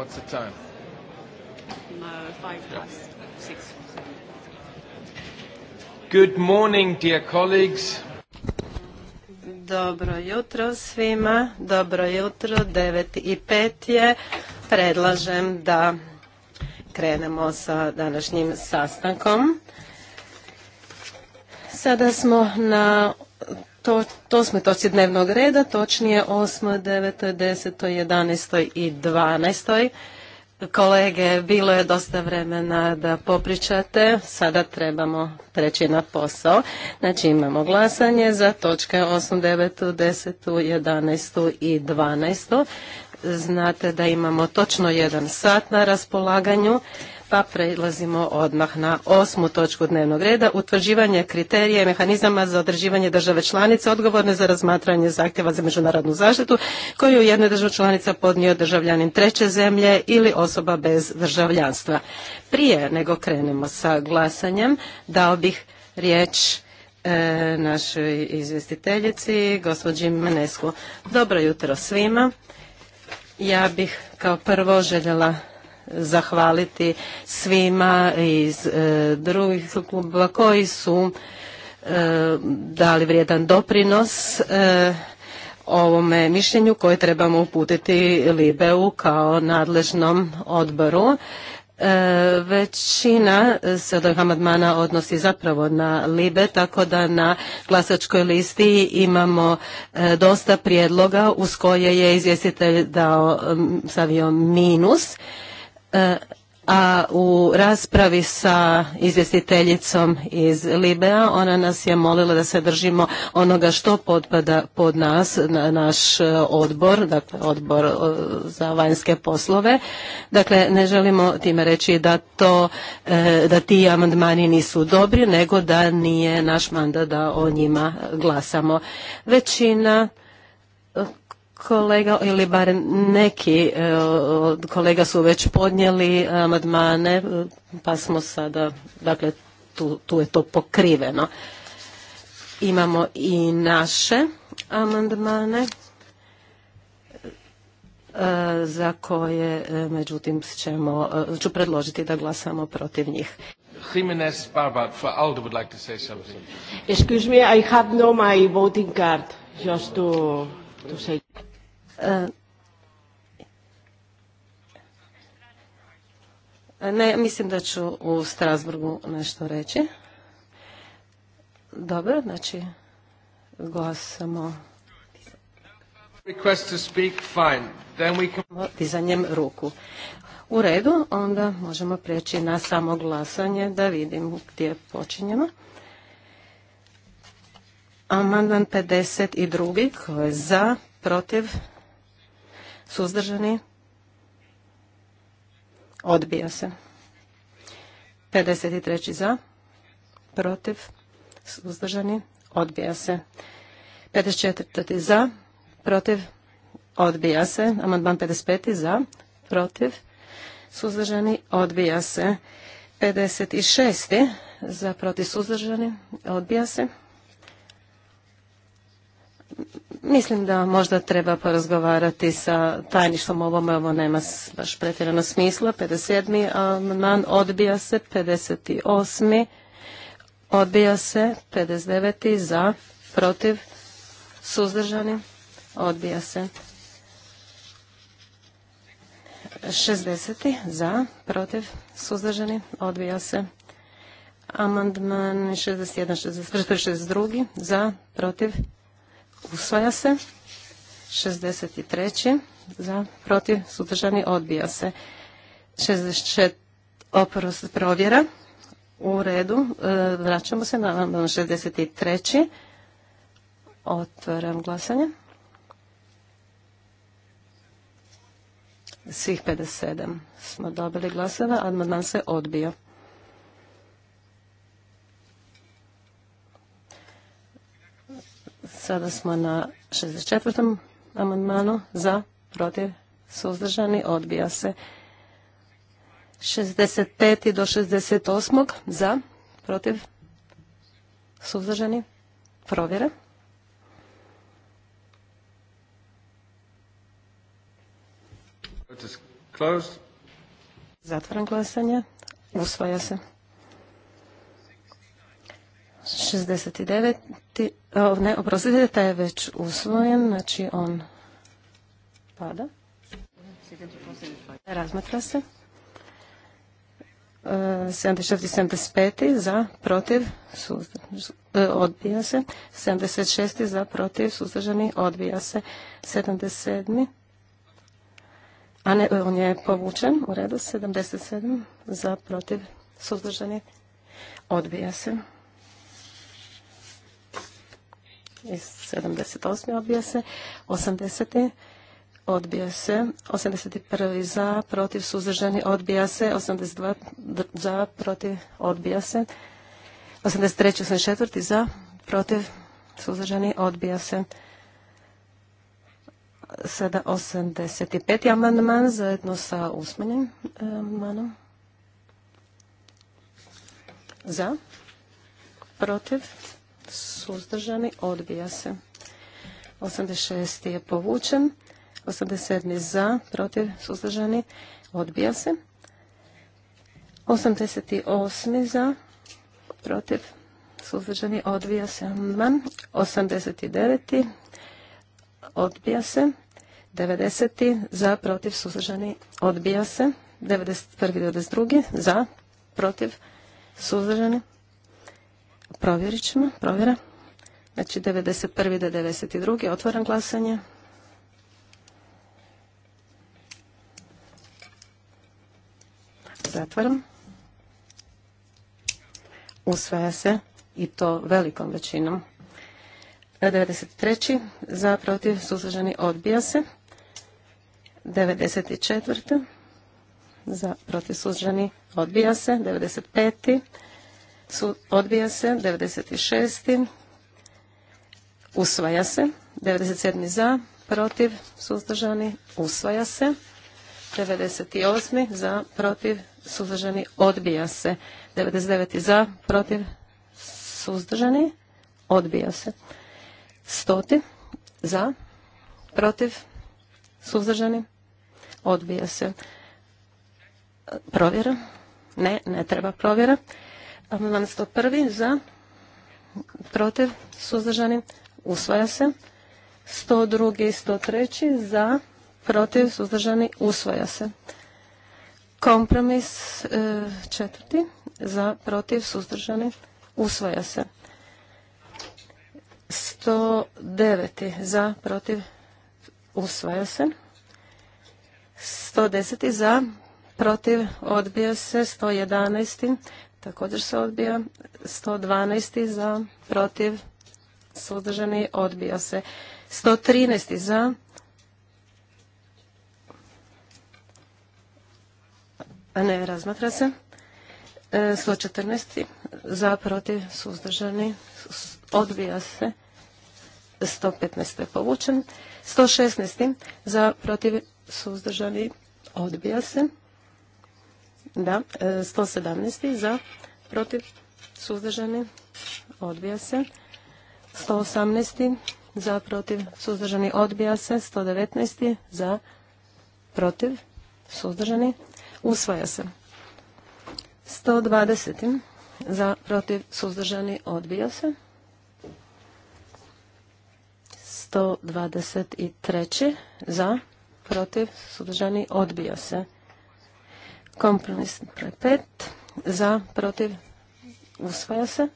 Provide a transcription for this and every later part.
What's the time? No, five past six. Good morning, dear colleagues. Dobro jutro svima. Dobro jutro. 9 i 5 je. Predlažem da krenemo sa današnjim sastankom. Sada smo na to, to smo toci dnevnog reda, točnije 8., 9., 10., 11. i 12. Kolege, bilo je dosta vremena da popričate, sada trebamo preći na posao. Znači imamo glasanje za točke 8, 9, 10, 11 i 12. Znate da imamo točno jedan sat na raspolaganju pa prelazimo odmah na osmu točku dnevnog reda, utvrđivanje kriterija i mehanizama za određivanje države članice odgovorne za razmatranje zahtjeva za međunarodnu zaštitu koju je u jednoj članica podnio državljanin treće zemlje ili osoba bez državljanstva. Prije nego krenemo sa glasanjem, dao bih riječ e, našoj izvjestiteljici, gospođi Menesku. Dobro jutro svima. Ja bih kao prvo željela zahvaliti svima iz e, drugih klubova koji su e, dali vrijedan doprinos e, ovome mišljenju koje trebamo uputiti Libeu kao nadležnom odboru. većina se od amandmana odnosi zapravo na Libe, tako da na glasačkoj listi imamo dosta prijedloga uz koje je izvjestitelj dao savio minus. E, a u raspravi sa izvjestiteljicom iz Libea ona nas je molila da se držimo onoga što potpada pod nas, naš e, odbor, dakle odbor e, za vanjske poslove. Dakle, ne želimo time reći da to, da ti amandmani nisu dobri, nego da nije naš mandat da o njima glasamo. Većina kolega ili barem neki e, od kolega su već podnijeli amandmane e, pa smo sada, dakle tu, je to pokriveno. Imamo i naše amandmane e, za koje međutim ću predložiti da glasamo protiv njih. Jimenez Barbat for Aldo would like to say something. Excuse me, I have no my voting card just to say. E, ne, mislim da ću u Strasburgu nešto reći. Dobro, znači glasamo dizanjem ruku. U redu, onda možemo prijeći na samo glasanje da vidim gdje počinjemo. Amandman 52. Ko je za, protiv, Suzdržani? Odbija se. 53. za. Protiv? Suzdržani? Odbija se. 54. za. Protiv? Odbija se. Amandman 55. za. Protiv? Suzdržani? Odbija se. 56. za. Protiv? Suzdržani? Odbija se. Mislim da možda treba porazgovarati sa tajništvom ovome, ovo nema baš pretjerano smisla. 57. amandman odbija se, 58. odbija se, 59. za, protiv, suzdržani, odbija se. 60. za, protiv, suzdržani, odbija se. Amandman 61, 62, za, protiv, usvaja se. 63. za, protiv, sudržani odbija se. 64. oprost provjera. U redu, e, vraćamo se na 63. Otvaram glasanje. Svih 57 smo dobili glasova, amandman se odbio. Sada smo na 64. amandmanu za, protiv, suzdržani, odbija se. 65. do 68. za, protiv, suzdržani, provjera. Zatvaram glasanje. Usvaja se. 69. Ne, oprostite, taj je već usvojen, znači on pada. Razmatra se. 74. E, 75. za, protiv, e, odbija se. 76. za, protiv, suzdržani, odbija se. 77. A ne, e, on je povučen, u redu. 77. za, protiv, suzdržani, odbija se iz 78. odbija se, 80. odbija se, 81. za, protiv, suzdržani, odbija se, 82. za, protiv, odbija se, 83. 84. za, protiv, suzdržani, odbija se. Sada 85. amandman zajedno sa usmanjem e, amandmanom. Za, protiv, suzdržani, odbija se. 86. je povučen, 87. za, protiv, suzdržani, odbija se. 88. za, protiv, suzdržani, odbija se. 89. odbija se. 90. za, protiv, suzdržani, odbija se. 91. i 92. za, protiv, suzdržani, Provjerit ćemo, provjera. Znači 91. do 92. Otvoram glasanje. Zatvaram. Usvaja se i to velikom većinom. 93. Za, protiv, suzdržani, odbija se. 94. Za, protiv, suzdržani, odbija se. 95. Odbija se. 96. Usvaja se. 97. za. Protiv. Suzdržani. Usvaja se. 98. za. Protiv. Suzdržani. Odbija se. 99. za. Protiv. Suzdržani. Odbija se. 100. za. Protiv. Suzdržani. Odbija se. Provjera. Ne, ne treba provjera. Amandman 101. za, protiv, suzdržani, usvaja se. 102. i 103. za, protiv, suzdržani, usvaja se. Kompromis e, četvrti za, protiv, suzdržani, usvaja se. 109. za, protiv, usvaja se. 110. za, protiv, odbija se. 111. Također se odbija 112. za, protiv, suzdržani, odbija se. 113. za, a ne, razmatra se. 114. E, za, protiv, suzdržani, odbija se. 115. je povučen. 116. za, protiv, suzdržani, odbija se. Da, 117. E, za, protiv, suzdržani, odbija se. 118. za, protiv, suzdržani, odbija se. 119. za, protiv, suzdržani, usvaja se. 120. za, protiv, suzdržani, odbija se. 123. za, protiv, suzdržani, odbija se. Kompromis broj 5. Za, protiv, usvaja se.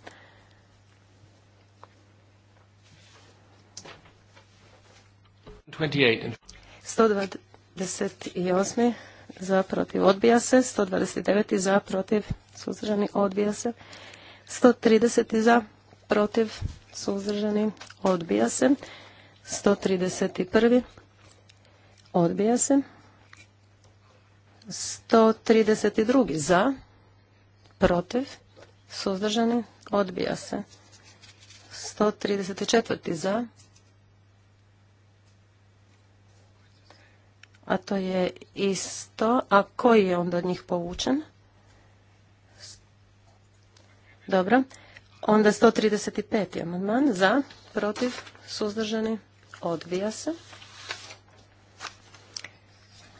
Sto za protiv odbija se, 129. za protiv suzdržani odbija se, 130. za protiv suzdržani odbija se, sto trideset odbija se. 132. za, protiv, suzdržani, odbija se. 134. za, a to je isto, a koji je onda od njih povučen? Dobro, onda 135. amandman za, protiv, suzdržani, odbija se.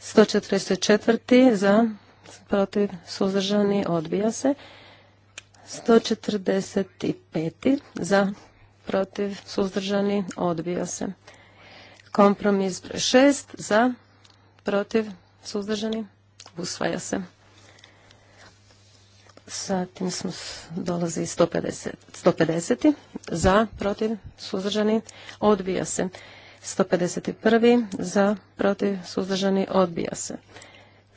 144. za, protiv, suzdržani, odbija se. 145. za, protiv, suzdržani, odbija se. Kompromis 6 za, protiv, suzdržani, usvaja se. Zatim smo dolazi 150. 150. za, protiv, suzdržani, odbija se. 151. za, protiv, suzdržani, odbija se.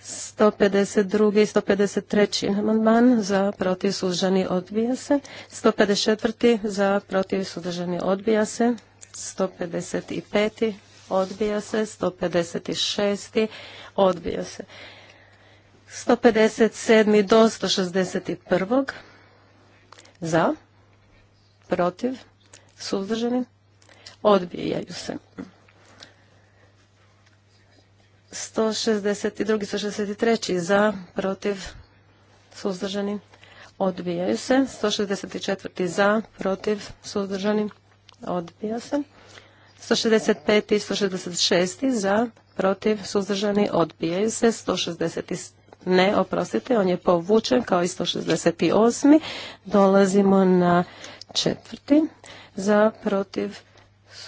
152. i 153. amandman za protiv suzdržani odbija se. 154. za protiv suzdržani odbija se. 155. odbija se. 156. odbija se. 157. do 161. za protiv suzdržani odbija se odbijaju se. 162. i 163. za, protiv, suzdržani, odbijaju se. 164. za, protiv, suzdržani, odbija se. 165. i 166. za, protiv, suzdržani, odbijaju se. 160. ne, oprostite, on je povučen kao i 168. Dolazimo na četvrti. Za, protiv, suzdržani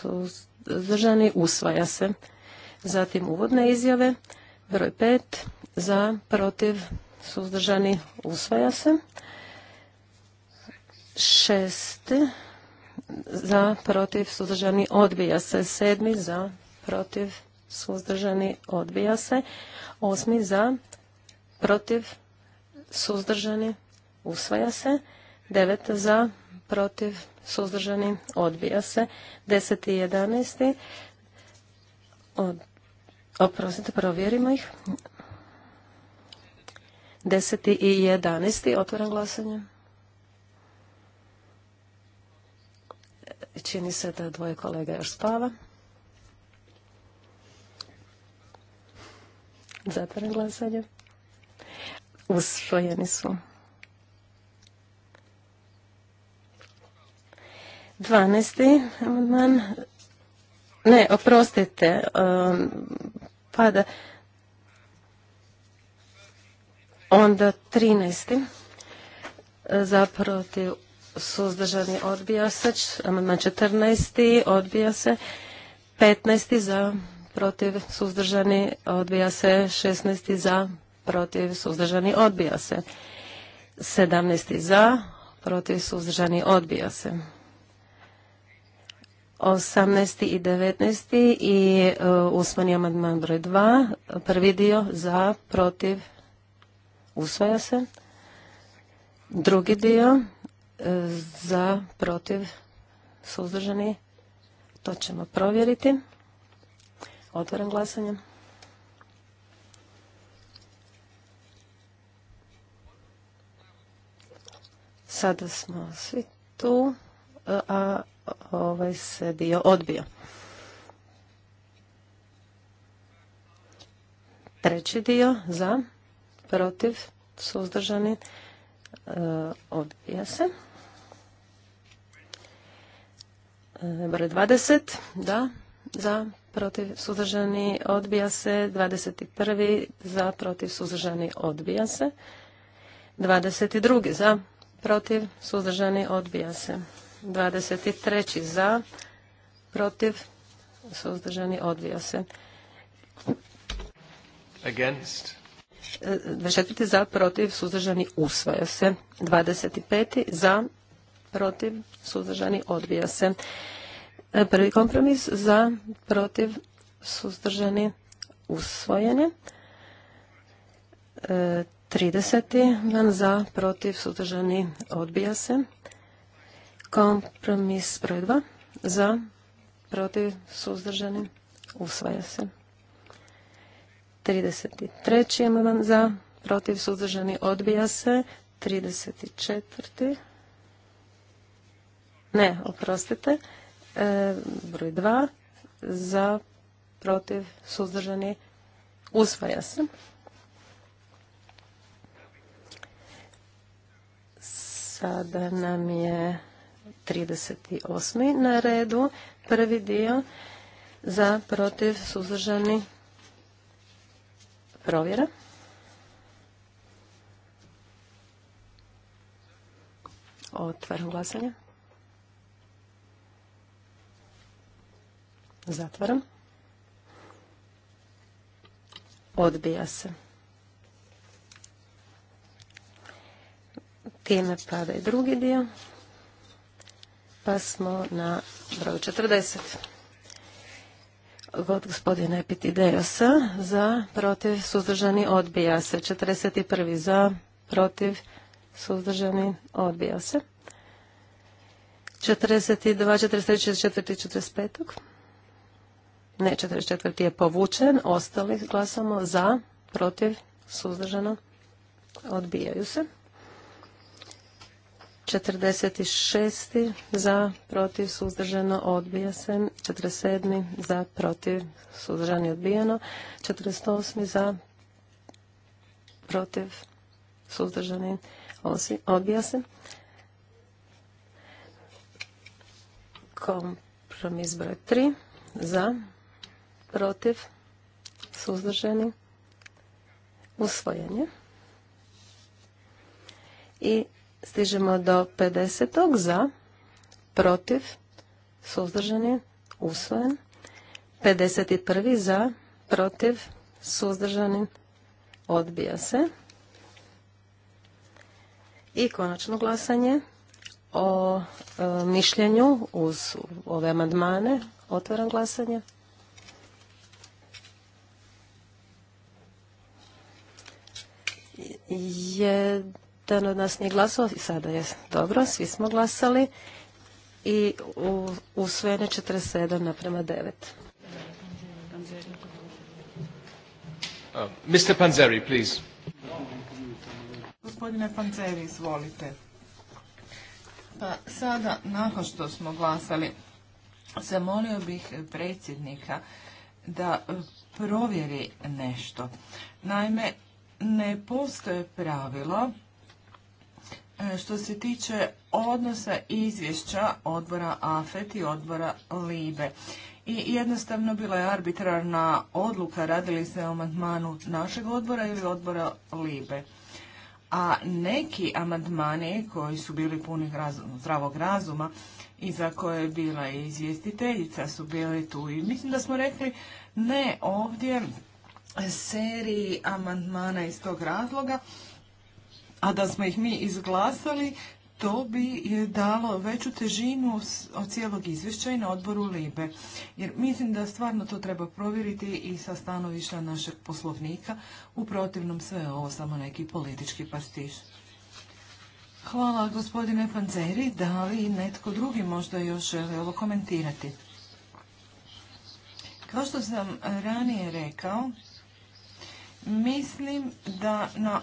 suzdržani, usvaja se. Zatim uvodne izjave, broj pet. za, protiv, suzdržani, usvaja se. Šest za, protiv, suzdržani, odbija se. Sedmi, za, protiv, suzdržani, odbija se. Osmi, za, protiv, suzdržani, usvaja se. Devet, za, protiv, suzdržani, odbija se. 10 i 11. oprostite, provjerimo ih. 10 i 11. Otvoram glasanje. Čini se da dvoje kolega još spava. Zatvoram glasanje. Usvojeni su. 12. amandman. Ne, oprostite, um, pada onda 13. Za protiv suzdržani odbija se. Amandman 14. odbija se. 15. za protiv suzdržani odbija se. 16. za protiv suzdržani odbija se. 17. za protiv suzdržani odbija se. 18. i 19. i e, usmeni amandman broj dva. Prvi dio za, protiv, usvaja se. Drugi dio e, za, protiv, suzdržani. To ćemo provjeriti. Otvaram glasanje. Sada smo svi tu, a ovaj se dio odbio. Treći dio za, protiv, suzdržani, e, odbija se. E, broj 20, da, za, protiv, suzdržani, odbija se. 21. za, protiv, suzdržani, odbija se. 22. za, protiv, suzdržani, odbija se. 23. za, protiv, suzdržani, odbija se. Against. 24. za, protiv, suzdržani, usvaja se. 25. za, protiv, suzdržani, odbija se. Prvi kompromis za, protiv, suzdržani, usvojene. 30. za, protiv, suzdržani, odbija se. Kompromis broj 2. Za, protiv, suzdržani, usvaja se. 33. amandman za, protiv, suzdržani, odbija se. 34. Ne, oprostite. E, broj 2. Za, protiv, suzdržani, usvaja se. Sada nam je 38. na redu. Prvi dio za protiv suzdržani provjera. Otvaram glasanje. Zatvaram. Odbija se. Time pada i drugi dio. Pa smo na broju 40. Od gospodina Epitideosa za, protiv, suzdržani, odbija se. 41. za, protiv, suzdržani, odbija se. 42, 43, 44, 45. Ne, 44. je povučen. Ostali glasamo za, protiv, suzdržano, odbijaju se. 46. za, protiv, suzdržano, odbija se. 47. za, protiv, suzdržani, odbijeno. 48. za, protiv, suzdržani, odbija se. Kompromis broj 3. Za, protiv, suzdržani, usvojenje. I Stižemo do 50. za, protiv, suzdržani, usvojen. 51. za, protiv, suzdržani, odbija se. I konačno glasanje o e, mišljenju uz ove amandmane. Otvaram glasanje. Jedan jedan od nas nije glasao i sada je dobro, svi smo glasali i u 47 naprema 9. Uh, Mr. Panzeri, please. Gospodine Panzeri, izvolite. Pa sada, nakon što smo glasali, zamolio bih predsjednika da provjeri nešto. Naime, ne postoje pravilo E, što se tiče odnosa izvješća odbora AFET i odbora LIBE. I jednostavno bila je arbitrarna odluka radili se o amandmanu našeg odbora ili odbora LIBE. A neki amandmani koji su bili puni zdravog razuma i za koje je bila i izvjestiteljica su bili tu. I mislim da smo rekli ne ovdje seriji amandmana iz tog razloga a da smo ih mi izglasali, to bi dalo veću težinu od cijelog izvješća i na odboru Libe. Jer mislim da stvarno to treba provjeriti i sa stanovišta našeg poslovnika. U protivnom sve je ovo samo neki politički pastiš. Hvala gospodine Panzeri. Da li netko drugi možda još ovo komentirati? Kao što sam ranije rekao, mislim da na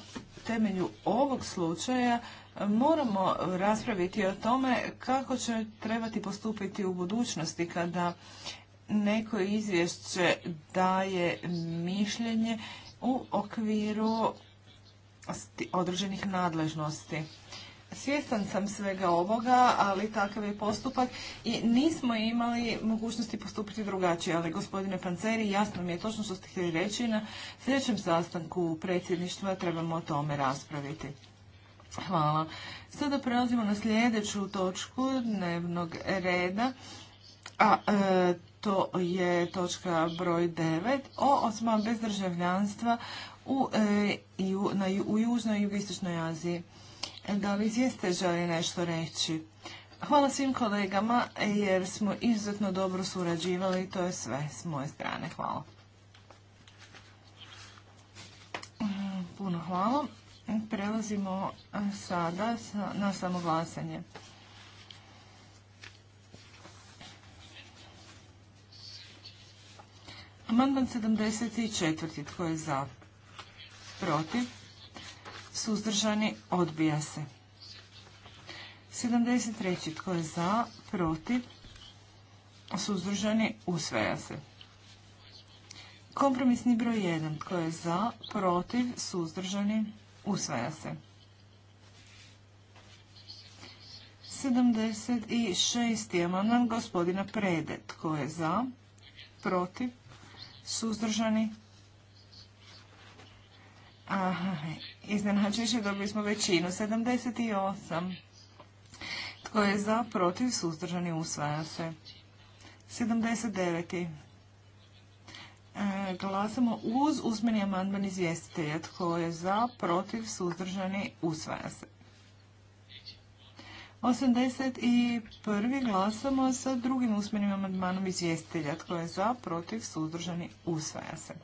temelju ovog slučaja moramo raspraviti o tome kako će trebati postupiti u budućnosti kada neko izvješće daje mišljenje u okviru određenih nadležnosti. Svjestan sam svega ovoga, ali takav je postupak i nismo imali mogućnosti postupiti drugačije. Ali gospodine Panceri, jasno mi je točno što ste htjeli reći na sljedećem sastanku predsjedništva trebamo o tome raspraviti. Hvala. Sada prelazimo na sljedeću točku dnevnog reda, a e, to je točka broj 9 o osma bez državljanstva u, e, i u Južnoj i Jugoistočnoj Aziji da li izvijeste želi nešto reći. Hvala svim kolegama jer smo izuzetno dobro surađivali i to je sve s moje strane. Hvala. Mm, puno hvala. Prelazimo e, sada na samoglasanje. Amandman 74. Tko je za? Protiv? suzdržani, odbija se. 73. Tko je za, protiv, suzdržani, usvaja se. Kompromisni broj 1. Tko je za, protiv, suzdržani, usvaja se. 76. amandman gospodina Prede. Tko je za, protiv, suzdržani, Aha, iznenađujuće dobili smo većinu, 78. Tko je za, protiv, suzdržani, usvaja se. 79. E, glasamo uz usmeni amandman izvjestitelja. Tko je za, protiv, suzdržani, usvaja se. 81. glasamo sa drugim usmenim amandmanom izvjestitelja. Tko je za, protiv, suzdržani, usvaja se.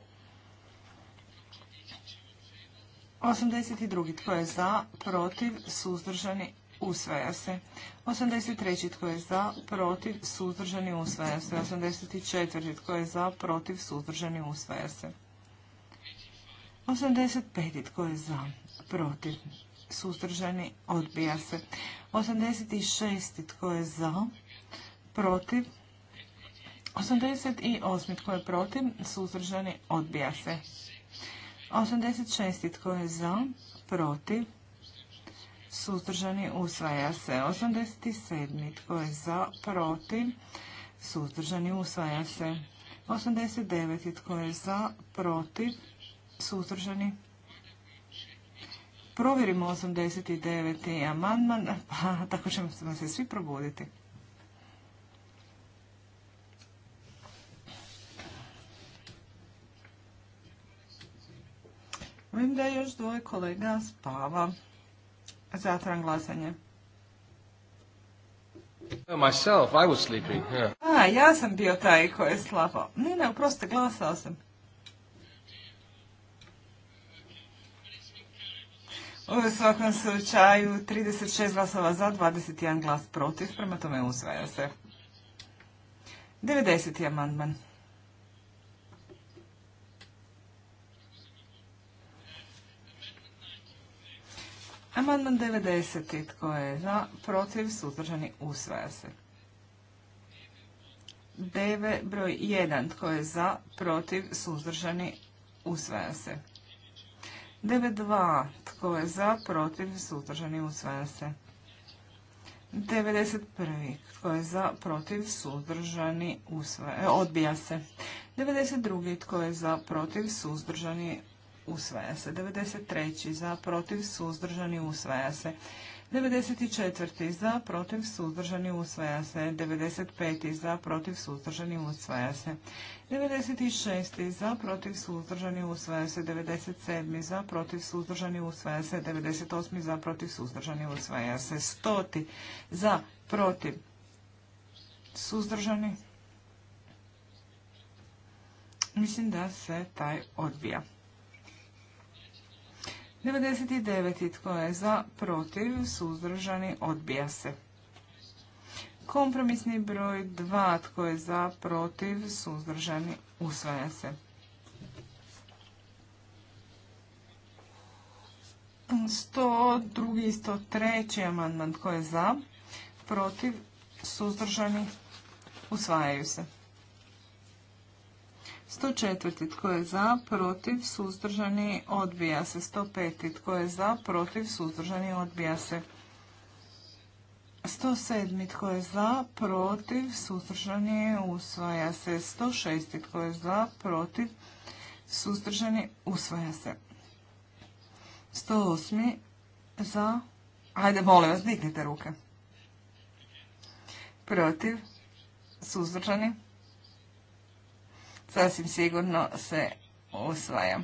82. Tko je za? Protiv? Suzdržani? Usvaja se. 83. Tko je za? Protiv? Suzdržani? Usvaja se. 84. Tko je za? Protiv? Suzdržani? Usvaja se. 85. Tko je za? Protiv? Suzdržani? Odbija se. 86. Tko je za? Protiv? 88. Tko je protiv? Suzdržani? Odbija se. 86. Tko je za? Protiv? Suzdržani usvaja se. 87. Tko je za? Protiv? Suzdržani usvaja se. 89. Tko je za? Protiv? Suzdržani Provjerimo 89. amandman, pa tako ćemo se svi probuditi. Vidim da još dvoje kolega spava. Zatran glasanje. Oh, myself, I was sleeping. A, ja sam bio taj koji je slapao. Ne, ne, uproste, glasao sam. U svakom slučaju 36 glasova za, 21 glas protiv, prema tome usvaja se. 90. amandman. Amandman 90. Tko je za? Protiv? Suzdržani? Usvaja se. 9. Broj 1. Tko je za? Protiv? Suzdržani? Usvaja se. 92. Tko je za? Protiv? Suzdržani? Usvaja se. 91. Tko je za? Protiv? Suzdržani? Usvaja, e, odbija se. 92. Tko je za? Protiv? Suzdržani? usvaja se. 93. za, protiv, suzdržani, usvaja se. 94. za, protiv, suzdržani, usvaja se. 95. za, protiv, suzdržani, usvaja se. 96. za, protiv, suzdržani, usvaja se. 97. za, protiv, suzdržani, usvaja se. 98. za, protiv, suzdržani, usvaja se. Stoti za, protiv, suzdržani, Mislim da se taj odbija. 99. Tko je za? Protiv? Suzdržani? Odbija se. Kompromisni broj 2. Tko je za? Protiv? Suzdržani? Usvaja se. 102. i 103. amandman. Tko je za? Protiv? Suzdržani? Usvajaju se. 104. Tko je za, protiv, suzdržani, odbija se. 105. Tko je za, protiv, suzdržani, odbija se. 107. Tko je za, protiv, suzdržani, usvaja se. 106. Tko je za, protiv, suzdržani, usvaja se. 108. Za, ajde, molim vas, dignite ruke. Protiv, suzdržani, sasvim sigurno se usvaja.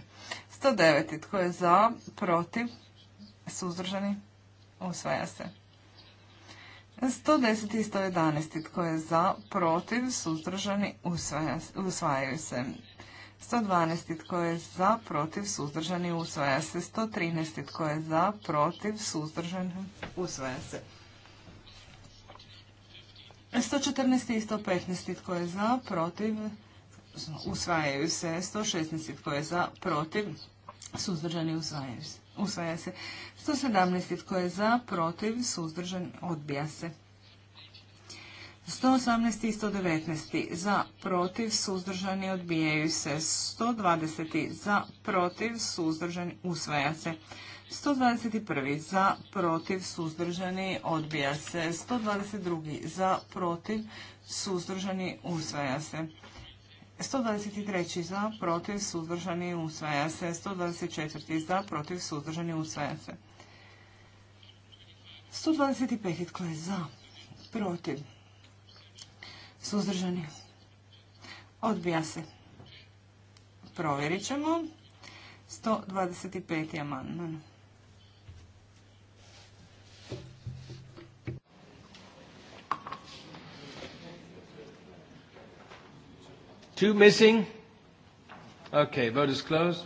109. Tko je za? Protiv? Suzdržani? Usvaja se. 110. i 111. Tko je za? Protiv? Suzdržani? Usvaja, usvajaju se. 112. Tko je za? Protiv? Suzdržani? Usvaja se. 113. Tko je za? Protiv? Suzdržani? Usvaja se. 114. i 115. Tko je za? Protiv? usvajaju se 116 tko je za, protiv, suzdržani usvajaju se. Usvaja se 117 tko je za, protiv, suzdržan, odbija se. 118 i 119 za, protiv, suzdržani, odbijaju se. 120 za, protiv, suzdržani, usvaja se. 121 za, protiv, suzdržani, odbija se. 122 za, protiv, suzdržani, usvaja se. 123. za, protiv, suzdržani, usvaja se. 124. za, protiv, suzdržani, usvaja se. 125. tko je za, protiv, suzdržani, odbija se. Provjerit ćemo. 125. amandman. Two missing? Okay, vote is closed.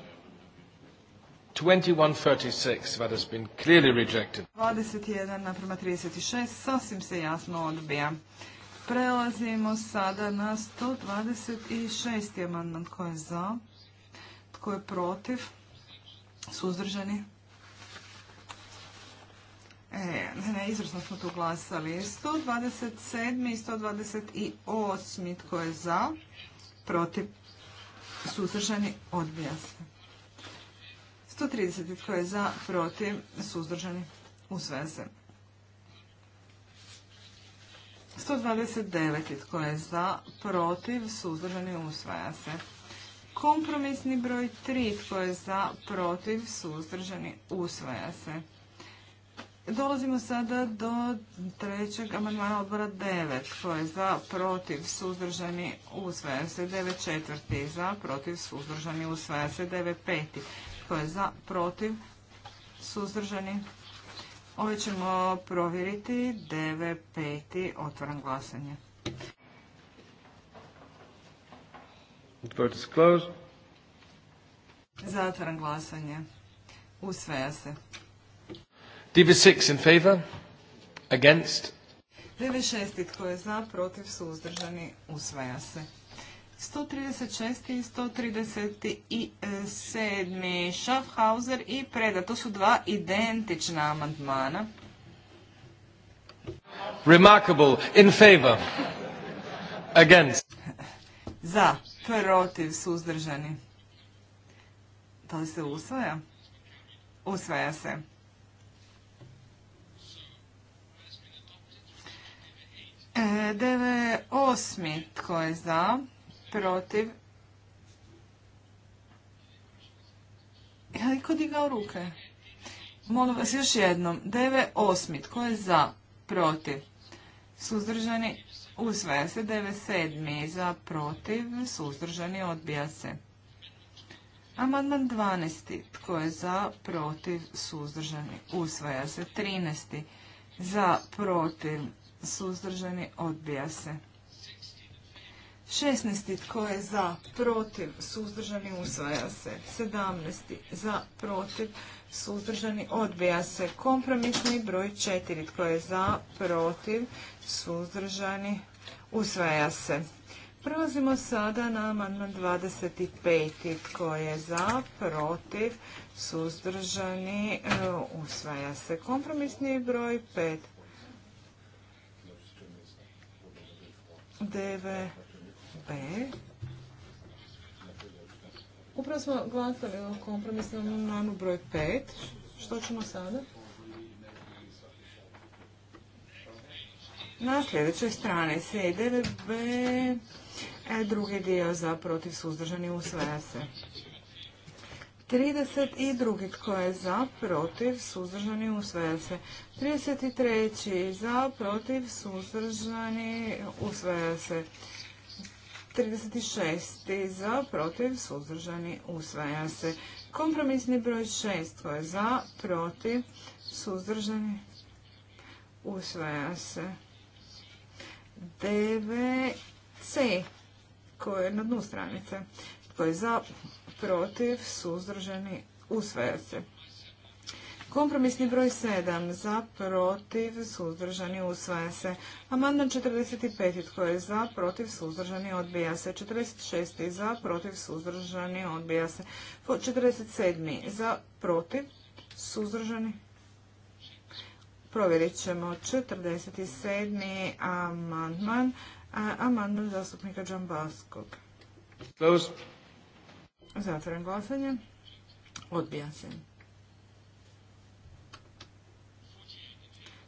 2136, that has been clearly rejected. 21:36, sasvim se jasno odbija. Prelazimo sada na 126. amandman. Tko je za? Tko je protiv? Suzdržani? E, ne, ne, izvrsno smo tu glasali. 127. i 128. Tko je za? protiv, suzdržani, odbija se. 130. Tko je za, protiv, suzdržani, usvaja se. 129. Tko je za, protiv, suzdržani, usvaja se. Kompromisni broj 3. Tko je za, protiv, suzdržani, usvaja se. Dolazimo sada do trećeg amandmana odbora 9, koji je za protiv suzdržani usvaja se 9 četvrti, za protiv suzdržani usvaja se 9 peti, koji je za protiv suzdržani. Ove ćemo provjeriti 9 peti, otvoram glasanje. Zatvaram glasanje. Usvaja se. DB6 in favor? Against? DB6 tko je za, protiv, suzdržani, usvaja se. 136. i 137. Schaffhauser i Preda. To su dva identična amandmana. Remarkable. In favor. Against. Za. Protiv. Suzdržani. Da li se usvaja? Usvaja se. 98. E, tko je za? Protiv? ali li ko digao ruke? Molim vas još jednom. osmi, Tko je za? Protiv? Suzdržani? Usvaja se. sedmi, Za? Protiv? Suzdržani? Odbija se. Amandman 12. Tko je za? Protiv? Suzdržani? Usvaja se. 13. Za? Protiv? suzdržani, odbija se. 16. tko je za, protiv, suzdržani, usvaja se. 17. za, protiv, suzdržani, odbija se. Kompromisni broj 4. Tko je za, protiv, suzdržani, usvaja se. Prelazimo sada na amandman 25. Tko je za, protiv, suzdržani, e, usvaja se. Kompromisni broj 5. DVB Upravo smo glasali o kompromisnom amandmanu broj 5. Što ćemo sada? Na sljedećoj strani slijede B, drugi dio za protiv suzdržani usvaja se. 32. tko je za, protiv, suzdržani, usvaja se. 33. za, protiv, suzdržani, usvaja se. 36. za, protiv, suzdržani, usvaja se. Kompromisni broj 6 tko je za, protiv, suzdržani, usvaja se. 9c koje je na dnu stranice. Tko je za, protiv, suzdržani, usvaja se. Kompromisni broj 7 za, protiv, suzdržani, usvaja se. Amandman 45. Tko je za, protiv, suzdržani, odbija se. 46. za, protiv, suzdržani, odbija se. 47. za, protiv, suzdržani, provjerit ćemo. 47. amandman, amandman zastupnika Đambaskog. Close. Zatvaram glasanje. Odbija se.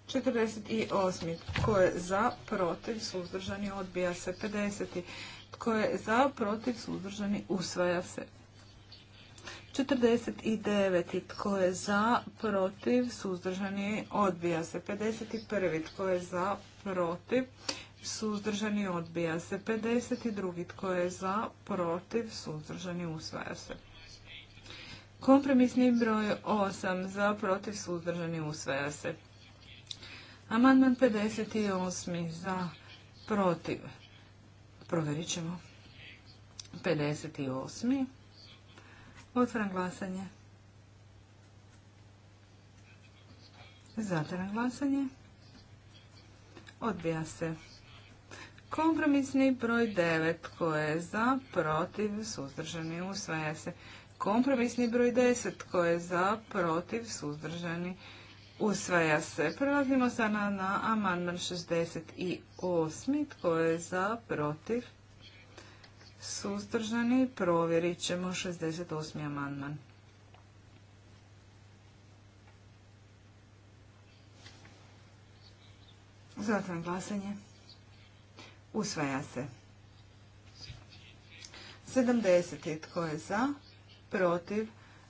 48. Tko je za, protiv, suzdržani, odbija se. 50. Tko je za, protiv, suzdržani, usvaja se. 49. Tko je za, protiv, suzdržani, odbija se. 51. Tko je za, protiv, suzdržani odbija se. 52. Tko je za, protiv, suzdržani usvaja se. Kompromisni broj 8. Za, protiv, suzdržani usvaja se. Amandman 58. Za, protiv. Provjerit ćemo. 58. Otvaram glasanje. Zatvaram glasanje. Odbija se. Kompromisni broj 9 tko je za, protiv, suzdržani, usvaja se. Kompromisni broj 10 tko je za, protiv, suzdržani, usvaja se. Prelazimo sada na amandman 68 tko je za, protiv, suzdržani, provjerit ćemo 68. amandman. Zatim glasanje. Usvaja se. 70. Tko je za? Protiv?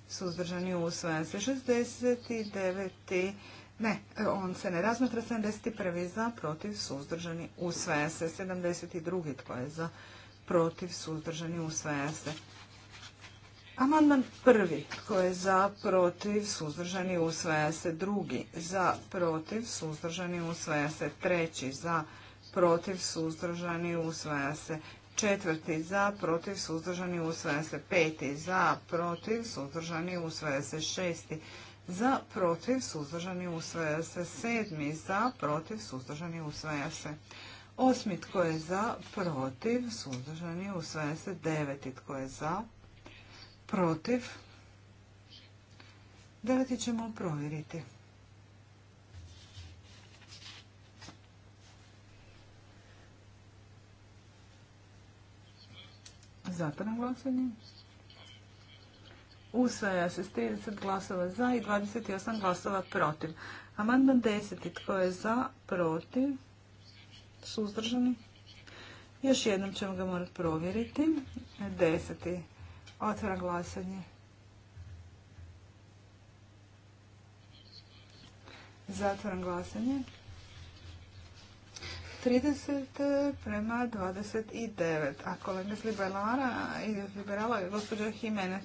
Suzdržani usvaja se. 69. Ne, e, on se ne razmatra. 71. za? Protiv? Suzdržani usvaja se. 72. Tko je za? Protiv? Suzdržani usvaja se. Amandman prvi, tko je za, protiv, suzdržani, usvaja se. Drugi, za, protiv, suzdržani, usvaja se. Treći, za, protiv protiv, suzdržani, usvaja se. Četvrti za, protiv, suzdržani, usvaja se. Peti za, protiv, suzdržani, usvaja se. Šesti za, protiv, suzdržani, usvaja se. Sedmi za, protiv, suzdržani, usvaja se. Osmi tko je za, protiv, suzdržani, usvaja se. Deveti tko je za, protiv, deveti ćemo provjeriti. Zatvaram glasanje. Usvaja se 30 glasova za i 28 glasova protiv. Amandman 10. Tko je za, protiv, suzdržani? Još jednom ćemo ga morati provjeriti. 10. Otvaram glasanje. Zatvaram glasanje. 30 prema 29. Ako kolega iz liberala, iz liberala je gospođa Jimenez.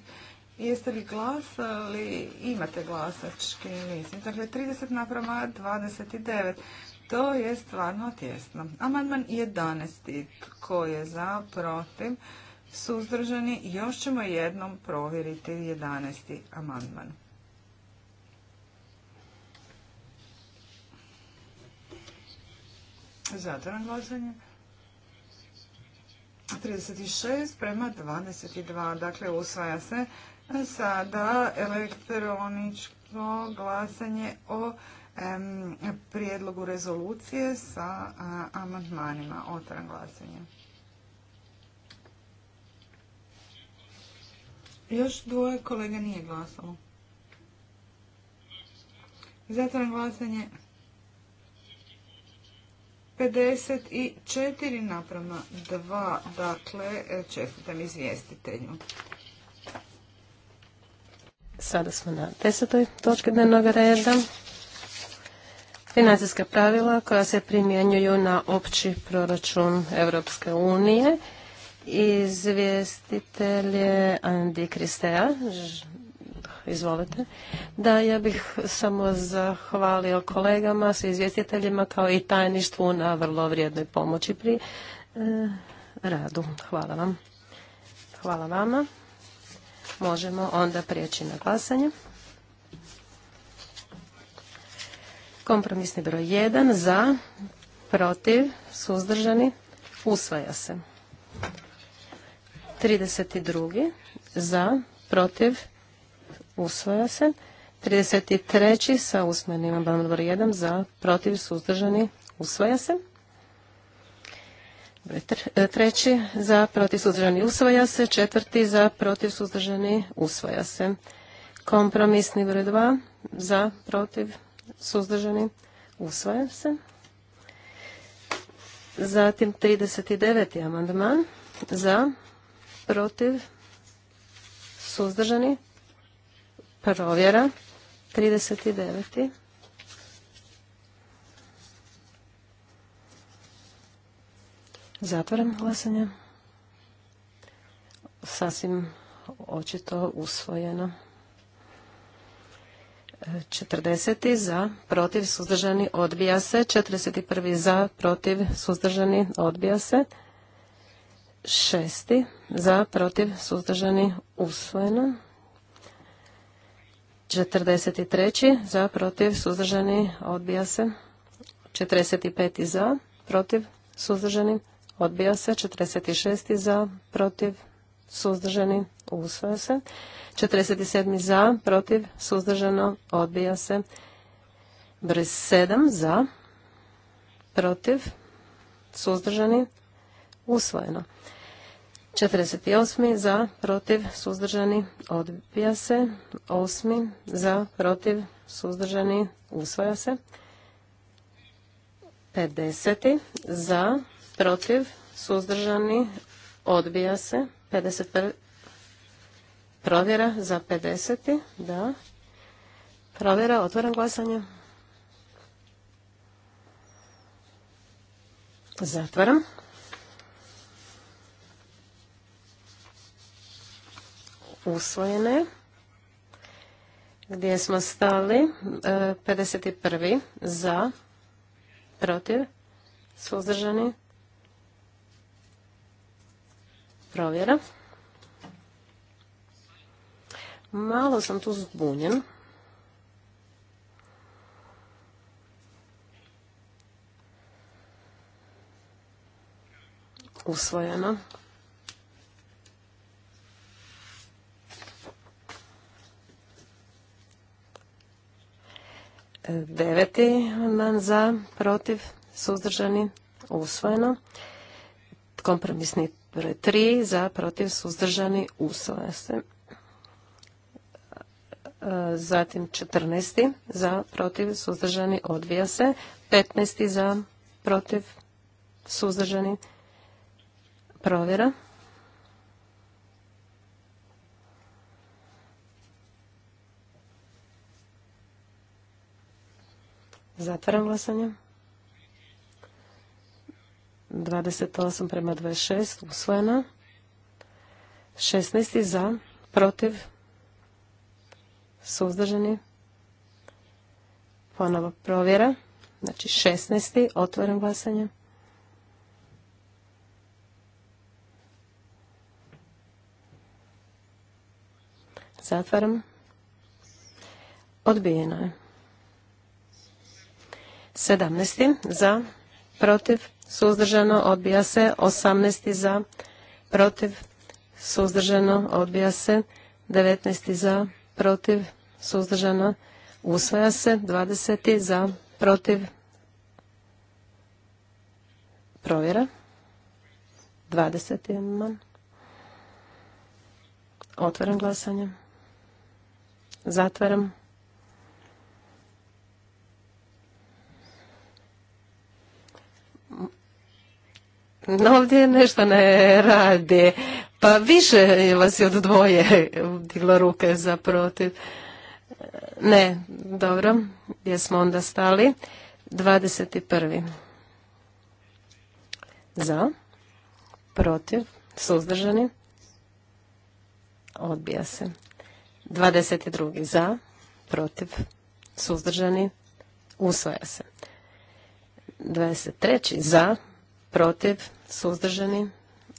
Jeste li glasali? Imate glasački list. Dakle, 30 naprama 29. To je stvarno tjesno. Amandman 11. Tko je za, protiv, suzdržani. Još ćemo jednom provjeriti 11. amandman. Zatvoram glasanje. 36 prema 22. Dakle, usvaja se sada elektroničko glasanje o prijedlogu rezolucije sa a, amandmanima. Otvoram glasanje. Još dvoje kolega nije glasalo. Zatvoram glasanje. 54 naprama 2, dakle čestitam izvjestitelju. Sada smo na desetoj točki dnevnog reda. Financijska pravila koja se primjenjuju na opći proračun Europske unije. Izvjestitelj je Andi Kristea. Izvolite. Da, ja bih samo zahvalio kolegama, s izvjestiteljima kao i tajništvu na vrlo vrijednoj pomoći pri e, radu. Hvala vam. Hvala vama. Možemo onda prijeći na glasanje. Kompromisni broj 1 za, protiv, suzdržani, usvaja se. 32. za, protiv, Usvaja se. 33. sa usmenim amandmanom broj 1 za protiv suzdržani. Usvaja se. E, treći za protiv suzdržani usvaja se. Četvrti za protiv suzdržani usvaja se. Kompromisni broj 2 za protiv suzdržani usvaja se. Zatim 39. amandman za protiv suzdržani Provjera. 39. Zatvaram glasanje. Sasvim očito usvojeno. 40. za, protiv, suzdržani, odbija se. 41. za, protiv, suzdržani, odbija se. 6. za, protiv, suzdržani, usvojeno. 43. za, protiv, suzdržani, odbija se. 45. za, protiv, suzdržani, odbija se. 46. za, protiv, suzdržani, usvaja se. 47. za, protiv, suzdržano, odbija se. Broj 7 za, protiv, suzdržani, usvojeno. 48. za, protiv, suzdržani, odbija se. 8. za, protiv, suzdržani, usvaja se. 50. za, protiv, suzdržani, odbija se. 51. Provjera za 50. Da. Provjera, otvoram glasanje. Zatvaram. usvojene. Gdje smo stali? 51. E, za, protiv, suzdržani. Provjera. Malo sam tu zbunjen. Usvojeno. Deveti man za, protiv, suzdržani, usvojeno. Kompromisni broj tri za, protiv, suzdržani, usvojeno se. Zatim 14. za, protiv, suzdržani, odvija se. 15. za, protiv, suzdržani, provjera. Zatvaram glasanje. 28 prema 26 usvojena. 16 za, protiv, suzdržani. Ponovo provjera. Znači 16. Otvaram glasanje. Zatvaram. Odbijeno je. 17. za, protiv, suzdržano, odbija se. 18. za, protiv, suzdržano, odbija se. 19. za, protiv, suzdržano, usvaja se. 20. za, protiv, provjera. 20. amandman. Otvaram glasanje. Zatvaram. Ovdje nešto ne radi. Pa više vas je od dvoje diglo ruke za protiv. Ne, dobro. Gdje smo onda stali? 21. Za. Protiv. Suzdržani. Odbija se. 22. Za. Protiv. Suzdržani. Usvaja se. 23. Za. Protiv suzdržani,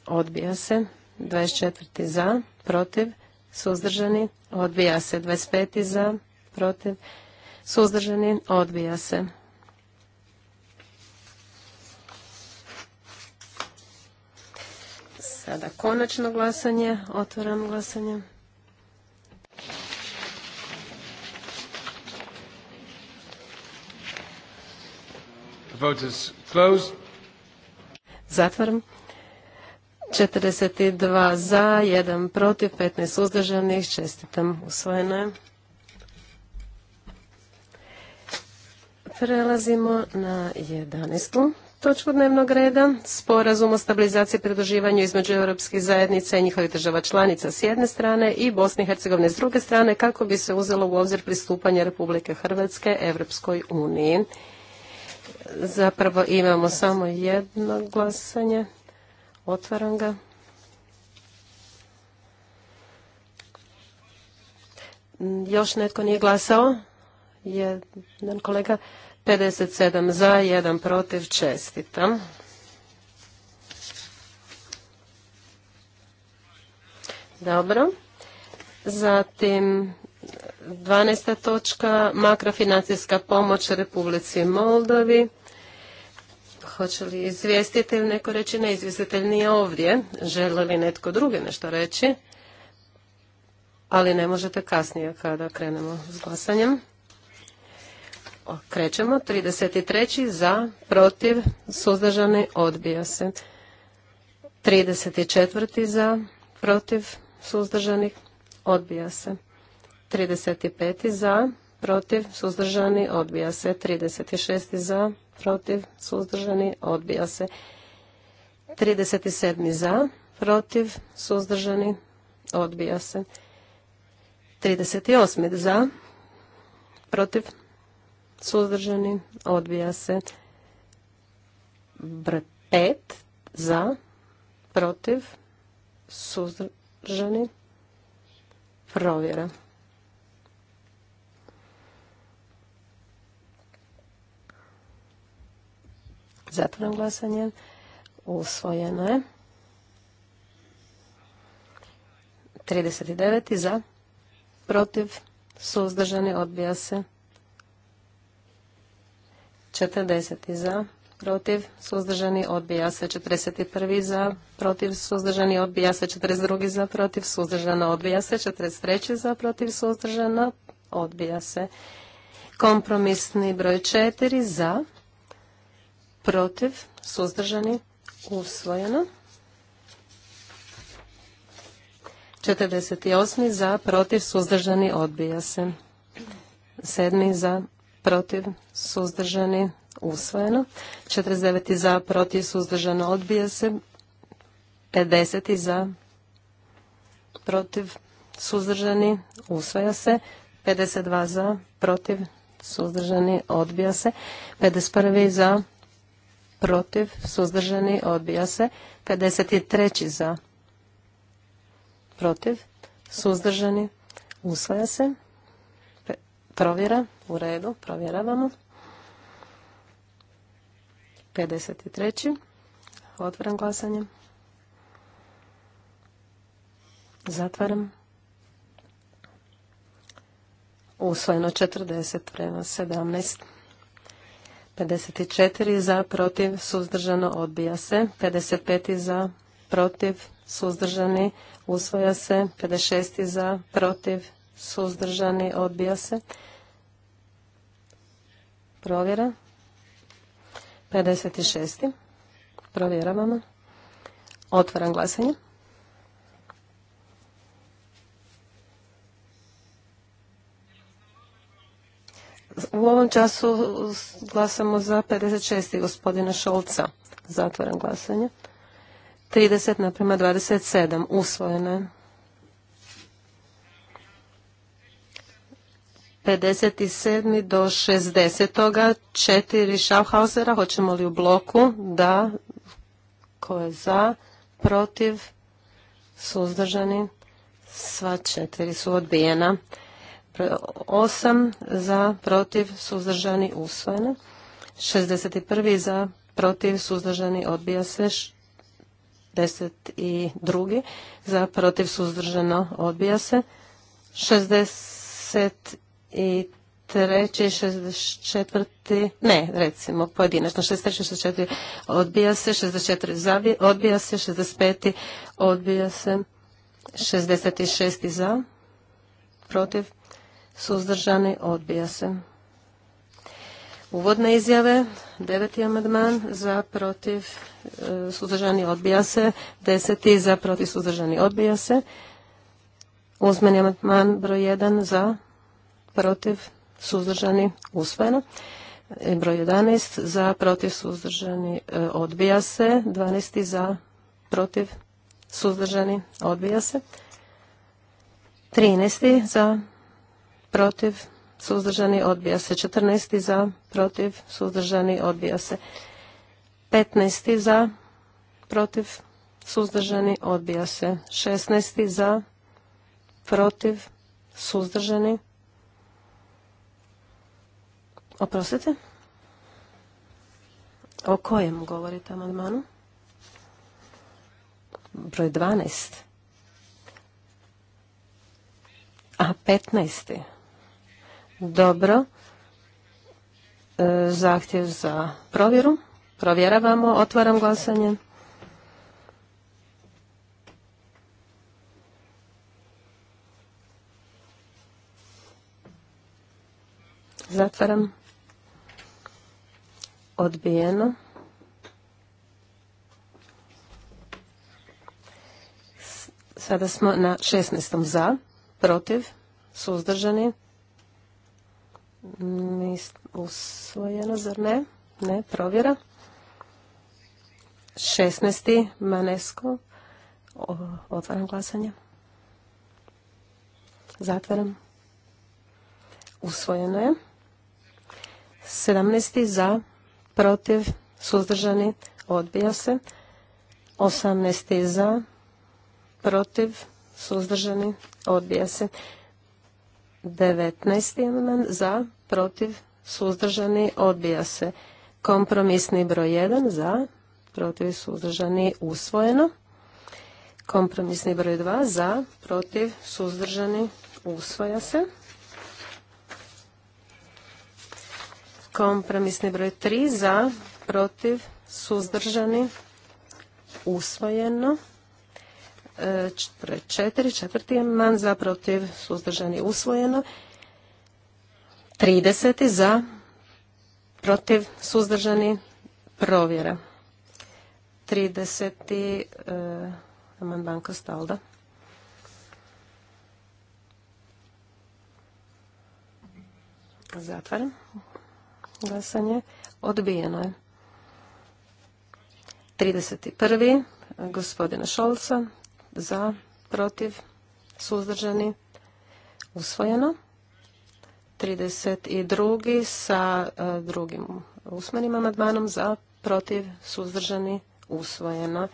odbija se. 24. za, protiv, suzdržani, odbija se. 25. za, protiv, suzdržani, odbija se. Sada konačno glasanje, otvaram glasanje. The vote is closed. Zatvaram. 42 za, 1 protiv, 15 uzdržanih. Čestitam, usvojeno je. Prelazimo na 11. točku dnevnog reda. Sporazum o stabilizaciji i pridruživanju između europskih zajednica i njihovih država članica s jedne strane i Bosne i Hercegovine s druge strane kako bi se uzelo u obzir pristupanje Republike Hrvatske Europskoj uniji. Zapravo imamo samo jedno glasanje. Otvaram ga. Još netko nije glasao? Jedan kolega. 57 za, 1 protiv. Čestitam. Dobro. Zatim 12. točka makrofinancijska pomoć Republici Moldovi. Hoće li izvjestitelj neko reći? Ne, izvjestitelj nije ovdje. Želi li netko drugi nešto reći? Ali ne možete kasnije kada krenemo s glasanjem. Krećemo. 33. za, protiv, suzdržani, odbija se. 34. za, protiv, suzdržani, odbija se. 35. za, protiv, suzdržani, odbija se. 36. za, protiv, suzdržani, odbija se. 37. za, protiv, suzdržani, odbija se. 38. za, protiv, suzdržani, odbija se. Br 5 za, protiv, suzdržani, provjera. Zatvoram glasanje. Usvojeno je. 39. za. Protiv. Suzdržani. Odbija se. 40. za. Protiv. Suzdržani. Odbija se. 41. za. Protiv. Suzdržani. Odbija se. 42. za. Protiv. Suzdržana. Odbija se. 43. za. Protiv. Suzdržana. Odbija se. Kompromisni broj 4 za protiv, suzdržani, usvojeno. 48. za, protiv, suzdržani, odbija se. 7. za, protiv, suzdržani, usvojeno. 49. za, protiv, suzdržano, odbija se. 50. za, protiv, suzdržani, usvaja se. 52 za, protiv, suzdržani, odbija se. 51. za, protiv, suzdržani, odbija se. 53. za, protiv, suzdržani, usvaja se. Provjera, u redu, provjeravamo. 53. Otvaram glasanje. Zatvaram. Usvojeno 40 prema 17. 54 za, protiv, suzdržano, odbija se. 55 za, protiv, suzdržani, usvoja se. 56 za, protiv, suzdržani, odbija se. Provjera. 56. Provjeravamo. Otvaram glasanje. U ovom času glasamo za 56. gospodina Šolca. Zatvoram glasanje. 30 naprema 27. Usvojeno je. 57. do 60. Četiri Schaffhausera. Hoćemo li u bloku? Da. Ko je za? Protiv? Suzdržani? Sva četiri su odbijena. 8 za, protiv, suzdržani, usvojeno. 61. za, protiv, suzdržani, odbija se. 62. za, protiv, suzdržano, odbija se. 63. i 64. ne, recimo, pojedinačno. 63. 64. odbija se. 64. Za, odbija se. 65. odbija se. 66. za, protiv, Suzdržani odbija se. Uvodne izjave, deveti amandman za protiv e, suzdržani odbija se, deseti za protiv suzdržani odbija se, uzmeni amandman broj 1 za protiv suzdržani usvojeno, e, broj 11 e, za protiv suzdržani odbija se, 12 za protiv suzdržani odbija se, 13 za protiv, suzdržani, odbija se. 14. za, protiv, suzdržani, odbija se. 15. za, protiv, suzdržani, odbija se. 16. za, protiv, suzdržani. Oprostite. O kojem govorite amandmanu? Broj 12. A, 15. Dobro. E, zahtjev za provjeru. Provjeravamo. Otvaram glasanje. Zatvaram. Odbijeno. Sada smo na 16. za, protiv, suzdržani, usvojeno, zar ne? Ne, provjera. 16. Manesko. Otvaram glasanje. Zatvaram. Usvojeno je. 17. za, protiv, suzdržani, odbija se. 18. za, protiv, suzdržani, odbija se. 19. amandman za, protiv, suzdržani, odbija se. Kompromisni broj 1 za, protiv, suzdržani, usvojeno. Kompromisni broj 2 za, protiv, suzdržani, usvoja se. Kompromisni broj 3 za, protiv, suzdržani, usvojeno četiri, četvrti man za protiv suzdržani usvojeno. 30. za protiv suzdržani provjera. 30. banko stalda. Zatvaram glasanje. Odbijeno je. 31. gospodina Šolca za, protiv, suzdržani, usvojeno. 32. sa e, drugim usmenim amandmanom za, protiv, suzdržani, usvojeno.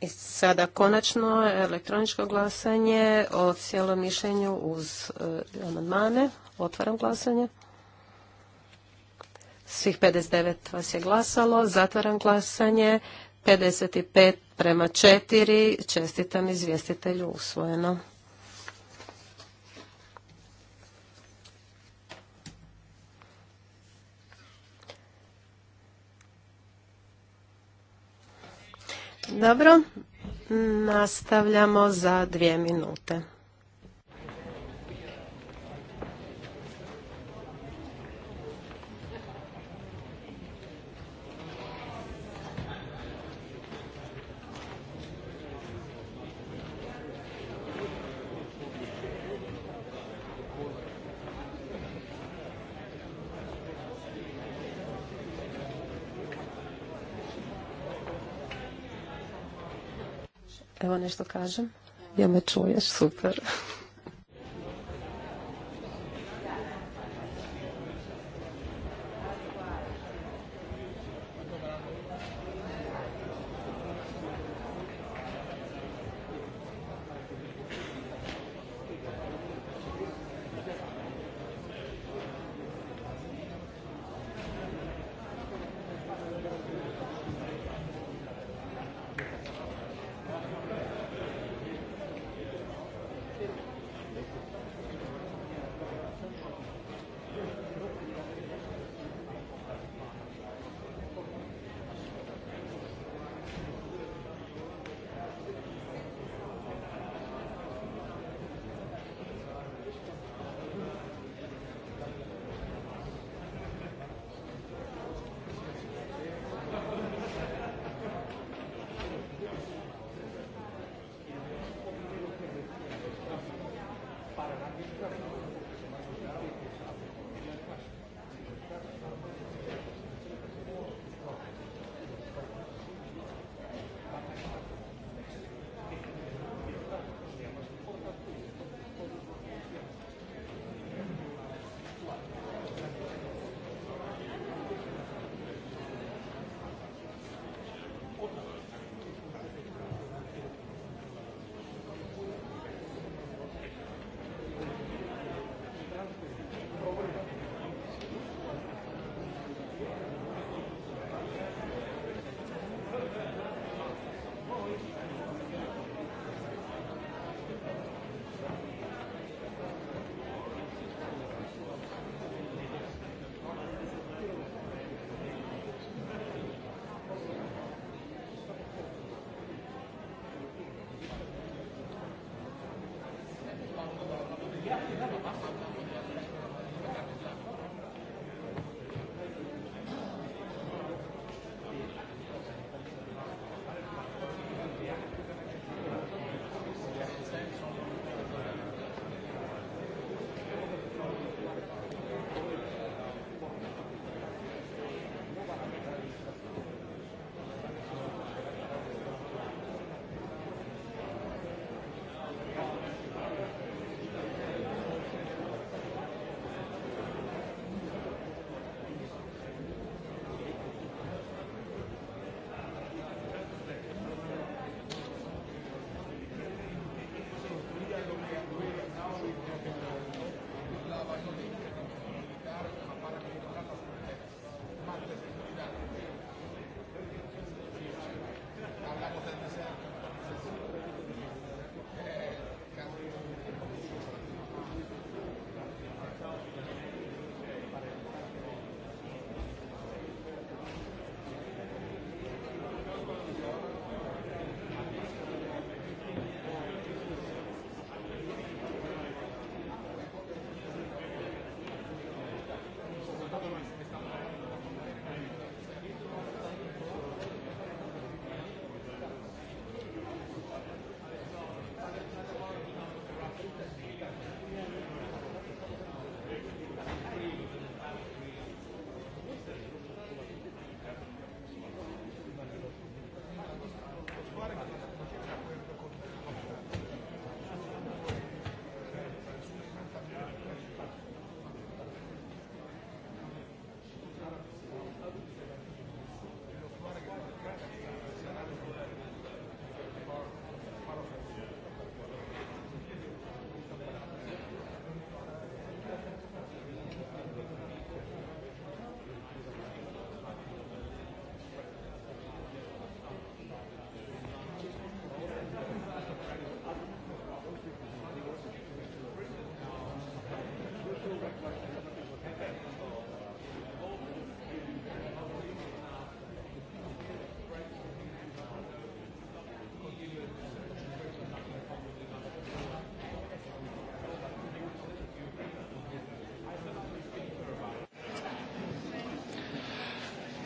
I sada konačno elektroničko glasanje o cijelom mišljenju uz e, amandmane. Otvaram glasanje. Svih 59 vas je glasalo. Zatvaram glasanje. 55 prema četiri, Čestitam izvjestitelju usvojeno. Dobro, nastavljamo za dvije minute. Evo nešto kažem. Ja me čuješ, super.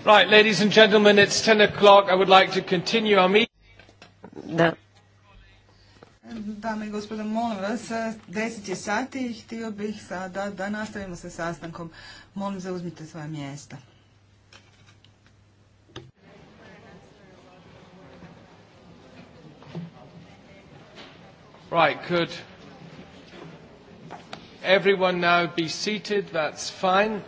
Right, ladies and gentlemen, it's 10 o'clock. I would like to continue our meeting. Da. Dame i gospodo, molim vas, 10 je sati i htio bih sada da nastavimo sa sastankom. Molim, zauzmite svoja mjesta. Right, could everyone now be seated? That's fine.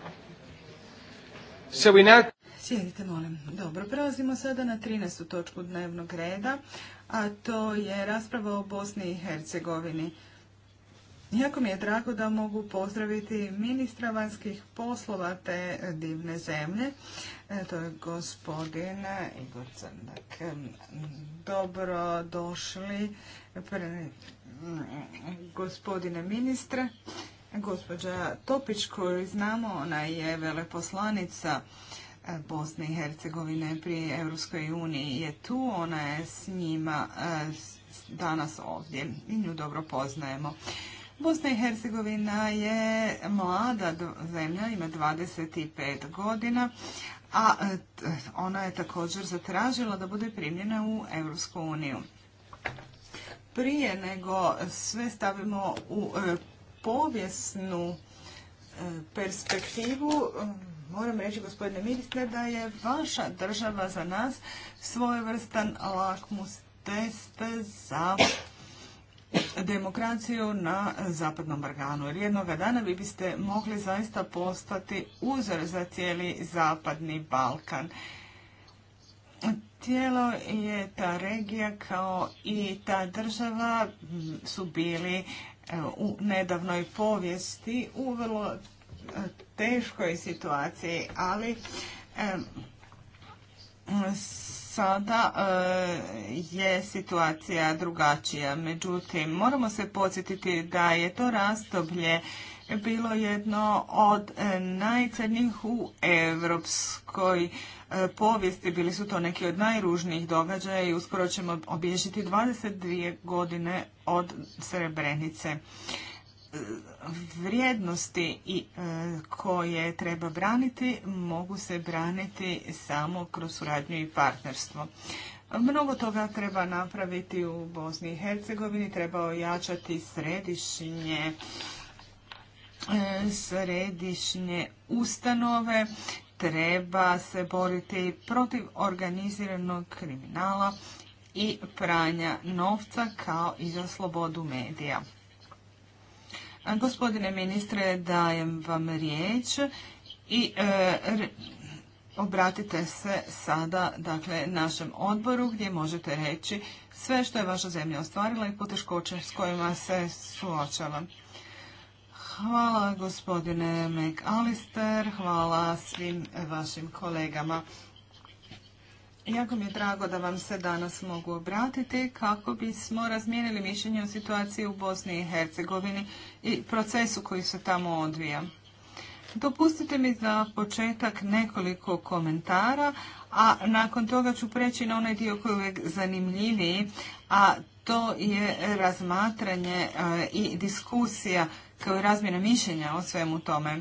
So we now... Sjedite, Dobro, prelazimo sada na 13. točku dnevnog reda, a to je rasprava o Bosni i Hercegovini. Jako mi je drago da mogu pozdraviti ministra vanjskih poslova te divne zemlje. E, to je gospodin Igor Crnak. Dobro došli gospodine ministre. Gospođa Topić koju znamo, ona je veleposlanica E, Bosne i Hercegovine pri Europskoj uniji je tu, ona je s njima e, danas ovdje i nju dobro poznajemo. Bosna i Hercegovina je mlada zemlja, ima 25 godina, a e, ona je također zatražila da bude primljena u Europsku uniju. Prije nego sve stavimo u povijesnu perspektivu, Moram reći, gospodine ministre, da je vaša država za nas svojevrstan lakmus test za demokraciju na zapadnom organu. Jer jednoga dana vi biste mogli zaista postati uzor za cijeli zapadni Balkan. tijelo je ta regija kao i ta država su bili e, u nedavnoj povijesti u vrlo teškoj situaciji, ali sada eh, je situacija drugačija. Međutim, moramo se podsjetiti da je to razdoblje bilo jedno od eh, najcrnijih u europskoj eh, povijesti. Bili su to neki od najružnijih događaja i uskoro ćemo obilježiti 22 godine od Srebrenice vrijednosti e, koje treba braniti mogu se braniti samo kroz suradnju i partnerstvo. Mnogo toga treba napraviti u Bosni i Hercegovini, treba ojačati središnje e, središnje ustanove, treba se boriti protiv organiziranog kriminala i pranja novca kao i za slobodu medija. Gospodine ministre, dajem vam riječ i e, obratite se sada dakle, našem odboru gdje možete reći sve što je vaša zemlja ostvarila i poteškoće s kojima se suočava. Hvala gospodine McAllister, hvala svim vašim kolegama. Jako mi je drago da vam se danas mogu obratiti kako bismo razmijenili mišljenje o situaciji u Bosni i Hercegovini i procesu koji se tamo odvija. Dopustite mi za početak nekoliko komentara, a nakon toga ću preći na onaj dio koji je uvijek zanimljiviji, a to je razmatranje e, i diskusija kao i razmjena mišljenja o svemu tome.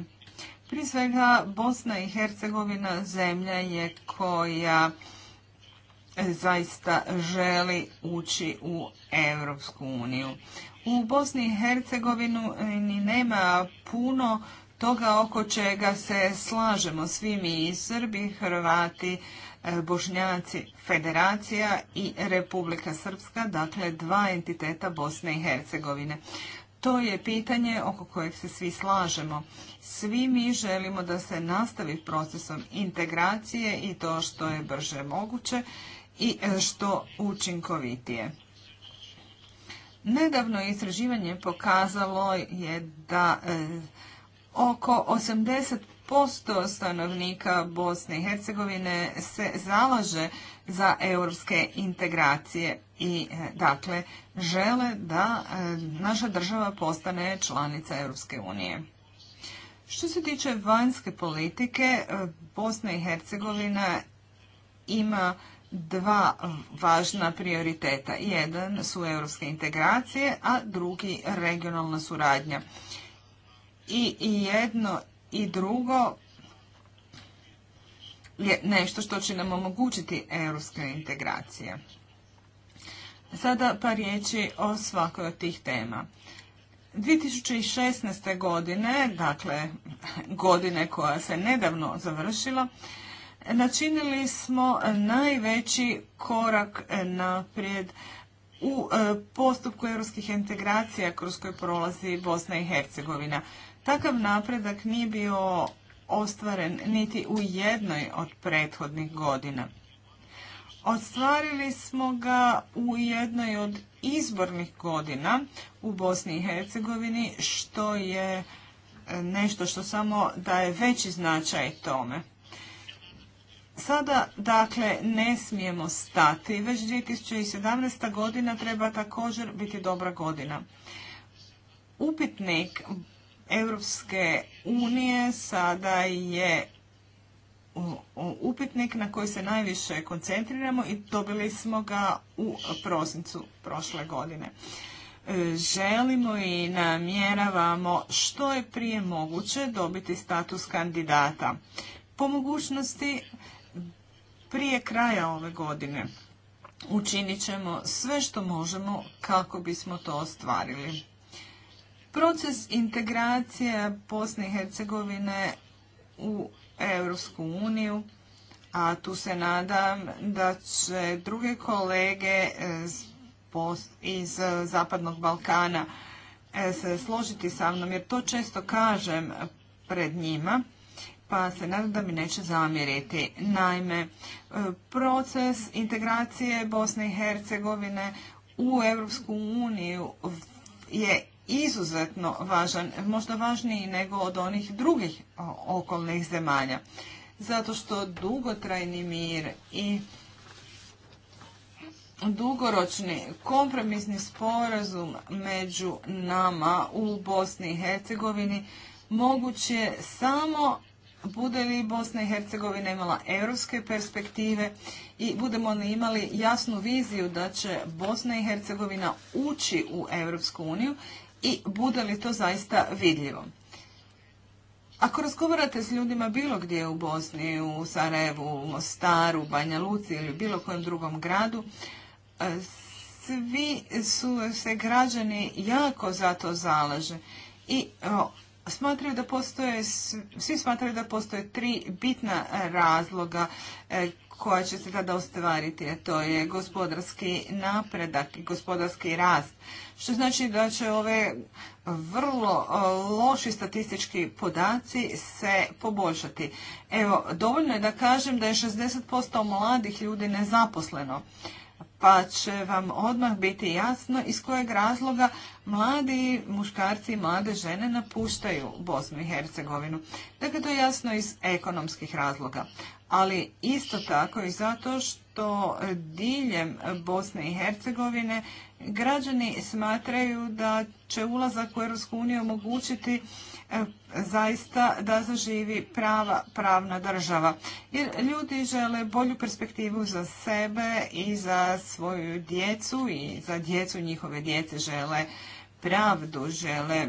Prije svega, Bosna i Hercegovina zemlja je koja zaista želi ući u Europsku uniju. U Bosni i Hercegovinu e, ni nema puno toga oko čega se slažemo svi mi i Srbi, Hrvati, e, Bošnjaci, Federacija i Republika Srpska, dakle dva entiteta Bosne i Hercegovine. To je pitanje oko kojeg se svi slažemo. Svi mi želimo da se nastavi procesom integracije i to što je brže moguće i e, što učinkovitije. Nedavno istraživanje pokazalo je da e, oko 80% stanovnika Bosne i Hercegovine se zalaže za europske integracije i e, dakle žele da naša država postane članica Europske unije. Što se tiče vanjske politike, Bosna i Hercegovina ima dva važna prioriteta. Jedan su europske integracije, a drugi regionalna suradnja. I jedno i drugo je nešto što će nam omogućiti europske integracije. Sada pa riječi o svakoj od tih tema. 2016. godine, dakle godine koja se nedavno završila, načinili smo najveći korak naprijed u e, postupku europskih integracija kroz koje prolazi Bosna i Hercegovina. Takav napredak nije bio ostvaren niti u jednoj od prethodnih godina. Ostvarili smo ga u jednoj od izbornih godina u Bosni i Hercegovini, što je e, nešto što samo daje veći značaj tome. Sada, dakle, ne smijemo stati. Već 2017. godina treba također biti dobra godina. Upitnik Europske unije sada je upitnik na koji se najviše koncentriramo i dobili smo ga u prosincu prošle godine. E, želimo i namjeravamo što je prije moguće dobiti status kandidata. Po mogućnosti prije kraja ove godine. Učinit ćemo sve što možemo kako bismo to ostvarili. Proces integracije Bosne i Hercegovine u Europsku uniju, a tu se nadam da će druge kolege eh, iz Zapadnog Balkana eh, se složiti sa mnom, jer to često kažem pred njima, pa se nadam da mi neće zamjeriti. Naime, proces integracije Bosne i Hercegovine u Europsku uniju je izuzetno važan, možda važniji nego od onih drugih okolnih zemalja. Zato što dugotrajni mir i dugoročni kompromisni sporazum među nama u Bosni i Hercegovini moguće samo bude li Bosna i Hercegovina imala europske perspektive i budemo li imali jasnu viziju da će Bosna i Hercegovina ući u Europsku uniju i bude li to zaista vidljivo. Ako razgovarate s ljudima bilo gdje u Bosni, u Sarajevu, u Mostaru, Banja Luci ili bilo kojem drugom gradu, svi su se građani jako za to zalaže. I smatraju da svi smatraju da postoje tri bitna razloga e, koja će se tada ostvariti, a to je gospodarski napredak i gospodarski rast. Što znači da će ove vrlo e, loši statistički podaci se poboljšati. Evo, dovoljno je da kažem da je 60% mladih ljudi nezaposleno pa će vam odmah biti jasno iz kojeg razloga mladi muškarci i mlade žene napuštaju Bosnu i Hercegovinu. Dakle, to je jasno iz ekonomskih razloga, ali isto tako i zato što diljem Bosne i Hercegovine Građani smatraju da će ulazak u EU omogućiti e, zaista da zaživi prava pravna država. Jer ljudi žele bolju perspektivu za sebe i za svoju djecu i za djecu njihove djece žele pravdu, žele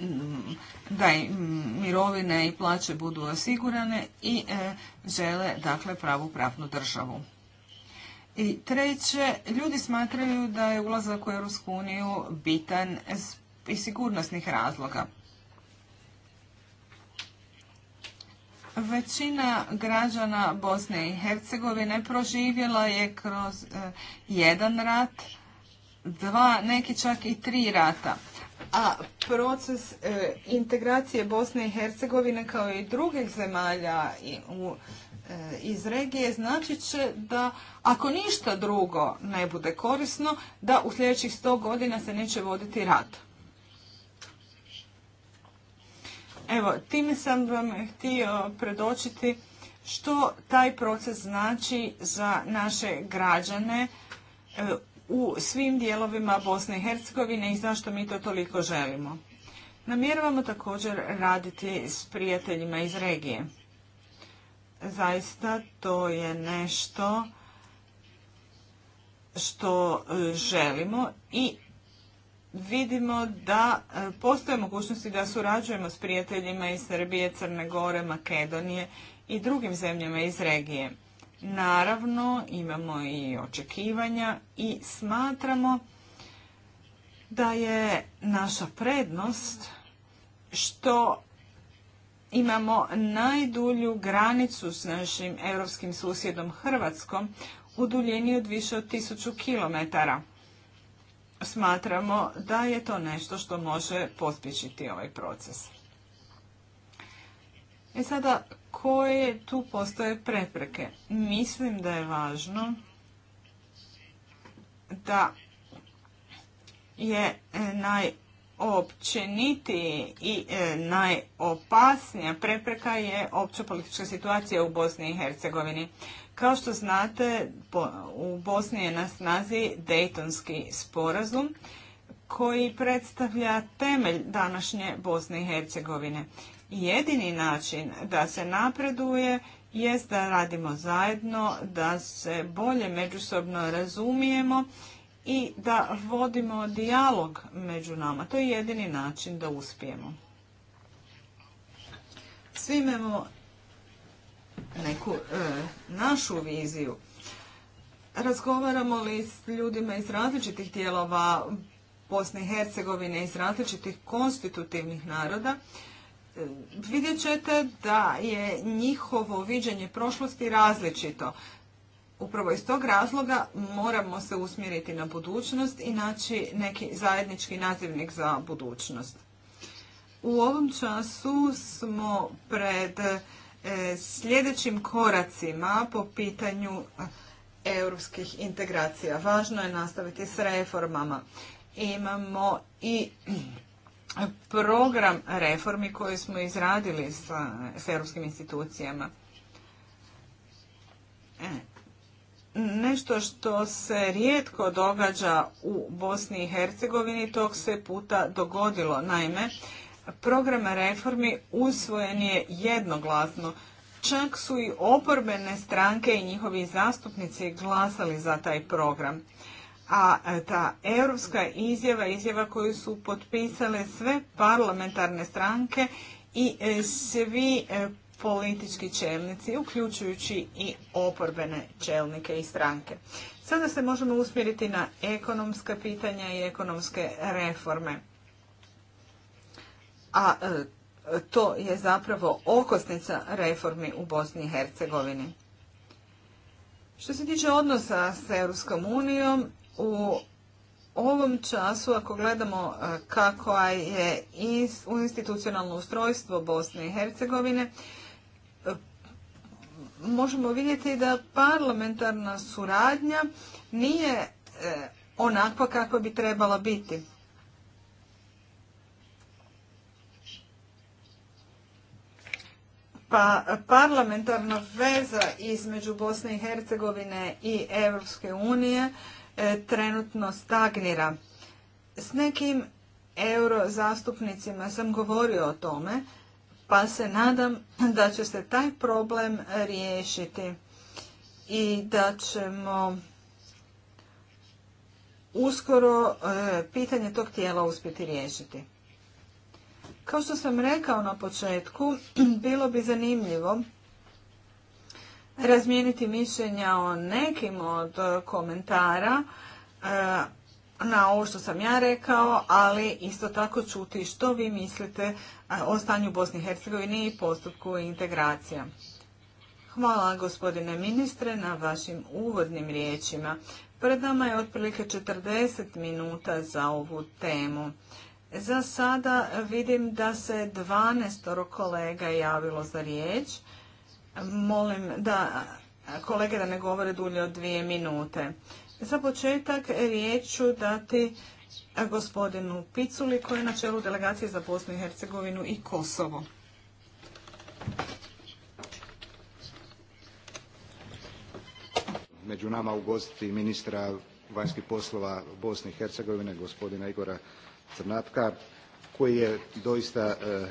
mm, da mirovine i plaće budu osigurane i e, žele dakle pravu pravnu državu. I treće, ljudi smatraju da je ulazak u Europsku uniju bitan iz sigurnosnih razloga. Većina građana Bosne i Hercegovine proživjela je kroz e, jedan rat, dva, neki čak i tri rata. A proces e, integracije Bosne i Hercegovine kao i drugih zemalja u E, iz regije znači će da ako ništa drugo ne bude korisno, da u sljedećih sto godina se neće voditi rat. Evo, time sam vam htio predočiti što taj proces znači za naše građane e, u svim dijelovima Bosne i Hercegovine i zašto mi to toliko želimo. Namjeravamo također raditi s prijateljima iz regije zaista to je nešto što e, želimo i vidimo da e, postoje mogućnosti da surađujemo s prijateljima iz Srbije, Crne Gore, Makedonije i drugim zemljama iz regije. Naravno, imamo i očekivanja i smatramo da je naša prednost što imamo najdulju granicu s našim europskim susjedom Hrvatskom u duljini od više od 1000 km. Smatramo da je to nešto što može pospješiti ovaj proces. E sada, koje tu postoje prepreke? Mislim da je važno da je naj općeniti i e, najopasnija prepreka je opća politička situacija u Bosni i Hercegovini. Kao što znate, u Bosni je na snazi Dejtonski sporazum koji predstavlja temelj današnje Bosne i Hercegovine. Jedini način da se napreduje jest da radimo zajedno, da se bolje međusobno razumijemo i da vodimo dijalog među nama. To je jedini način da uspijemo. Svi imamo neku e, našu viziju. Razgovaramo li s ljudima iz različitih dijelova Bosne i Hercegovine, iz različitih konstitutivnih naroda, e, vidjet ćete da je njihovo viđenje prošlosti različito. Upravo iz tog razloga moramo se usmjeriti na budućnost i naći neki zajednički nazivnik za budućnost. U ovom času smo pred e, sljedećim koracima po pitanju e, europskih integracija. Važno je nastaviti s reformama. Imamo i program reformi koji smo izradili s europskim institucijama. E, nešto što se rijetko događa u Bosni i Hercegovini, tog se puta dogodilo. Naime, program reformi usvojen je jednoglasno. Čak su i oporbene stranke i njihovi zastupnici glasali za taj program. A e, ta europska izjava, izjava koju su potpisale sve parlamentarne stranke i e, svi e, politički čelnici, uključujući i oporbene čelnike i stranke. Sada se možemo usmjeriti na ekonomska pitanja i ekonomske reforme. A e, to je zapravo okosnica reformi u Bosni i Hercegovini. Što se tiče odnosa s Europskom unijom, u ovom času, ako gledamo e, kako je u institucionalno ustrojstvo Bosne i Hercegovine, možemo vidjeti da parlamentarna suradnja nije e, onakva kako bi trebala biti. Pa parlamentarna veza između Bosne i Hercegovine i Europske unije e, trenutno stagnira. S nekim euro zastupnicima sam govorio o tome pa se nadam da će se taj problem riješiti i da ćemo uskoro e, pitanje tog tijela uspjeti riješiti. Kao što sam rekao na početku, bilo bi zanimljivo razmijeniti mišljenja o nekim od komentara, e, na ovo što sam ja rekao, ali isto tako čuti što vi mislite e, o stanju Bosni i Hercegovini i postupku integracija. Hvala gospodine ministre na vašim uvodnim riječima. Pred nama je otprilike 40 minuta za ovu temu. Za sada vidim da se 12 kolega javilo za riječ. Molim da kolege da ne govore dulje od dvije minute. Za početak riječ ću dati gospodinu Piculi koji je na čelu delegacije za Bosnu i Hercegovinu i Kosovo. Među nama ugostiti ministra vanjskih poslova Bosne i Hercegovine gospodina Igora Crnatka koji je doista eh,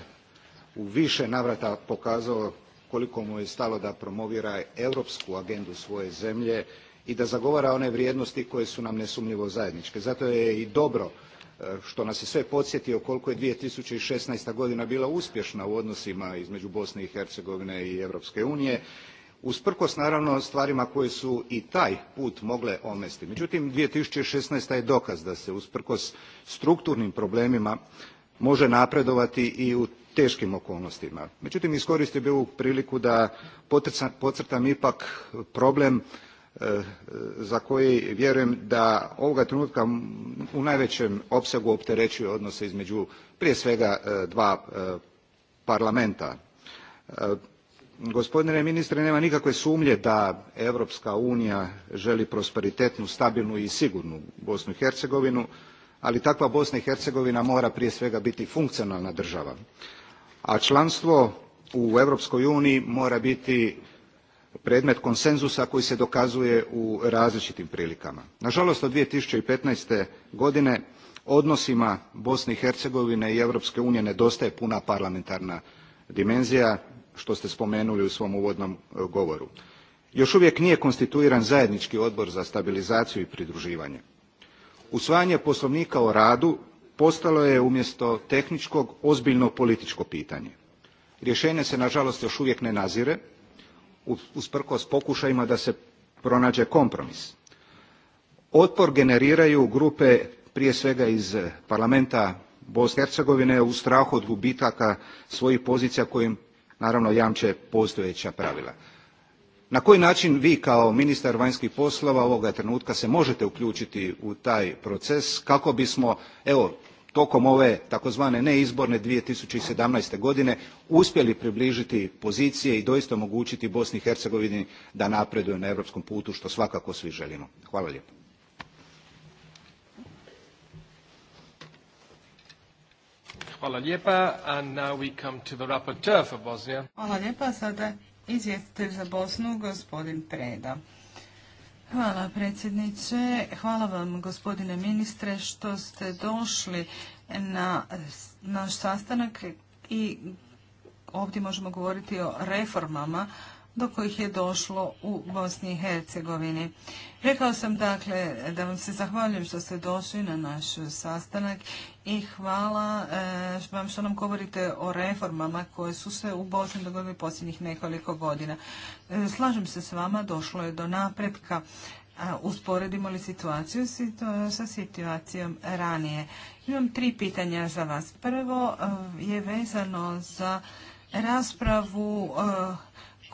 u više navrata pokazao koliko mu je stalo da promovira europsku agendu svoje zemlje i da zagovara one vrijednosti koje su nam nesumnjivo zajedničke. Zato je i dobro e, što nas je sve podsjetio koliko je 2016. godina bila uspješna u odnosima između Bosne i Hercegovine i Europske unije, usprkos naravno stvarima koje su i taj put mogle omesti. Međutim, 2016. je dokaz da se usprkos strukturnim problemima može napredovati i u teškim okolnostima. Međutim, iskoristio bih ovu priliku da podcrtam ipak problem za koji vjerujem da ovoga trenutka u najvećem opsegu opterećuje odnose između prije svega e, dva e, parlamenta. E, gospodine ministre, nema nikakve sumnje da Europska unija želi prosperitetnu, stabilnu i sigurnu Bosnu i Hercegovinu, ali takva Bosna i Hercegovina mora prije svega biti funkcionalna država. A članstvo u Europskoj uniji mora biti predmet konsenzusa koji se dokazuje u različitim prilikama. Nažalost, od 2015. godine odnosima Bosne i Hercegovine i Europske unije nedostaje puna parlamentarna dimenzija, što ste spomenuli u svom uvodnom e, govoru. Još uvijek nije konstituiran zajednički odbor za stabilizaciju i pridruživanje. Usvajanje poslovnika o radu postalo je umjesto tehničkog ozbiljno političko pitanje. Rješenje se nažalost još uvijek ne nazire, usprkos pokušajima da se pronađe kompromis. Otpor generiraju grupe prije svega iz eh, parlamenta Bosne i Hercegovine u strahu od gubitaka svojih pozicija kojim naravno jamče postojeća pravila. Na koji način vi kao ministar vanjskih poslova ovoga trenutka se možete uključiti u taj proces kako bismo evo tokom ove takozvane neizborne. two thousand and seventeen godine uspjeli približiti pozicije i doista omogućiti bosni i hercegovini da napreduje na europskom putu što svakako svi želimo. hvala lijepo. Hvala lijepa. And now we come to the rapporteur for Bosnia. Hvala lijepa. Sada za Bosnu, gospodin Preda. Hvala predsjedniče. Hvala vam gospodine ministre što ste došli na naš sastanak i ovdje možemo govoriti o reformama do kojih je došlo u Bosni i Hercegovini. Rekao sam dakle da vam se zahvaljujem što ste došli na naš sastanak i hvala eh, vam što nam govorite o reformama koje su se u Bosni dogodile posljednjih nekoliko godina. Eh, slažem se s vama, došlo je do napretka. Usporedimo li situaciju sa situacijom ranije? Imam tri pitanja za vas. Prvo eh, je vezano za raspravu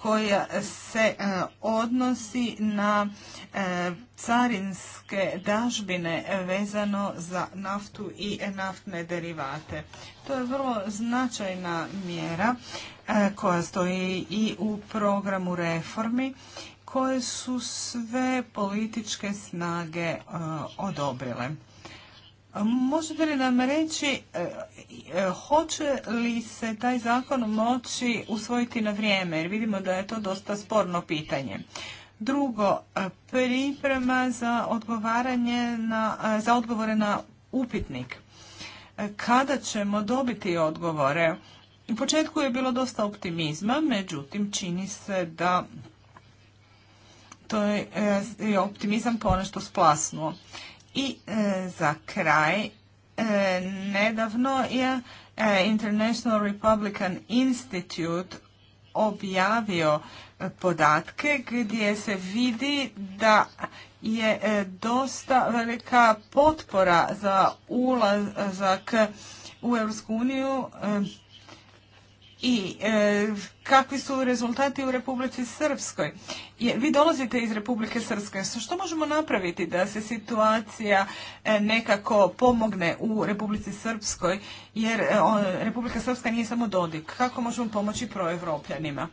koja se e, odnosi na e, carinske dažbine vezano za naftu i naftne derivate. To je vrlo značajna mjera e, koja stoji i u programu reformi koje su sve političke snage odobrile. Možete li nam reći e, e, hoće li se taj zakon moći usvojiti na vrijeme jer vidimo da je to dosta sporno pitanje. Drugo, e, priprema za odgovaranje na, za odgovore na upitnik. Kada ćemo dobiti odgovore? U početku je bilo dosta optimizma, međutim čini se da to je optimizam ponešto splasnuo. I e, za kraj, e, nedavno je e, International Republican Institute objavio podatke gdje se vidi da je dosta velika potpora za ulazak u Europsku uniju i e, kakvi su rezultati u Republici Srpskoj. vi dolazite iz Republike Srpske. Što možemo napraviti da se situacija e, nekako pomogne u Republici Srpskoj? Jer e, Republika Srpska nije samo Dodik. Kako možemo pomoći proevropljanima?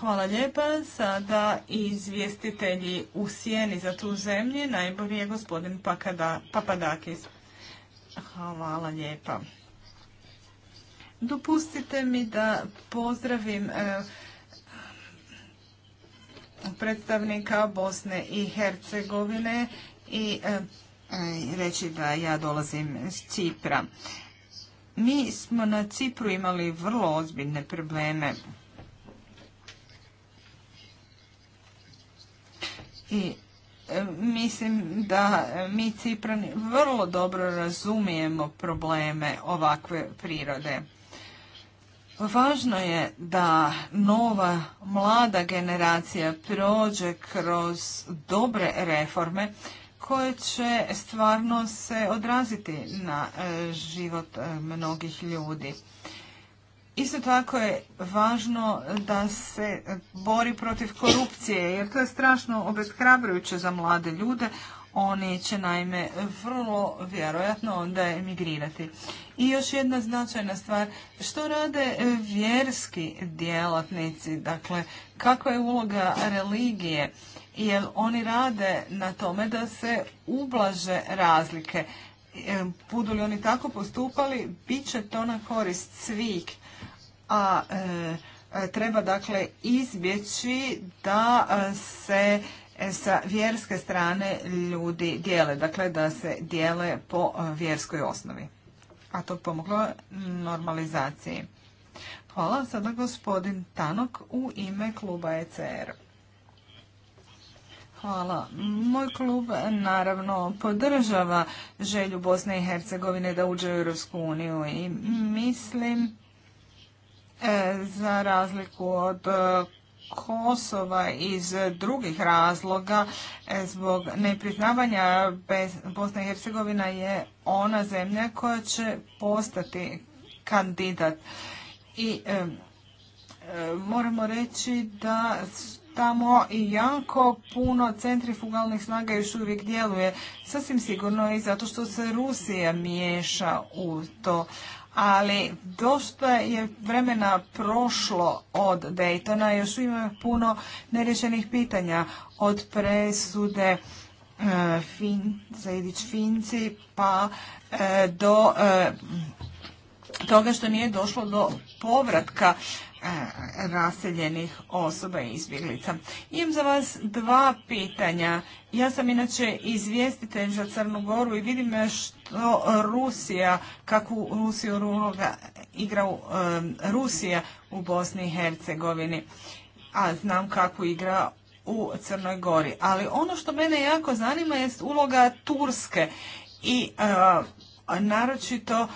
Hvala lijepa. Sada izvjestitelji u sjeni za tu zemlju. Najbolji je gospodin Pakada, Papadakis. Hvala lijepa. Dopustite mi da pozdravim e, predstavnika Bosne i Hercegovine i e, e, reći da ja dolazim iz Cipra. Mi smo na Cipru imali vrlo ozbiljne probleme. I mislim da mi Ciprani vrlo dobro razumijemo probleme ovakve prirode. Važno je da nova mlada generacija prođe kroz dobre reforme koje će stvarno se odraziti na e, život e, mnogih ljudi. Isto tako je važno da se bori protiv korupcije, jer to je strašno obeshrabrujuće za mlade ljude, oni će naime vrlo vjerojatno onda emigrirati. I još jedna značajna stvar, što rade vjerski djelatnici, dakle kakva je uloga religije, jer oni rade na tome da se ublaže razlike. Budu li oni tako postupali, bit će to na korist svih, a e, treba dakle izbjeći da e, se sa vjerske strane ljudi dijele, dakle da se dijele po e, vjerskoj osnovi. A to pomoglo normalizaciji. Hvala sada gospodin Tanok u ime kluba ECR. Hvala. Moj klub naravno podržava želju Bosne i Hercegovine da uđe u Europsku uniju i mislim e, za razliku od e, Kosova iz drugih razloga e, zbog nepriznavanja Bosne i Hercegovina je ona zemlja koja će postati kandidat. I e, e, moramo reći da tamo i jako puno centrifugalnih snaga još uvijek djeluje. Sasvim sigurno i zato što se Rusija miješa u to ali dosta je vremena prošlo od Daytona, još ima puno nerješenih pitanja od presude e, Fin, Finci pa e, do e, toga što nije došlo do povratka E, raseljenih osoba i izbjeglica. Imam za vas dva pitanja. Ja sam inače izvjestitelj za Crnu Goru i vidim što Rusija, kakvu Rusiju igra u, e, Rusija u Bosni i Hercegovini, a znam kakvu igra u Crnoj Gori. Ali ono što mene jako zanima jest uloga Turske i e, naročito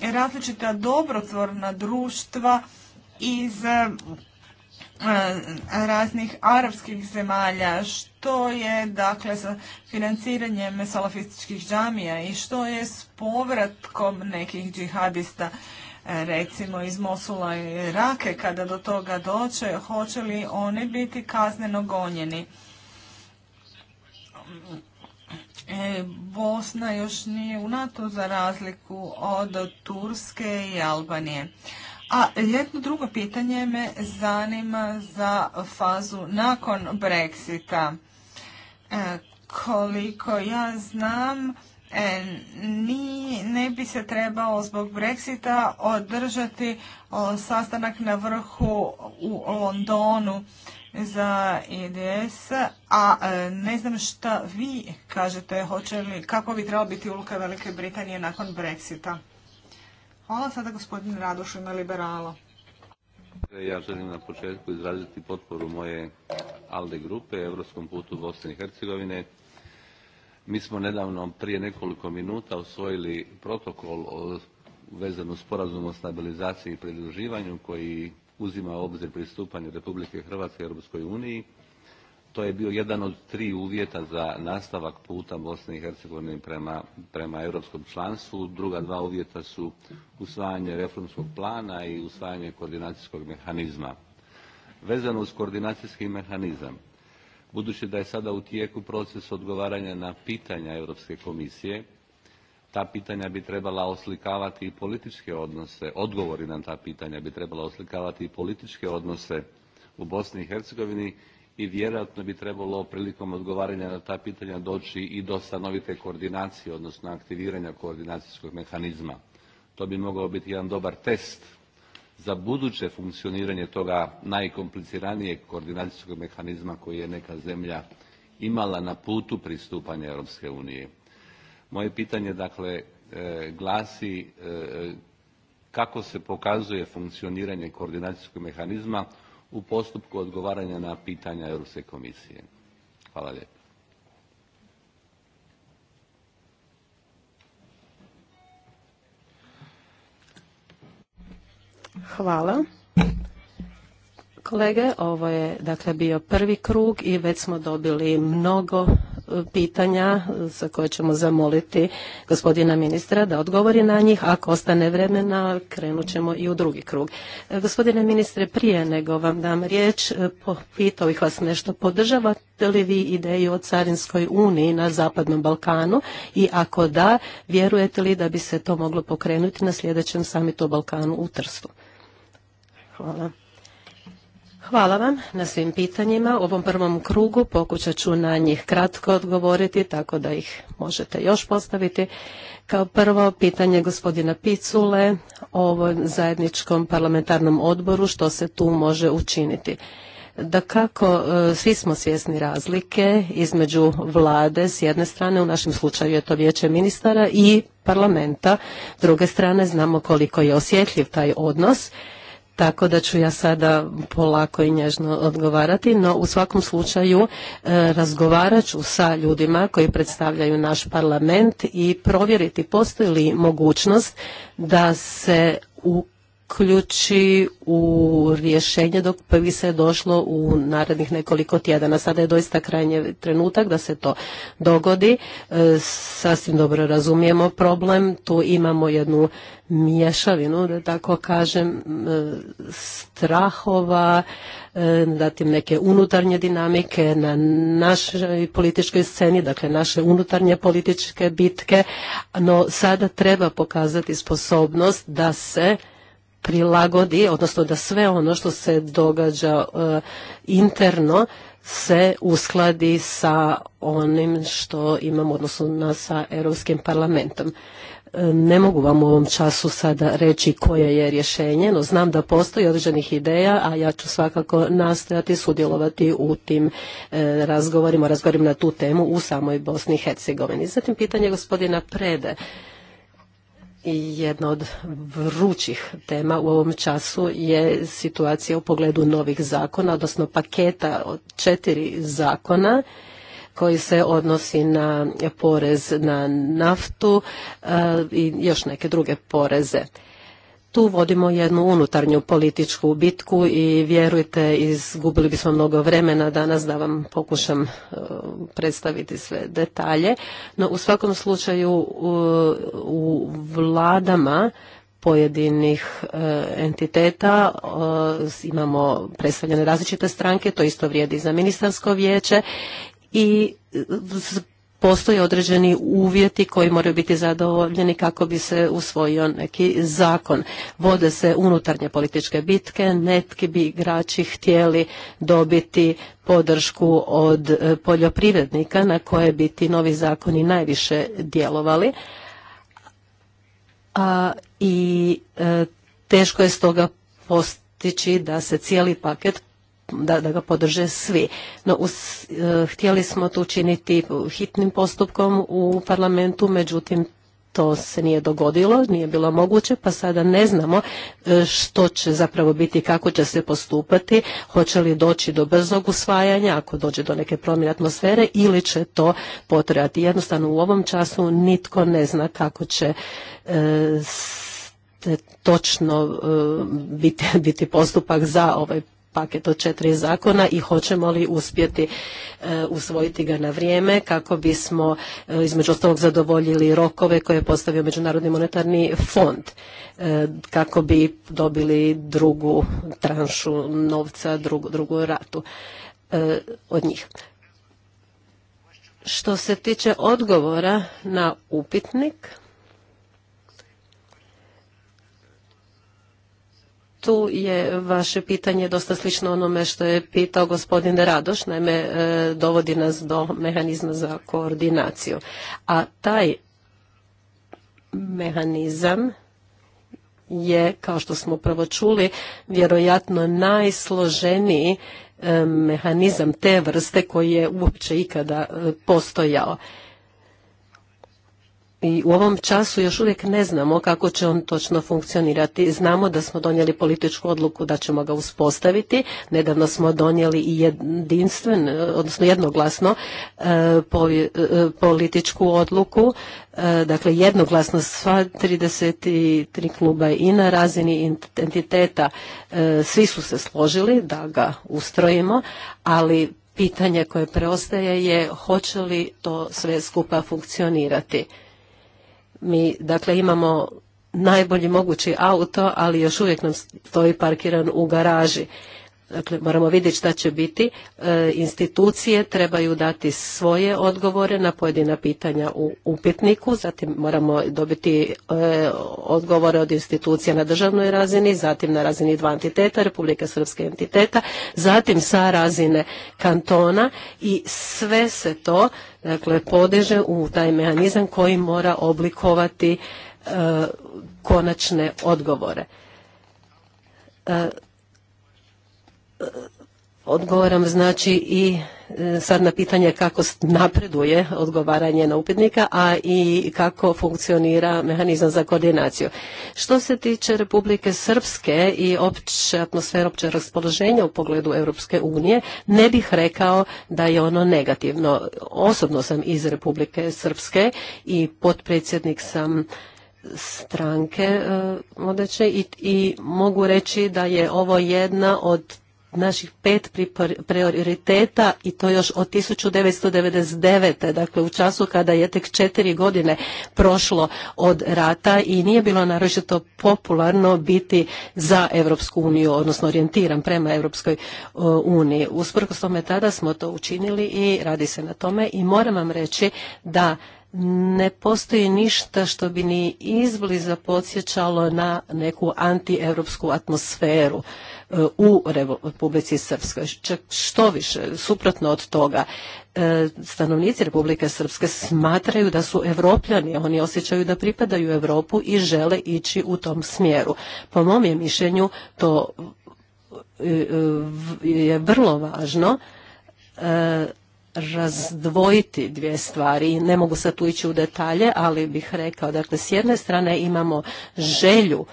različita dobrotvorna društva iz e, e, raznih arapskih zemalja, što je dakle sa financiranjem salafističkih džamija i što je s povratkom nekih džihadista e, recimo iz Mosula i Rake kada do toga doće, hoće li oni biti kazneno gonjeni? Bosna još nije u NATO za razliku od Turske i Albanije. A jedno drugo pitanje me zanima za fazu nakon Brexita. E, koliko ja znam, e, ni, ne bi se trebao zbog Brexita održati sastanak na vrhu u Londonu za IDS, e a ne znam šta vi kažete, hoće li, kako bi trebalo biti uluka Velike Britanije nakon Brexita. Hvala sada gospodin na liberala. Ja želim na početku izraziti potporu moje ALDE grupe, Europskom putu Bosne i Hercegovine. Mi smo nedavno prije nekoliko minuta usvojili protokol o vezan uz sporazum o stabilizaciji i pridruživanju koji uzima u obzir pristupanje Republike Hrvatske Europskoj uniji to je bio jedan od tri uvjeta za nastavak puta Bosne i Hercegovine prema, prema europskom članstvu. Druga dva uvjeta su usvajanje reformskog plana i usvajanje koordinacijskog mehanizma. Vezano uz koordinacijski mehanizam, budući da je sada u tijeku proces odgovaranja na pitanja Europske komisije, ta pitanja bi trebala oslikavati i političke odnose, odgovori na ta pitanja bi trebala oslikavati i političke odnose u Bosni i Hercegovini i vjerojatno bi trebalo prilikom odgovaranja na ta pitanja doći i do stanovite koordinacije, odnosno aktiviranja koordinacijskog mehanizma. To bi mogao biti jedan dobar test za buduće funkcioniranje toga najkompliciranijeg koordinacijskog mehanizma koji je neka zemlja imala na putu pristupanja Europske unije. Moje pitanje dakle e, glasi e, kako se pokazuje funkcioniranje koordinacijskog mehanizma u postupku odgovaranja na pitanja Europske komisije. Hvala lijepo. Hvala. Kolege, ovo je dakle bio prvi krug i već smo dobili mnogo pitanja za e, koje ćemo zamoliti gospodina ministra da odgovori na njih. Ako ostane vremena, krenut ćemo i u drugi krug. E, gospodine ministre, prije nego vam dam riječ, e, pitao bih vas nešto. Podržavate li vi ideju o Carinskoj uniji na Zapadnom Balkanu i ako da, vjerujete li da bi se to moglo pokrenuti na sljedećem samitu o Balkanu u Trstu? Hvala. Hvala vam na svim pitanjima. U ovom prvom krugu pokušat ću na njih kratko odgovoriti, tako da ih možete još postaviti. Kao prvo, pitanje gospodina Picule o ovom zajedničkom parlamentarnom odboru, što se tu može učiniti. Da kako, e, svi smo svjesni razlike između vlade s jedne strane, u našem slučaju je to vijeće ministara, i parlamenta. S druge strane, znamo koliko je osjetljiv taj odnos tako da ću ja sada polako i nježno odgovarati, no u svakom slučaju e, razgovarat ću sa ljudima koji predstavljaju naš parlament i provjeriti postoji li mogućnost da se u uključi u rješenje dok prvi se došlo u narednih nekoliko tjedana. Sada je doista krajnji trenutak da se to dogodi. E, sasvim dobro razumijemo problem. Tu imamo jednu mješavinu, da tako kažem, e, strahova, e, zatim neke unutarnje dinamike na našoj političkoj sceni, dakle naše unutarnje političke bitke, no sada treba pokazati sposobnost da se prilagodi, odnosno da sve ono što se događa e, interno se uskladi sa onim što imamo odnosno na sa Europskim parlamentom. E, ne mogu vam u ovom času sada reći koje je rješenje, no znam da postoji određenih ideja, a ja ću svakako nastojati sudjelovati u tim e, razgovorima, razgovorima na tu temu u samoj Bosni i Hercegovini. Zatim pitanje gospodina Prede i jedna od vrućih tema u ovom času je situacija u pogledu novih zakona, odnosno paketa od četiri zakona koji se odnosi na porez na naftu e, i još neke druge poreze tu vodimo jednu unutarnju političku bitku i vjerujte, izgubili bismo mnogo vremena danas da vam pokušam e, predstaviti sve detalje. No u svakom slučaju u vladama pojedinih e, entiteta e, imamo predstavljene različite stranke, to isto vrijedi za ministarsko vijeće i postoje određeni uvjeti koji moraju biti zadovoljeni kako bi se usvojio neki zakon. Vode se unutarnje političke bitke, netki bi igrači htjeli dobiti podršku od e, poljoprivrednika na koje bi ti novi zakoni najviše djelovali. A, I e, teško je stoga postići da se cijeli paket da, da ga podrže svi. No, us, e, htjeli smo to učiniti hitnim postupkom u parlamentu, međutim, to se nije dogodilo, nije bilo moguće, pa sada ne znamo e, što će zapravo biti, kako će se postupati, hoće li doći do brzog usvajanja, ako dođe do neke promjene atmosfere ili će to potrebati Jednostavno u ovom času nitko ne zna kako će e, točno e, biti, biti postupak za ovaj paket od četiri zakona i hoćemo li uspjeti e, usvojiti ga na vrijeme kako bismo e, između ostalog zadovoljili rokove koje je postavio Međunarodni monetarni fond e, kako bi dobili drugu tranšu novca, drugu ratu od njih. Što se tiče odgovora na upitnik, tu je vaše pitanje dosta slično onome što je pitao gospodin Radoš, naime e, dovodi nas do mehanizma za koordinaciju. A taj mehanizam je, kao što smo prvo čuli, vjerojatno najsloženiji e, mehanizam te vrste koji je uopće ikada e, postojao i u ovom času još uvijek ne znamo kako će on točno funkcionirati. Znamo da smo donijeli političku odluku da ćemo ga uspostaviti. Nedavno smo donijeli i jedinstven, e, odnosno jednoglasno e, e, političku odluku. dakle, jednoglasno sva 33 kluba i na razini entiteta svi su se složili da ga ustrojimo, ali pitanje koje preostaje je hoće li to sve skupa funkcionirati. Mi, dakle, imamo najbolji mogući auto, ali još uvijek nam stoji parkiran u garaži. Dakle, moramo vidjeti šta će biti. E, institucije trebaju dati svoje odgovore na pojedina pitanja u upitniku, zatim moramo dobiti e, odgovore od institucija na državnoj razini, zatim na razini dva entiteta, Republike Srpske entiteta, zatim sa razine kantona i sve se to dakle, podiže u taj mehanizam koji mora oblikovati e, konačne odgovore odgovoram znači i e, sad na pitanje kako napreduje odgovaranje na upitnika, a i kako funkcionira mehanizam za koordinaciju. Što se tiče Republike Srpske i opće atmosfere opće raspoloženja u pogledu Europske unije, ne bih rekao da je ono negativno. Osobno sam iz Republike Srpske i potpredsjednik sam stranke e, vodeće i mogu reći da je ovo jedna od naših pet prioriteta i to još od 1999. dakle u času kada je tek četiri godine prošlo od rata i nije bilo naročito popularno biti za Europsku uniju, odnosno orijentiran prema Europskoj uniji. Usprkos tome tada smo to učinili i radi se na tome i moram vam reći da ne postoji ništa što bi ni izbliza podsjećalo na neku antievropsku atmosferu u Republici Srpskoj. Čak što više, suprotno od toga, e, stanovnici Republike Srpske smatraju da su evropljani, oni osjećaju da pripadaju Europu i žele ići u tom smjeru. Po mom je mišljenju to e, e, je vrlo važno razdvojiti dvije stvari. Ne mogu sad tu ići u detalje, ali bih rekao, dakle, s jedne strane imamo želju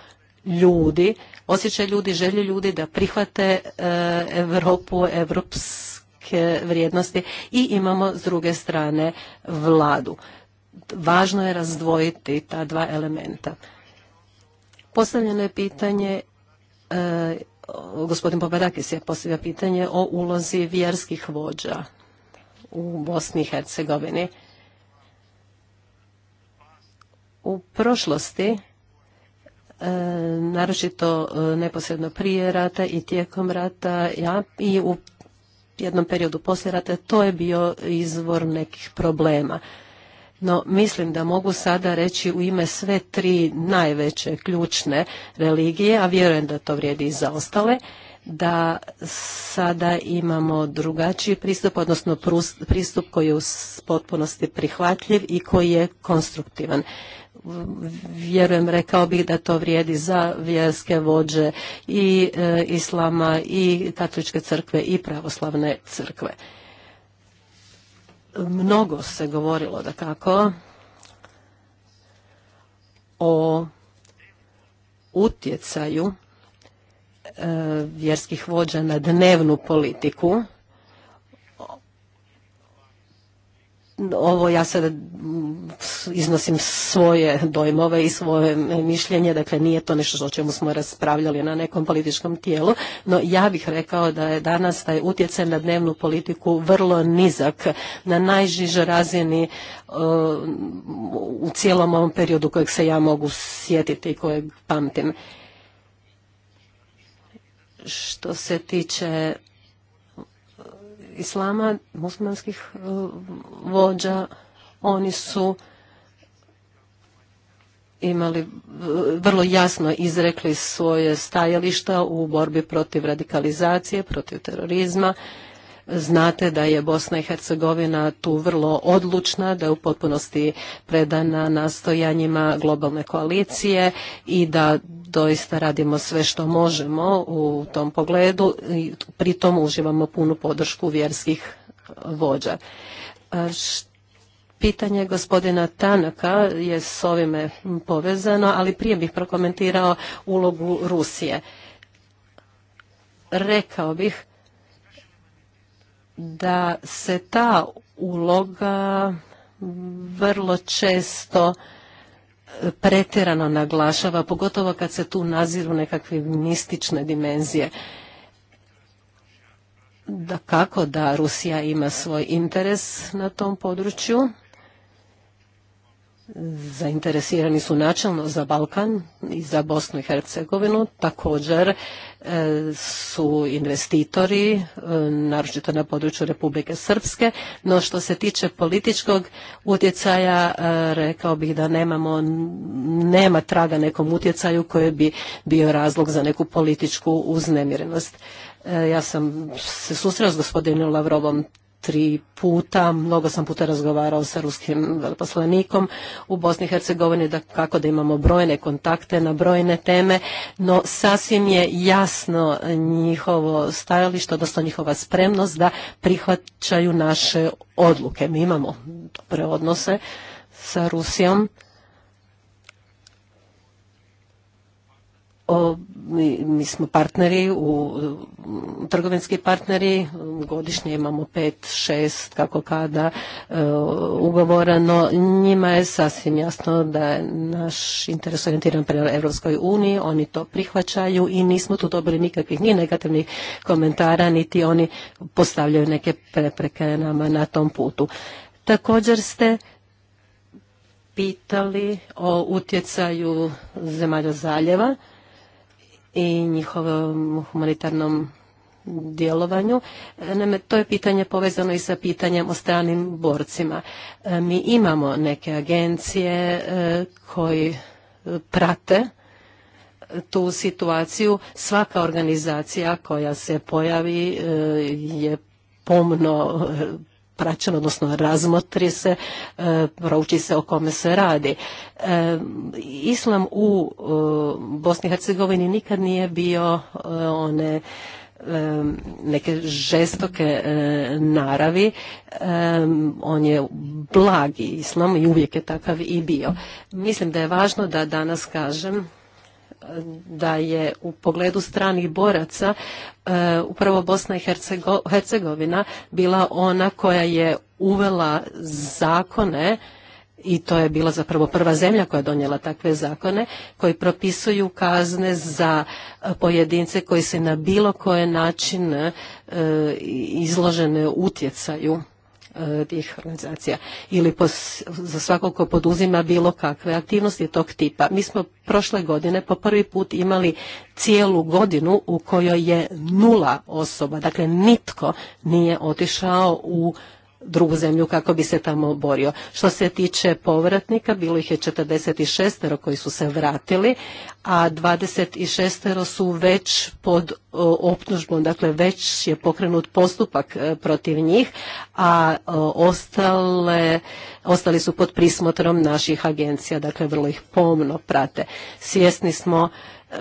ljudi osjećaj ljudi, želju ljudi da prihvate Europu, evropske vrijednosti i imamo s druge strane vladu. Važno je razdvojiti ta dva elementa. Postavljeno je pitanje e, gospodin Popadakis je postavio pitanje o ulozi vjerskih vođa u Bosni i Hercegovini. U prošlosti E, naročito e, neposredno prije rata i tijekom rata ja, i u jednom periodu poslije rata, to je bio izvor nekih problema. No, mislim da mogu sada reći u ime sve tri najveće ključne religije, a vjerujem da to vrijedi i za ostale, da sada imamo drugačiji pristup, odnosno pristup koji je u potpunosti prihvatljiv i koji je konstruktivan vjerujem rekao bih da to vrijedi za vjerske vođe i e, islama i katoličke crkve i pravoslavne crkve. Mnogo se govorilo da kako o utjecaju e, vjerskih vođa na dnevnu politiku ovo ja sada iznosim svoje dojmove i svoje mišljenje, dakle nije to nešto o čemu smo raspravljali na nekom političkom tijelu, no ja bih rekao da je danas taj utjecaj na dnevnu politiku vrlo nizak, na najžiže razini e, u cijelom ovom periodu kojeg se ja mogu sjetiti i kojeg pamtim. Što se tiče islama, muslimanskih e, vođa, oni su imali e, vrlo jasno izrekli svoje stajališta u borbi protiv radikalizacije, protiv terorizma Znate da je Bosna i Hercegovina tu vrlo odlučna, da je u potpunosti predana nastojanjima globalne koalicije i da doista radimo sve što možemo u tom pogledu i pritom uživamo punu podršku vjerskih vođa. Pitanje gospodina Tanaka je s ovime povezano, ali prije bih prokomentirao ulogu Rusije. Rekao bih da se ta uloga vrlo često e, pretjerano naglašava, pogotovo kad se tu naziru nekakve mistične dimenzije. Da kako da Rusija ima svoj interes na tom području, zainteresirani su načelno za Balkan i za Bosnu i Hercegovinu. Također e, su investitori, e, naročito na području Republike Srpske, no što se tiče političkog utjecaja, e, rekao bih da nemamo, nema traga nekom utjecaju koji bi bio razlog za neku političku uznemirenost. Ja sam se susreo s gospodinom Lavrovom tri puta, mnogo sam puta razgovarao sa ruskim veleposlanikom u Bosni i Hercegovini, da kako da imamo brojne kontakte na brojne teme, no sasvim je jasno njihovo stajalište, odnosno njihova spremnost da prihvaćaju naše odluke. Mi imamo dobre odnose sa Rusijom, mi, smo partneri, u, trgovinski partneri, godišnje imamo pet, šest, kako kada, e, ugovorano njima je sasvim jasno da je naš interes orijentiran prema Europskoj uniji, oni to prihvaćaju i nismo tu dobili nikakvih ni negativnih komentara, niti oni postavljaju neke prepreke nama na tom putu. Također ste pitali o utjecaju zemalja zaljeva i njihovom humanitarnom djelovanju. Naime, to je pitanje povezano i sa pitanjem o stranim borcima. E, mi imamo neke agencije e, koji prate tu situaciju. Svaka organizacija koja se pojavi e, je pomno praćen, odnosno razmotri se, e, prouči se o kome se radi. E, islam u e, Bosni i Hercegovini nikad nije bio one neke žestoke naravi. On je blagi islam i uvijek je takav i bio. Mislim da je važno da danas kažem da je u pogledu stranih boraca e, upravo Bosna i Hercegovina bila ona koja je uvela zakone i to je bila zapravo prva zemlja koja je donijela takve zakone koji propisuju kazne za e, pojedince koji se na bilo koje način e, izložene utjecaju E, tih organizacija ili za svakog ko poduzima bilo kakve aktivnosti tog tipa. Mi smo prošle godine po prvi put imali cijelu godinu u kojoj je nula osoba, dakle nitko nije otišao u drugu zemlju kako bi se tamo borio. Što se tiče povratnika, bilo ih je 46 koji su se vratili, a 26 su već pod optužbom, dakle već je pokrenut postupak e, protiv njih, a e, ostale, ostali su pod prismotrom naših agencija, dakle vrlo ih pomno prate. Svjesni smo e,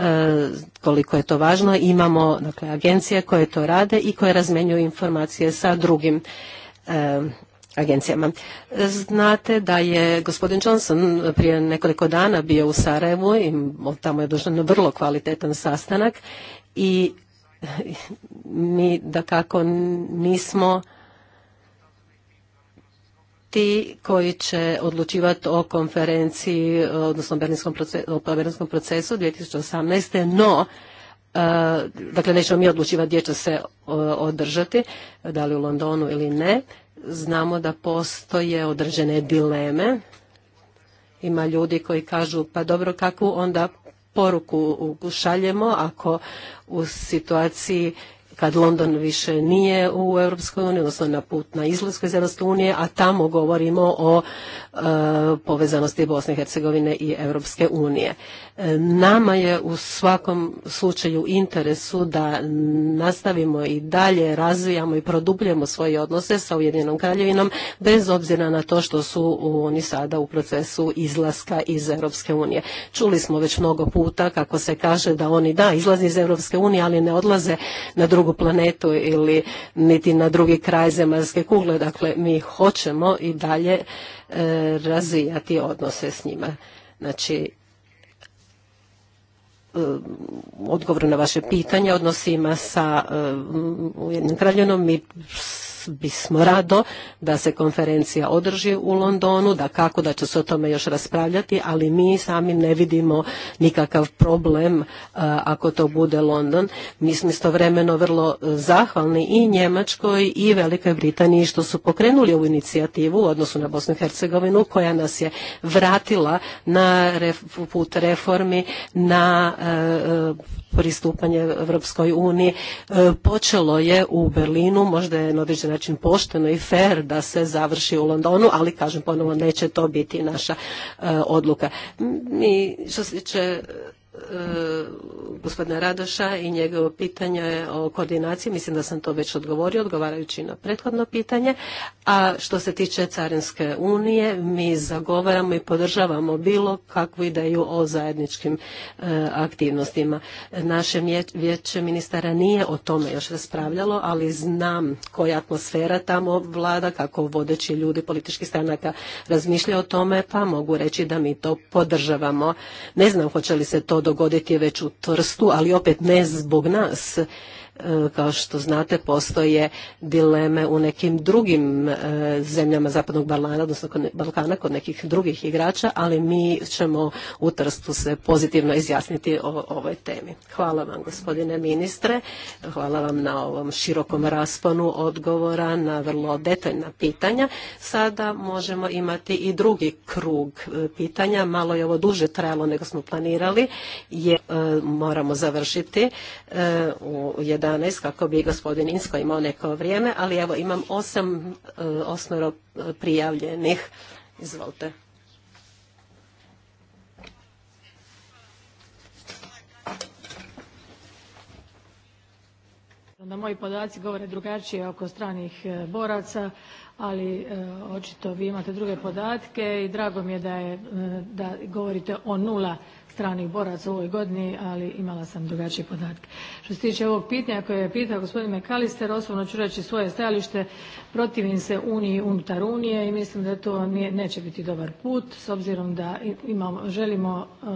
koliko je to važno. Imamo dakle, agencije koje to rade i koje razmenjuju informacije sa drugim E, agencijama. Znate da je gospodin Johnson prije nekoliko dana bio u Sarajevu i tamo je došao vrlo kvalitetan sastanak i mi da kako nismo ti koji će odlučivati o konferenciji, odnosno o procesu, o berlinskom procesu 2018. No, E, dakle nećemo mi odlučivati gdje će se e, održati, da li u Londonu ili ne. Znamo da postoje određene dileme. Ima ljudi koji kažu pa dobro kakvu onda poruku šaljemo ako u situaciji kad London više nije u Europskoj uniji, odnosno na put na izlasku iz Europske unije, a tamo govorimo o e, povezanosti Bosne i Hercegovine i Europske unije. E, nama je u svakom slučaju interesu da nastavimo i dalje razvijamo i produbljujemo svoje odnose sa Ujedinjenom kraljevinom, bez obzira na to što su oni sada u procesu izlaska iz Europske unije. Čuli smo već mnogo puta kako se kaže da oni da izlaze iz Europske unije, ali ne odlaze na drugu drugu planetu ili niti na drugi kraj zemaljske kugle. Dakle, mi hoćemo i dalje e, razvijati odnose s njima. Znači, e, odgovor na vaše pitanje odnosima sa e, Ujednim kraljenom, mi bismo rado da se konferencija održi u Londonu, da kako da će se o tome još raspravljati, ali mi sami ne vidimo nikakav problem e, ako to bude London. Mi smo istovremeno vrlo e, zahvalni i Njemačkoj i Velikoj Britaniji što su pokrenuli ovu inicijativu u odnosu na Bosnu i Hercegovinu koja nas je vratila na put reformi, na e, pristupanje Europskoj uniji. E, počelo je u Berlinu, možda je na određen način pošteno i fair da se završi u Londonu, ali kažem ponovo neće to biti naša e, odluka. Mi što se tiče E, gospodina Radoša i njegovo pitanje o koordinaciji. Mislim da sam to već odgovorio, odgovarajući na prethodno pitanje. A što se tiče Carinske unije, mi zagovaramo i podržavamo bilo kakvu ideju o zajedničkim e, aktivnostima. Naše vijeće ministara nije o tome još raspravljalo, ali znam koja atmosfera tamo vlada, kako vodeći ljudi političkih stranaka razmišlja o tome, pa mogu reći da mi to podržavamo. Ne znam hoće li se to dogoditi već u Trstu, ali opet ne zbog nas E, kao što znate, postoje dileme u nekim drugim e, zemljama Zapadnog Balkana, odnosno Balkana, kod nekih drugih igrača, ali mi ćemo u Trstu se pozitivno izjasniti o ovoj temi. Hvala vam, gospodine ministre. Hvala vam na ovom širokom rasponu odgovora na vrlo detaljna pitanja. Sada možemo imati i drugi krug e, pitanja. Malo je ovo duže trajalo nego smo planirali, jer moramo završiti u jedan 11 kako bi gospodin Insko imao neko vrijeme, ali evo imam osam e, osmero e, prijavljenih. Izvolite. Na moji podaci govore drugačije oko stranih e, boraca ali očito vi imate druge podatke i drago mi je da, je, da govorite o nula stranih boraca u ovoj godini, ali imala sam drugačije podatke. Što se tiče ovog pitanja koje je pitao gospodin Mekalister, osobno ću reći svoje stajalište, protivim se Uniji unutar Unije i mislim da to nije, neće biti dobar put s obzirom da imamo, želimo e,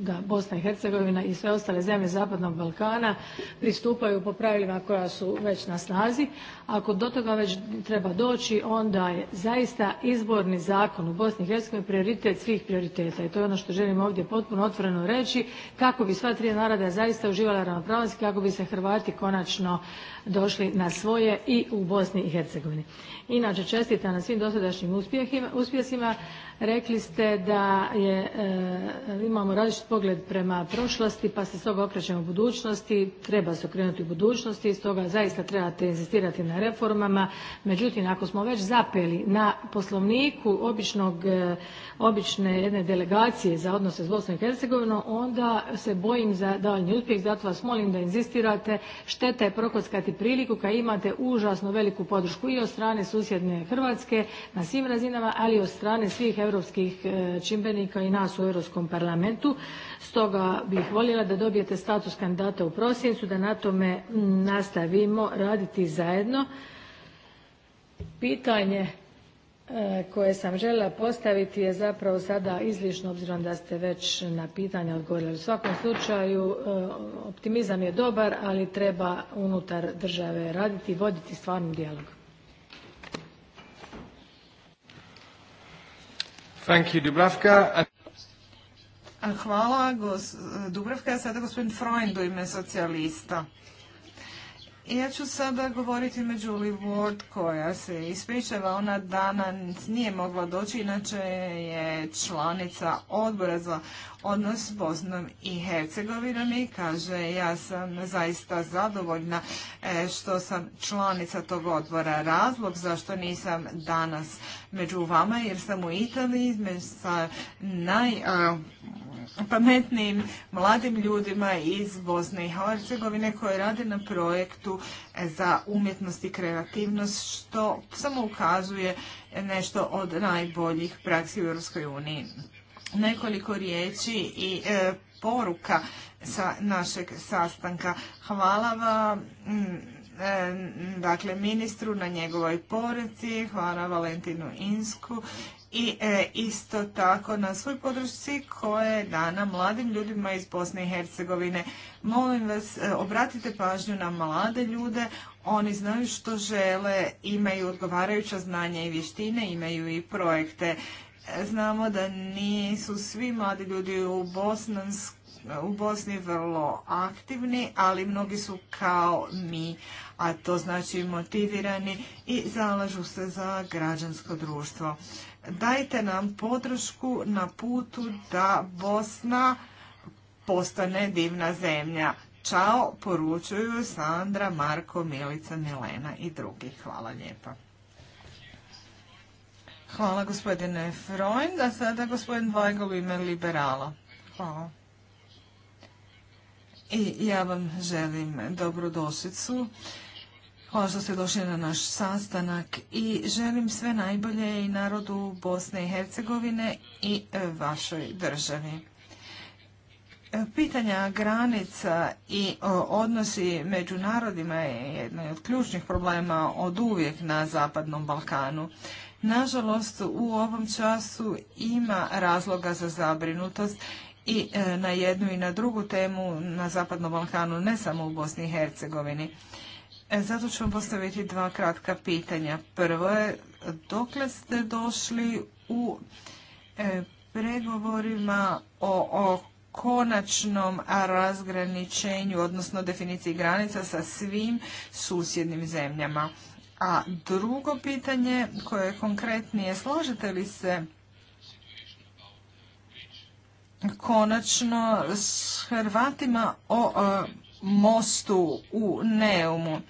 da Bosna i Hercegovina i sve ostale zemlje Zapadnog Balkana pristupaju po pravilima koja su već na snazi. Ako do toga već treba doći, onda je zaista izborni zakon u Bosni i Hercegovini prioritet svih prioriteta i to je ono što želim ovdje potpuno otvoriti otvoreno reći kako bi sva tri naroda zaista uživala ravnopravnost kako bi se Hrvati konačno došli na svoje i u Bosni i Hercegovini. Inače čestitam na svim dosadašnjim uspjesima. Rekli ste da e, imamo različit pogled prema prošlosti pa se stoga okrećemo budućnosti, treba se okrenuti budućnosti i stoga zaista trebate inzistirati na reformama. Međutim, ako smo već zapeli na poslovniku e, obične jedne delegacije za odnose s Bosnom i Hercegovinom onda se bojim za daljnji uspjeh. Zato vas molim da inzistirate. Šteta je prokockati priliku kad imate užasno veliku podršku i od strane susjedne Hrvatske na svim razinama, ali i od strane svih europskih e, čimbenika i nas u Europskom parlamentu. Stoga bih voljela da dobijete status kandidata u prosincu, da na tome nastavimo raditi zajedno. Pitanje e, koje sam željela postaviti je zapravo sada izlišno obzirom da ste već na pitanje odgovorili. U svakom slučaju e, optimizam je dobar, ali treba unutar države raditi i voditi stvarni dijalog. Thank you, Dubravka. Hvala, Dubravka. Sada gospodin Freund u ime socijalista. Ja ću sada govoriti među Julie koja se ispričava. Ona danas nije mogla doći, inače je članica odbora za odnos s Bosnom i Hercegovinom i kaže ja sam zaista zadovoljna e, što sam članica tog odbora. Razlog zašto nisam danas među vama jer sam u Italiji sa naj e, pametnim mladim ljudima iz Bosne i Hercegovine koji rade na projektu e, za umjetnost i kreativnost što samo ukazuje nešto od najboljih praksi u Europskoj uniji. Nekoliko riječi i e, poruka sa našeg sastanka. Hvala vam mm, e, dakle ministru na njegovoj poruci, hvala Valentinu Insku i e, isto tako na svoj podršci koje je dana mladim ljudima iz Bosne i Hercegovine. Molim vas, e, obratite pažnju na mlade ljude, oni znaju što žele, imaju odgovarajuća znanja i vještine, imaju i projekte. E, znamo da nisu svi mladi ljudi u u Bosni vrlo aktivni, ali mnogi su kao mi, a to znači motivirani i zalažu se za građansko društvo dajte nam podršku na putu da Bosna postane divna zemlja. Čao, poručuju Sandra, Marko, Milica, Milena i drugi. Hvala lijepa. Hvala gospodine Freund, a sada gospodin u ime liberala. Hvala. I ja vam želim dobrodošlicu Hvala što ste došli na naš sastanak i želim sve najbolje i narodu Bosne i Hercegovine i e, vašoj državi. E, pitanja granica i e, odnosi među narodima je jedna od ključnih problema od uvijek na Zapadnom Balkanu. Nažalost, u ovom času ima razloga za zabrinutost i na jednu i na drugu temu na Zapadnom Balkanu, ne samo u Bosni i Hercegovini. E, zato ću vam postaviti dva kratka pitanja. Prvo je, dokle ste došli u e, pregovorima o, konačnom razgraničenju, odnosno definiciji granica sa svim susjednim zemljama? A drugo pitanje koje je konkretnije, slažete li se konačno s Hrvatima o mostu u Neumu.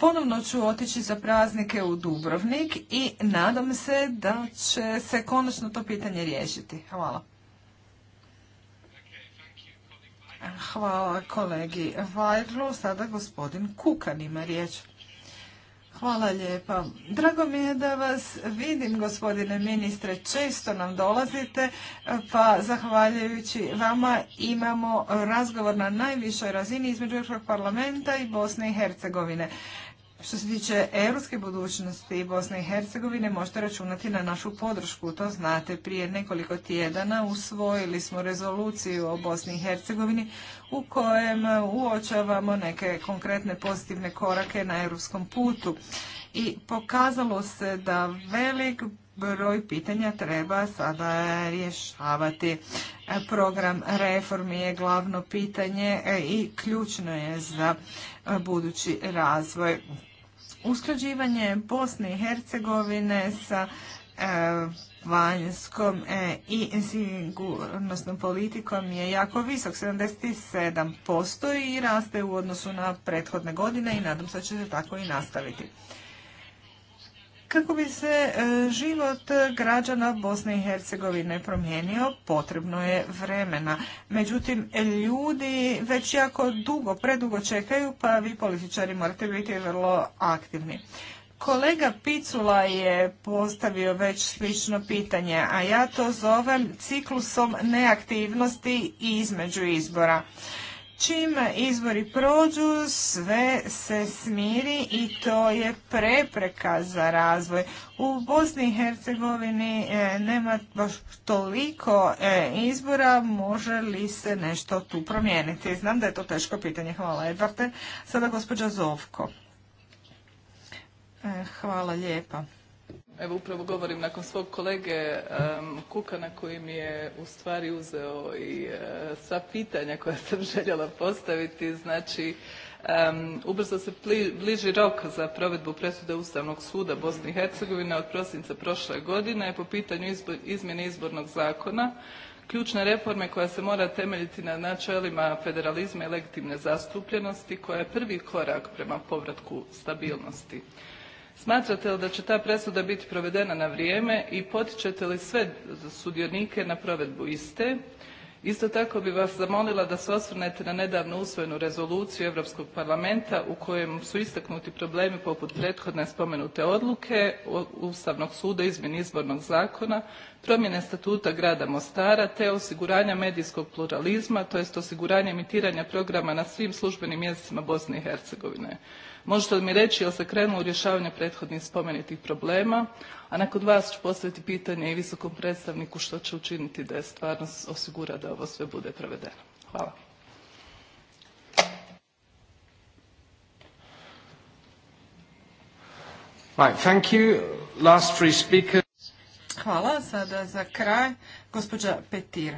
Ponovno ću otići za praznike u Dubrovnik i nadam se da će se konačno to pitanje riješiti. Hvala. Hvala kolegi Vajdlu. Sada gospodin Kukan ima riječ. Hvala lijepa. Drago mi je da vas vidim, gospodine ministre. Često nam dolazite, pa zahvaljujući vama imamo razgovor na najvišoj razini između Europskog parlamenta i Bosne i Hercegovine. Što se tiče europske budućnosti Bosne i Hercegovine, možete računati na našu podršku. To znate, prije nekoliko tjedana usvojili smo rezoluciju o Bosni i Hercegovini u kojem uočavamo neke konkretne pozitivne korake na europskom putu. I pokazalo se da velik broj pitanja treba sada rješavati. Program reformi je glavno pitanje i ključno je za budući razvoj. Usklađivanje Bosne i Hercegovine sa e, vanjskom e, i sigurnosnom politikom je jako visok, 77% i raste u odnosu na prethodne godine i nadam se da će se tako i nastaviti. Kako bi se e, život građana Bosne i Hercegovine promijenio, potrebno je vremena. Međutim, ljudi već jako dugo, predugo čekaju, pa vi političari morate biti vrlo aktivni. Kolega Picula je postavio već slično pitanje, a ja to zovem ciklusom neaktivnosti između izbora. Čim izbori prođu, sve se smiri i to je prepreka za razvoj. U Bosni i Hercegovini e, nema baš toliko e, izbora, može li se nešto tu promijeniti? Znam da je to teško pitanje. Hvala, Edvarte. Sada gospođa Zovko. E, hvala lijepa. Evo upravo govorim nakon svog kolege Kukana koji mi je u stvari uzeo i uh, sva pitanja koja sam željela postaviti. Znači, um, ubrzo se bliži rok za provedbu presude Ustavnog suda Bosne i Hercegovine od prosinca prošle godine po pitanju izmjene izbornog zakona ključne reforme koja se mora temeljiti na načelima federalizma i legitimne zastupljenosti koja je prvi korak prema povratku stabilnosti. Smatrate li da će ta presuda biti provedena na vrijeme i potičete li sve sudionike na provedbu iste? Isto tako bih vas zamolila da se osvrnete na nedavno usvojenu rezoluciju Europskog parlamenta u kojem su istaknuti problemi poput prethodne spomenute odluke Ustavnog suda izmjeni Izbornog zakona, promjene Statuta grada Mostara te osiguranja medijskog pluralizma tj. osiguranje emitiranja programa na svim službenim mjestima Bosne i Hercegovine. Možete li mi reći jel se krenulo u rješavanje prethodnih spomenutih problema, a nakon vas ću postaviti pitanje i visokom predstavniku što će učiniti da je stvarno osigura da ovo sve bude provedeno. Hvala. Hvala. Sada za kraj gospođa Petir.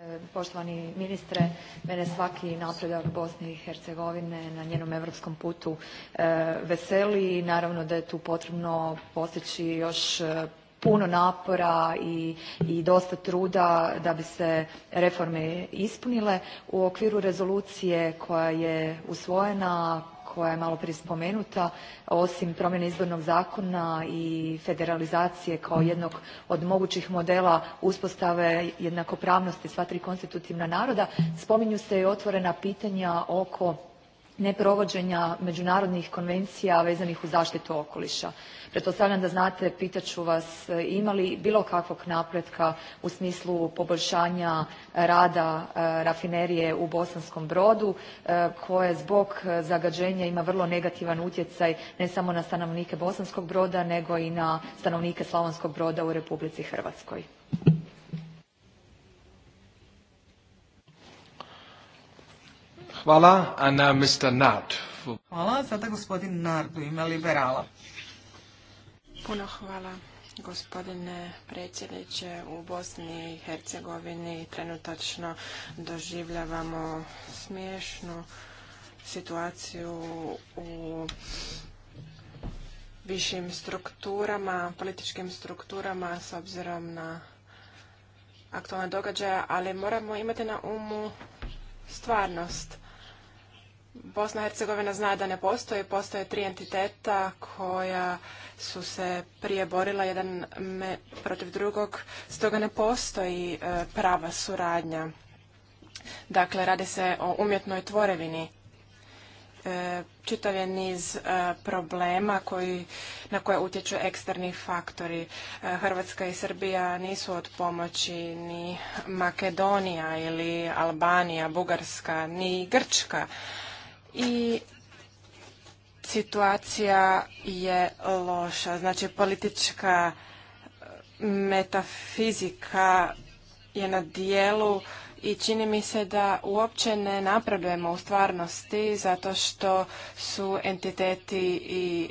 E, poštovani ministre, mene svaki napredak Bosne i Hercegovine na njenom europskom putu e, veseli i naravno da je tu potrebno postići još e, puno napora i, i dosta truda da bi se reforme ispunile. U okviru rezolucije koja je usvojena koja je maloprije spomenuta osim promjene izbornog zakona i federalizacije kao jednog od mogućih modela uspostave jednakopravnosti sva tri konstitutivna naroda spominju se i otvorena pitanja oko neprovođenja međunarodnih konvencija vezanih uz zaštitu okoliša. Pretpostavljam da znate, pitat ću vas e, ima li bilo kakvog napretka u smislu poboljšanja rada e, rafinerije u Bosanskom Brodu e, koje zbog zagađenja ima vrlo negativan utjecaj ne samo na stanovnike Bosanskog Broda nego i na stanovnike Slavonskog Broda u Republici Hrvatskoj. Hvala, na Mr. Hvala, sada gospodin ima liberala. Puno hvala gospodine predsjedniče. U Bosni i Hercegovini trenutačno doživljavamo smiješnu situaciju u višim strukturama, političkim strukturama s obzirom na aktualne događaje, ali moramo imati na umu stvarnost. Bosna i Hercegovina zna da ne postoji, postoje tri entiteta koja su se prije borila jedan protiv drugog, stoga ne postoji e, prava suradnja. Dakle, radi se o umjetnoj tvorevini. E, čitav je niz e, problema koji, na koje utječu eksterni faktori. Hrvatska i Srbija nisu od pomoći ni Makedonija ili Albanija, Bugarska, ni Grčka i situacija je loša. Znači politička e, metafizika je na dijelu i čini mi se da uopće ne napredujemo u stvarnosti zato što su entiteti i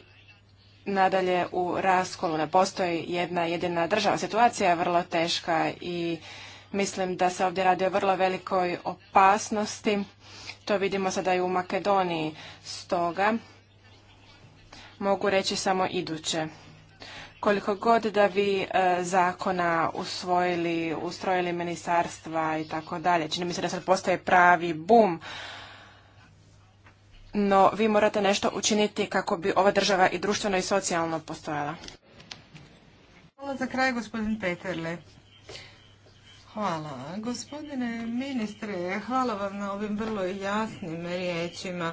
nadalje u raskolu. Ne postoji jedna jedina država. Situacija je vrlo teška i mislim da se ovdje radi o vrlo velikoj opasnosti to vidimo sada i u Makedoniji. Stoga mogu reći samo iduće. Koliko god da vi e, zakona usvojili, ustrojili ministarstva i tako dalje, čini mi se da sad postaje pravi bum, no vi morate nešto učiniti kako bi ova država i društveno i socijalno postojala. Hvala za kraj gospodin Peterle. Hvala. Gospodine ministre, hvala vam na ovim vrlo jasnim riječima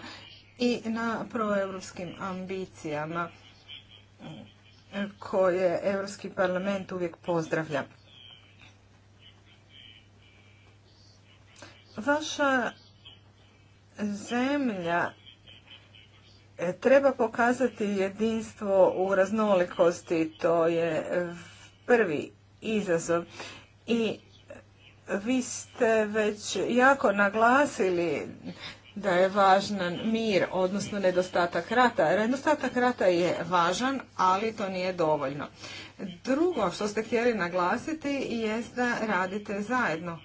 i na proevropskim ambicijama koje Europski parlament uvijek pozdravlja. Vaša zemlja treba pokazati jedinstvo u raznolikosti, to je prvi izazov. I vi ste već jako naglasili da je važan mir, odnosno nedostatak rata. Nedostatak rata je važan, ali to nije dovoljno. Drugo što ste htjeli naglasiti jest da radite zajedno.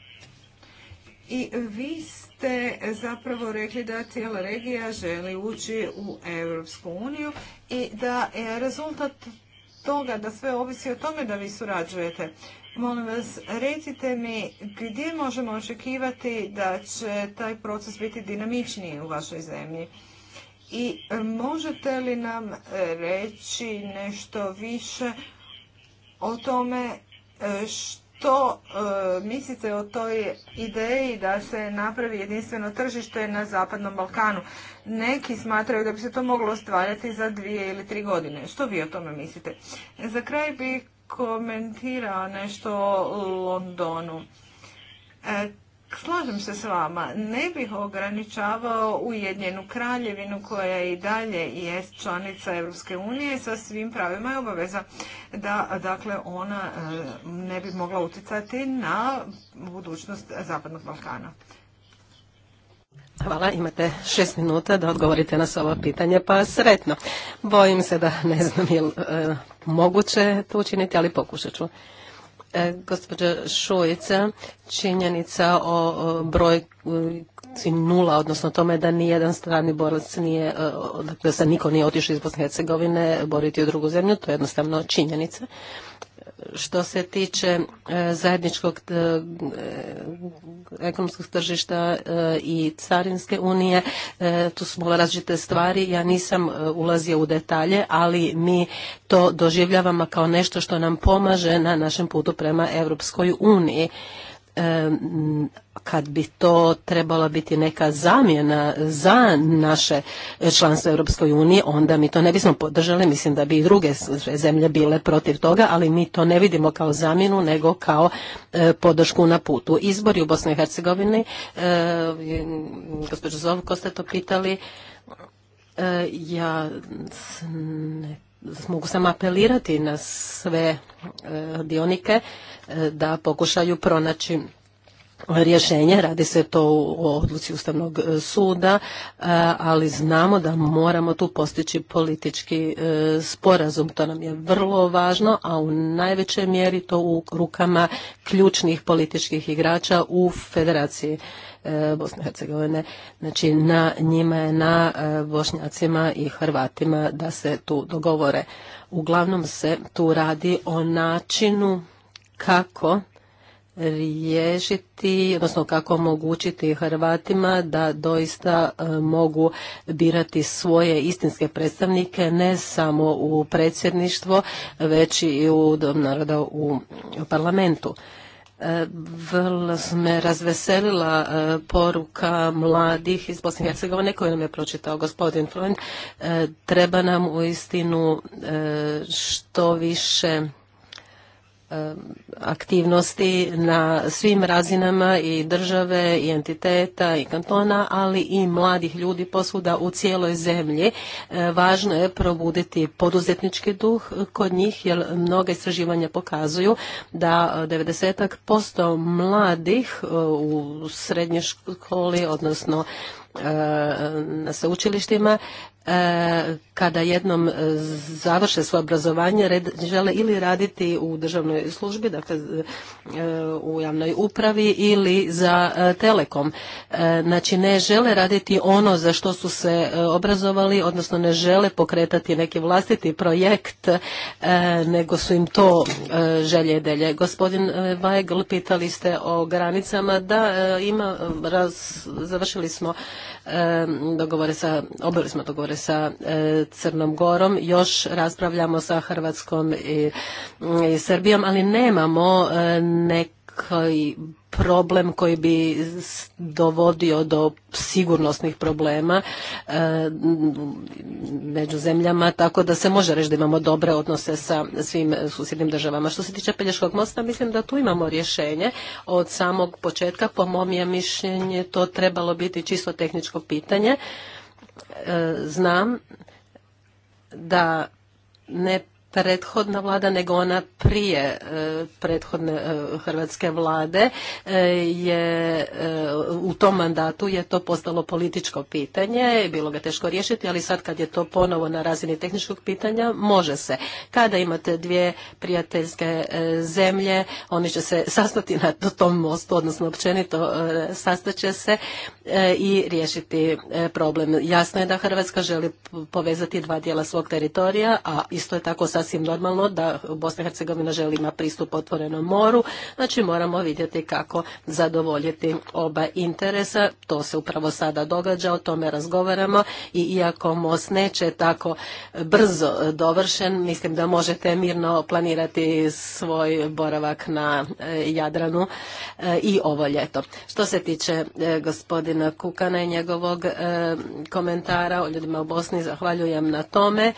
I vi ste zapravo rekli da cijela regija želi ući u Europsku uniju i da je rezultat toga da sve ovisi o tome da vi surađujete. Molim vas, recite mi gdje možemo očekivati da će taj proces biti dinamičniji u vašoj zemlji? I e, možete li nam e, reći nešto više o tome e, što mislite o toj ideji da se napravi jedinstveno tržište na Zapadnom Balkanu? Neki smatraju da bi se to moglo ostvariti za dvije ili tri godine. Što vi o tome mislite? Za kraj bih komentirao nešto o Londonu. E, slažem se s vama, ne bih ograničavao Ujedinjenu kraljevinu koja i dalje jest članica Europske unije sa svim pravima i obaveza da dakle ona e, ne bi mogla utjecati na budućnost Zapadnog Balkana. Hvala, imate šest minuta da odgovorite na svoje pitanje, pa sretno. Bojim se da ne znam je e, moguće to učiniti, ali pokušat ću. E, Šujica, činjenica o, o nula, odnosno tome da nijedan strani borac nije, e, da se niko nije otišao iz Bosne i Hercegovine boriti u drugu zemlju, to je jednostavno činjenica. Što se tiče e, zajedničkog e, e, ekonomskog tržišta i carinske unije, tu smo različite stvari. Ja nisam ulazio u detalje, ali mi to doživljavamo kao nešto što nam pomaže na našem putu prema Europskoj uniji kad bi to trebala biti neka zamjena za naše članstvo Europskoj uniji, onda mi to ne bismo podržali, mislim da bi i druge zemlje bile protiv toga, ali mi to ne vidimo kao zamjenu, nego kao e, podršku na putu. Izbori u Bosni i Hercegovini, e, gospođo Zovko ste to pitali, e, ja ne mogu sam apelirati na sve e, dionike e, da pokušaju pronaći rješenje, radi se to o odluci Ustavnog e, suda, ali znamo da moramo tu postići politički sporazum. To nam je vrlo važno, a u najvećoj mjeri to u rukama ključnih političkih igrača u federaciji. E, Bosne i Hercegovine. Znači na njima je na e, Bošnjacima i Hrvatima da se tu dogovore. Uglavnom se tu radi o načinu kako riješiti, odnosno kako omogućiti Hrvatima da doista e, mogu birati svoje istinske predstavnike ne samo u predsjedništvo, već i u Dom naroda u parlamentu. E, vrlo me razveselila e, poruka mladih iz Bosne i Hercegovine nam je pročitao gospodin Freund. E, treba nam u istinu što više Eh, aktivnosti na svim razinama i države i entiteta i kantona, ali i mladih ljudi posvuda u cijeloj zemlji. Eh, važno je probuditi poduzetnički duh kod njih, jer mnoga istraživanja pokazuju da 90% eh, mladih u srednjoj školi, odnosno na sveučilištima E, kada jednom e, završe svoje obrazovanje žele ili raditi u državnoj službi, dakle e, u javnoj upravi ili za telekom. Znači ne žele raditi ono za što su se obrazovali, odnosno ne žele pokretati neki vlastiti projekt, nego su im to želje delje. Gospodin Weigl pitali ste o granicama. Da, ima, završili smo dogovore sa, obili smo dogovore sa e, Crnom Gorom, još raspravljamo sa Hrvatskom i, Srbijom, ali nemamo e, neki problem koji bi dovodio do sigurnosnih problema e, među zemljama, tako da se može reći da imamo dobre odnose sa svim susjednim državama. Što se tiče Pelješkog mosta, mislim da tu imamo rješenje od samog početka. Po mom je mišljenje to trebalo biti čisto tehničko pitanje. E, znam da ne prethodna vlada nego ona prije e, prethodne e, hrvatske vlade e, je u tom mandatu je to postalo političko pitanje i bilo ga teško riješiti, ali sad kad je to ponovo na razini tehničkog pitanja može se. Kada imate dvije prijateljske zemlje, oni će se sastati na tom mostu, odnosno općenito sastat će se i riješiti problem. Jasno je da Hrvatska želi povezati dva dijela svog teritorija, a isto je tako sa sasvim normalno da Bosna i Hercegovina želi ima pristup otvorenom moru. Znači moramo vidjeti kako zadovoljiti oba interesa. To se upravo sada događa, o tome razgovaramo i iako most neće tako brzo dovršen, mislim da možete mirno planirati svoj boravak na eh, Jadranu eh, i ovo ljeto. Što se tiče eh, gospodina Kukana i njegovog komentara o ljudima u Bosni, zahvaljujem na tome.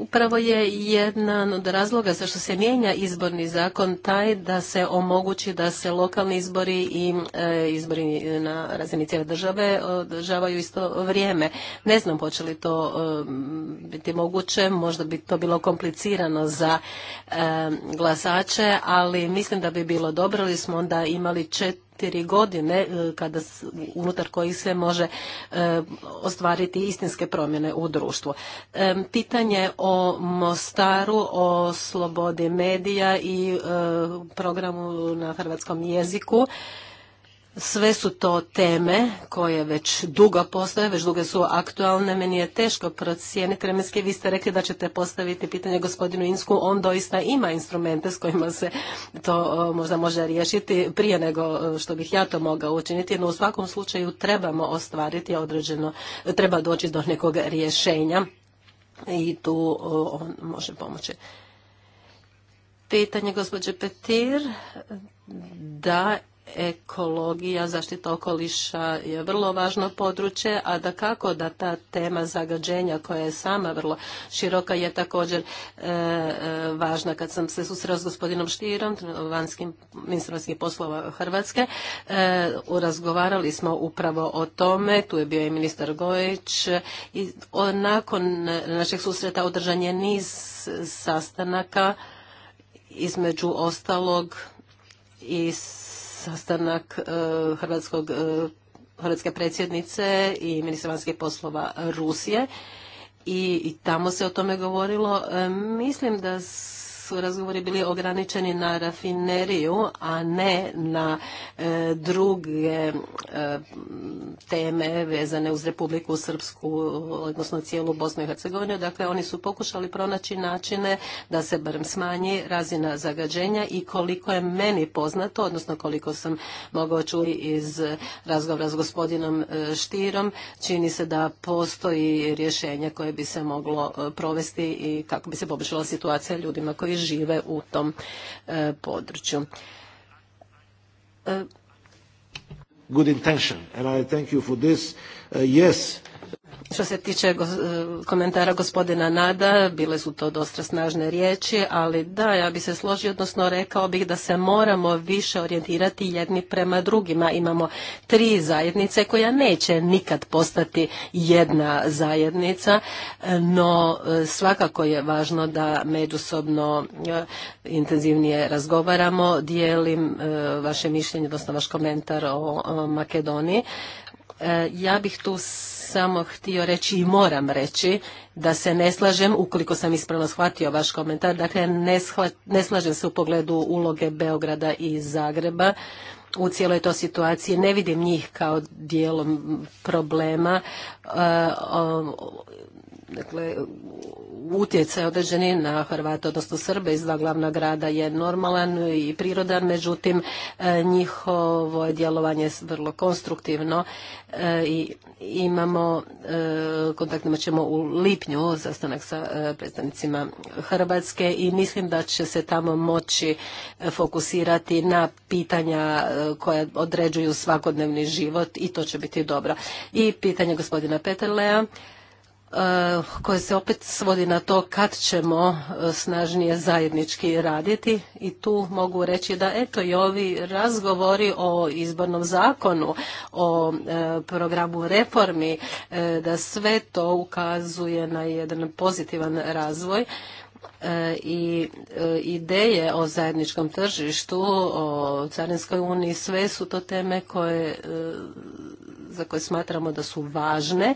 Upravo je jedna jedan od razloga zašto se mijenja izborni zakon taj da se omogući da se lokalni izbori i e, izbori na razini cijele države održavaju isto vrijeme. Ne znam hoće li to e, biti moguće, možda bi to bilo komplicirano za e, glasače, ali mislim da bi bilo dobro li smo onda imali četiri četiri godine e, kada unutar kojih se može e, ostvariti istinske promjene u društvu. E, pitanje o Mostaru, o slobodi medija i programu na hrvatskom jeziku sve su to teme koje već dugo postoje, već dugo su aktualne. Meni je teško procijeniti vremenski. Vi ste rekli da ćete postaviti pitanje gospodinu Insku. On doista ima instrumente s kojima se to možda može riješiti prije nego što bih ja to mogao učiniti. No u svakom slučaju trebamo ostvariti određeno, treba doći do nekog rješenja i tu on može pomoći. Pitanje gospođe Petir, da ekologija, zaštita okoliša je vrlo važno područje, a da kako da ta tema zagađenja koja je sama vrlo široka je također e, e, važna. Kad sam se susrela s gospodinom Štirom, vanjskim ministrom poslova Hrvatske, e, razgovarali smo upravo o tome, tu je bio i ministar Gojić i nakon našeg susreta održan je niz sastanaka između ostalog i sastanak e, Hrvatskog, e, Hrvatske predsjednice i ministra vanjskih poslova Rusije i tamo se o tome govorilo. E, mislim da su razgovori bili ograničeni na rafineriju, a ne na e, druge e, teme vezane uz Republiku Srpsku, odnosno cijelu Bosnu i Hercegovinu. Dakle, oni su pokušali pronaći načine da se barem smanji razina zagađenja i koliko je meni poznato, odnosno koliko sam mogao čuti iz razgovora s gospodinom e, Štirom, čini se da postoji rješenje koje bi se moglo provesti i kako bi se poboljšala situacija ljudima koji žive u tom e, području. E, Good intention and I thank you for this. Uh, yes, što se tiče e, komentara gospodina Nada, bile su to dosta snažne riječi, ali da, ja bi se složio, odnosno rekao bih da se moramo više orijentirati jedni prema drugima. Imamo tri zajednice koja neće nikad postati jedna zajednica, no e, svakako je važno da međusobno e, intenzivnije razgovaramo. Dijelim vaše mišljenje, odnosno vaš komentar o Makedoniji. Ja bih tu samo htio reći i moram reći da se ne slažem, ukoliko sam ispravno shvatio vaš komentar, dakle ne, ne slažem se u pogledu uloge Beograda i Zagreba u cijeloj to situaciji. Ne vidim njih kao dijelom problema. E, dakle, utjecaj određeni na Hrvate, odnosno Srbe iz dva glavna grada je normalan i prirodan, međutim e, njihovo djelovanje je vrlo konstruktivno e, i imamo, e, kontakt imat ćemo u lipnju sastanak sa predstavnicima Hrvatske i mislim da će se tamo moći fokusirati na pitanja koja određuju svakodnevni život i to će biti dobro. I pitanje gospodina Peterlea Eh, koje se opet svodi na to kad ćemo eh, snažnije zajednički raditi i tu mogu reći da eto i ovi razgovori o izbornom zakonu, o eh, programu reformi, da sve to ukazuje na jedan pozitivan razvoj i ideje o zajedničkom tržištu, o Carinskoj uniji, sve su to teme koje, za koje smatramo da su važne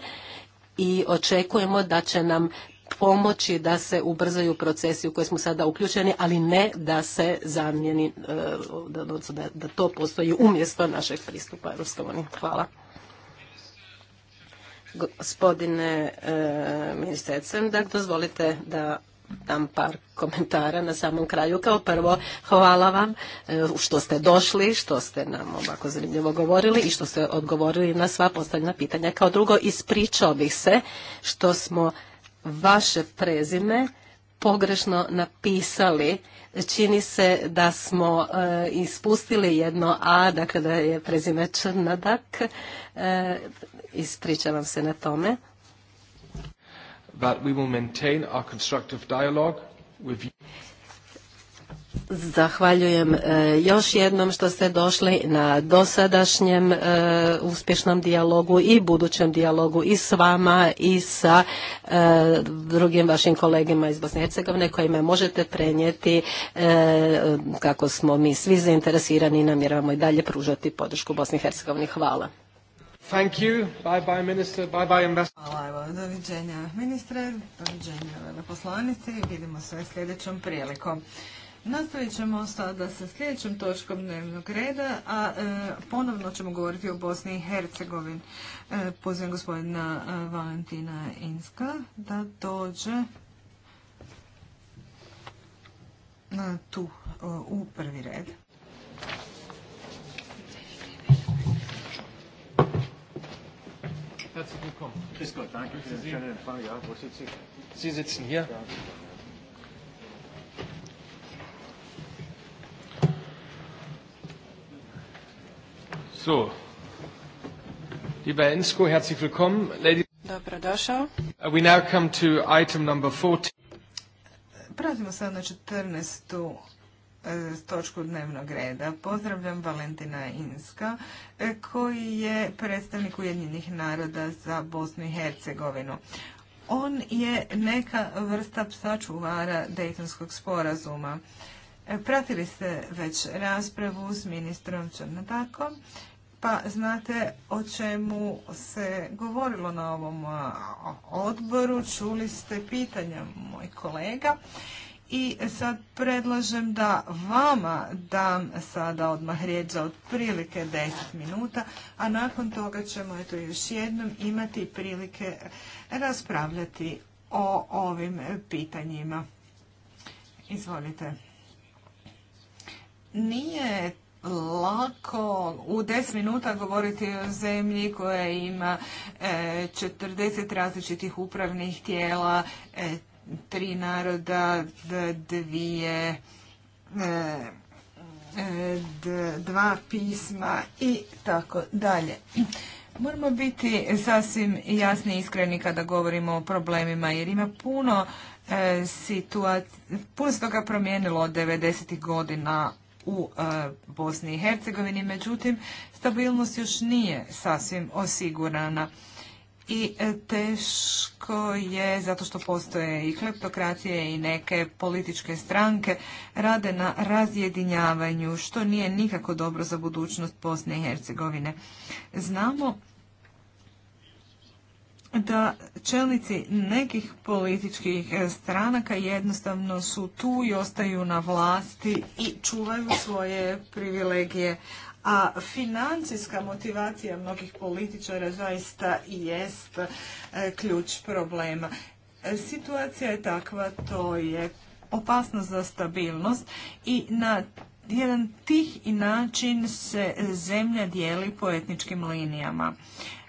i očekujemo da će nam pomoći da se ubrzaju procesi u koje smo sada uključeni, ali ne da se zamijeni, e, da, to postoji umjesto našeg pristupa EU. Hvala. Gospodine e, ministre dozvolite da dam par komentara na samom kraju. Kao prvo, hvala vam e, što ste došli, što ste nam ovako zanimljivo govorili i što ste odgovorili na sva postavljena pitanja. Kao drugo, ispričao bih se što smo vaše prezime pogrešno napisali. Čini se da smo e, ispustili jedno A, dakle da je prezime Črnadak. E, ispričavam se na tome. Zahvaljujem e, još jednom što ste došli na dosadašnjem e, uspješnom dijalogu i budućem dijalogu i s vama i sa e, drugim vašim kolegima iz Bosne i Hercegovine kojima možete prenijeti kako smo mi svi zainteresirani i namjeravamo i dalje pružati podršku Bosni i Hercegovini. Hvala. Thank you. Bye bye minister, bye bye ambassador. Hvala, evo, doviđenja ministre, doviđenja i vidimo se sljedećom prilikom. Nastavit ćemo sada sa sljedećom točkom dnevnog reda, a e, ponovno ćemo govoriti o Bosni i Hercegovini. E, pozivam gospodina e, Valentina Inska da dođe na tu u prvi red. herzlich willkommen. Grüß Gott, danke für Sie. schönen Empfang. Ja, wo sitze ich? Sie sitzen hier. So, lieber Ensko, herzlich willkommen. Ladies Dobrodošao. Uh, we now come to item number 14. Pratimo sad na 14 točku dnevnog reda. Pozdravljam Valentina Inska e, koji je predstavnik Ujedinjenih naroda za Bosnu i Hercegovinu. On je neka vrsta psa čuvara Dejtonskog sporazuma. E, pratili ste već raspravu s ministrom Črnatakom, pa znate o čemu se govorilo na ovom odboru. Čuli ste pitanja moj kolega i sad predlažem da vama dam sada odmah riječ za otprilike 10 minuta, a nakon toga ćemo eto još jednom imati prilike raspravljati o ovim pitanjima. Izvolite. Nije lako u 10 minuta govoriti o zemlji koja ima 40 e, različitih upravnih tijela, e, tri naroda, dvije, e, e, dva pisma i tako dalje. Moramo biti sasvim jasni i iskreni kada govorimo o problemima jer ima puno e, situacija, puno se toga promijenilo od 90. godina u Bosni i Hercegovini, međutim stabilnost još nije sasvim osigurana i e, teško je zato što postoje i kleptokracije i neke političke stranke rade na razjedinjavanju što nije nikako dobro za budućnost Bosne i Hercegovine. Znamo da čelnici nekih političkih stranaka jednostavno su tu i ostaju na vlasti i čuvaju svoje privilegije, a financijska motivacija mnogih političara zaista i jest e, ključ problema. E, situacija je takva, to je opasnost za stabilnost i na jedan tih i način se zemlja dijeli po etničkim linijama.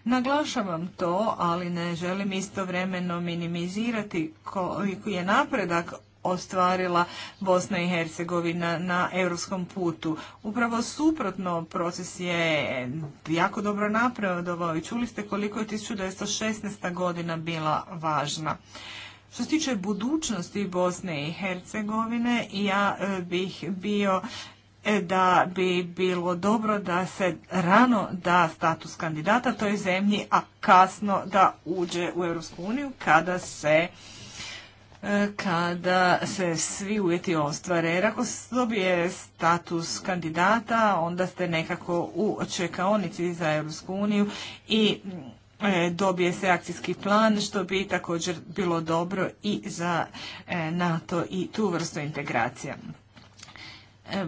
Naglašavam to, ali ne želim istovremeno minimizirati koji je napredak ostvarila Bosna i Hercegovina na europskom putu. Upravo suprotno proces je jako dobro napredovao i čuli ste koliko je 1916. godina bila važna. Što se tiče budućnosti Bosne i Hercegovine, ja e, bih bio e, da bi bilo dobro da se rano da status kandidata toj zemlji, a kasno da uđe u EU kada se kada se svi uvjeti ostvare. Jer ako dobije status kandidata, onda ste nekako u čekaonici za Europsku uniju i e, dobije se akcijski plan, što bi također bilo dobro i za e, NATO i tu vrstu integracija. E,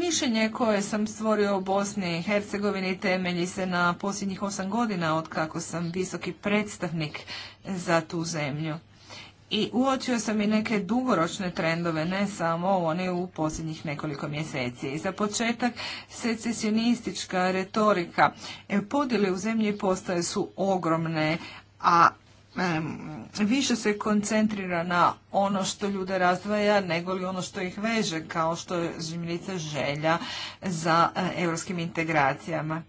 mišljenje koje sam stvorio u Bosni i Hercegovini temelji se na posljednjih osam godina od kako sam visoki predstavnik za tu zemlju i uočio sam i neke dugoročne trendove, ne samo one u posljednjih nekoliko mjeseci. I za početak, secesionistička retorika e, podjele u zemlji postaje su ogromne, a više se koncentrira na ono što ljude razdvaja nego li ono što ih veže, kao što je življenica želja za e, europskim integracijama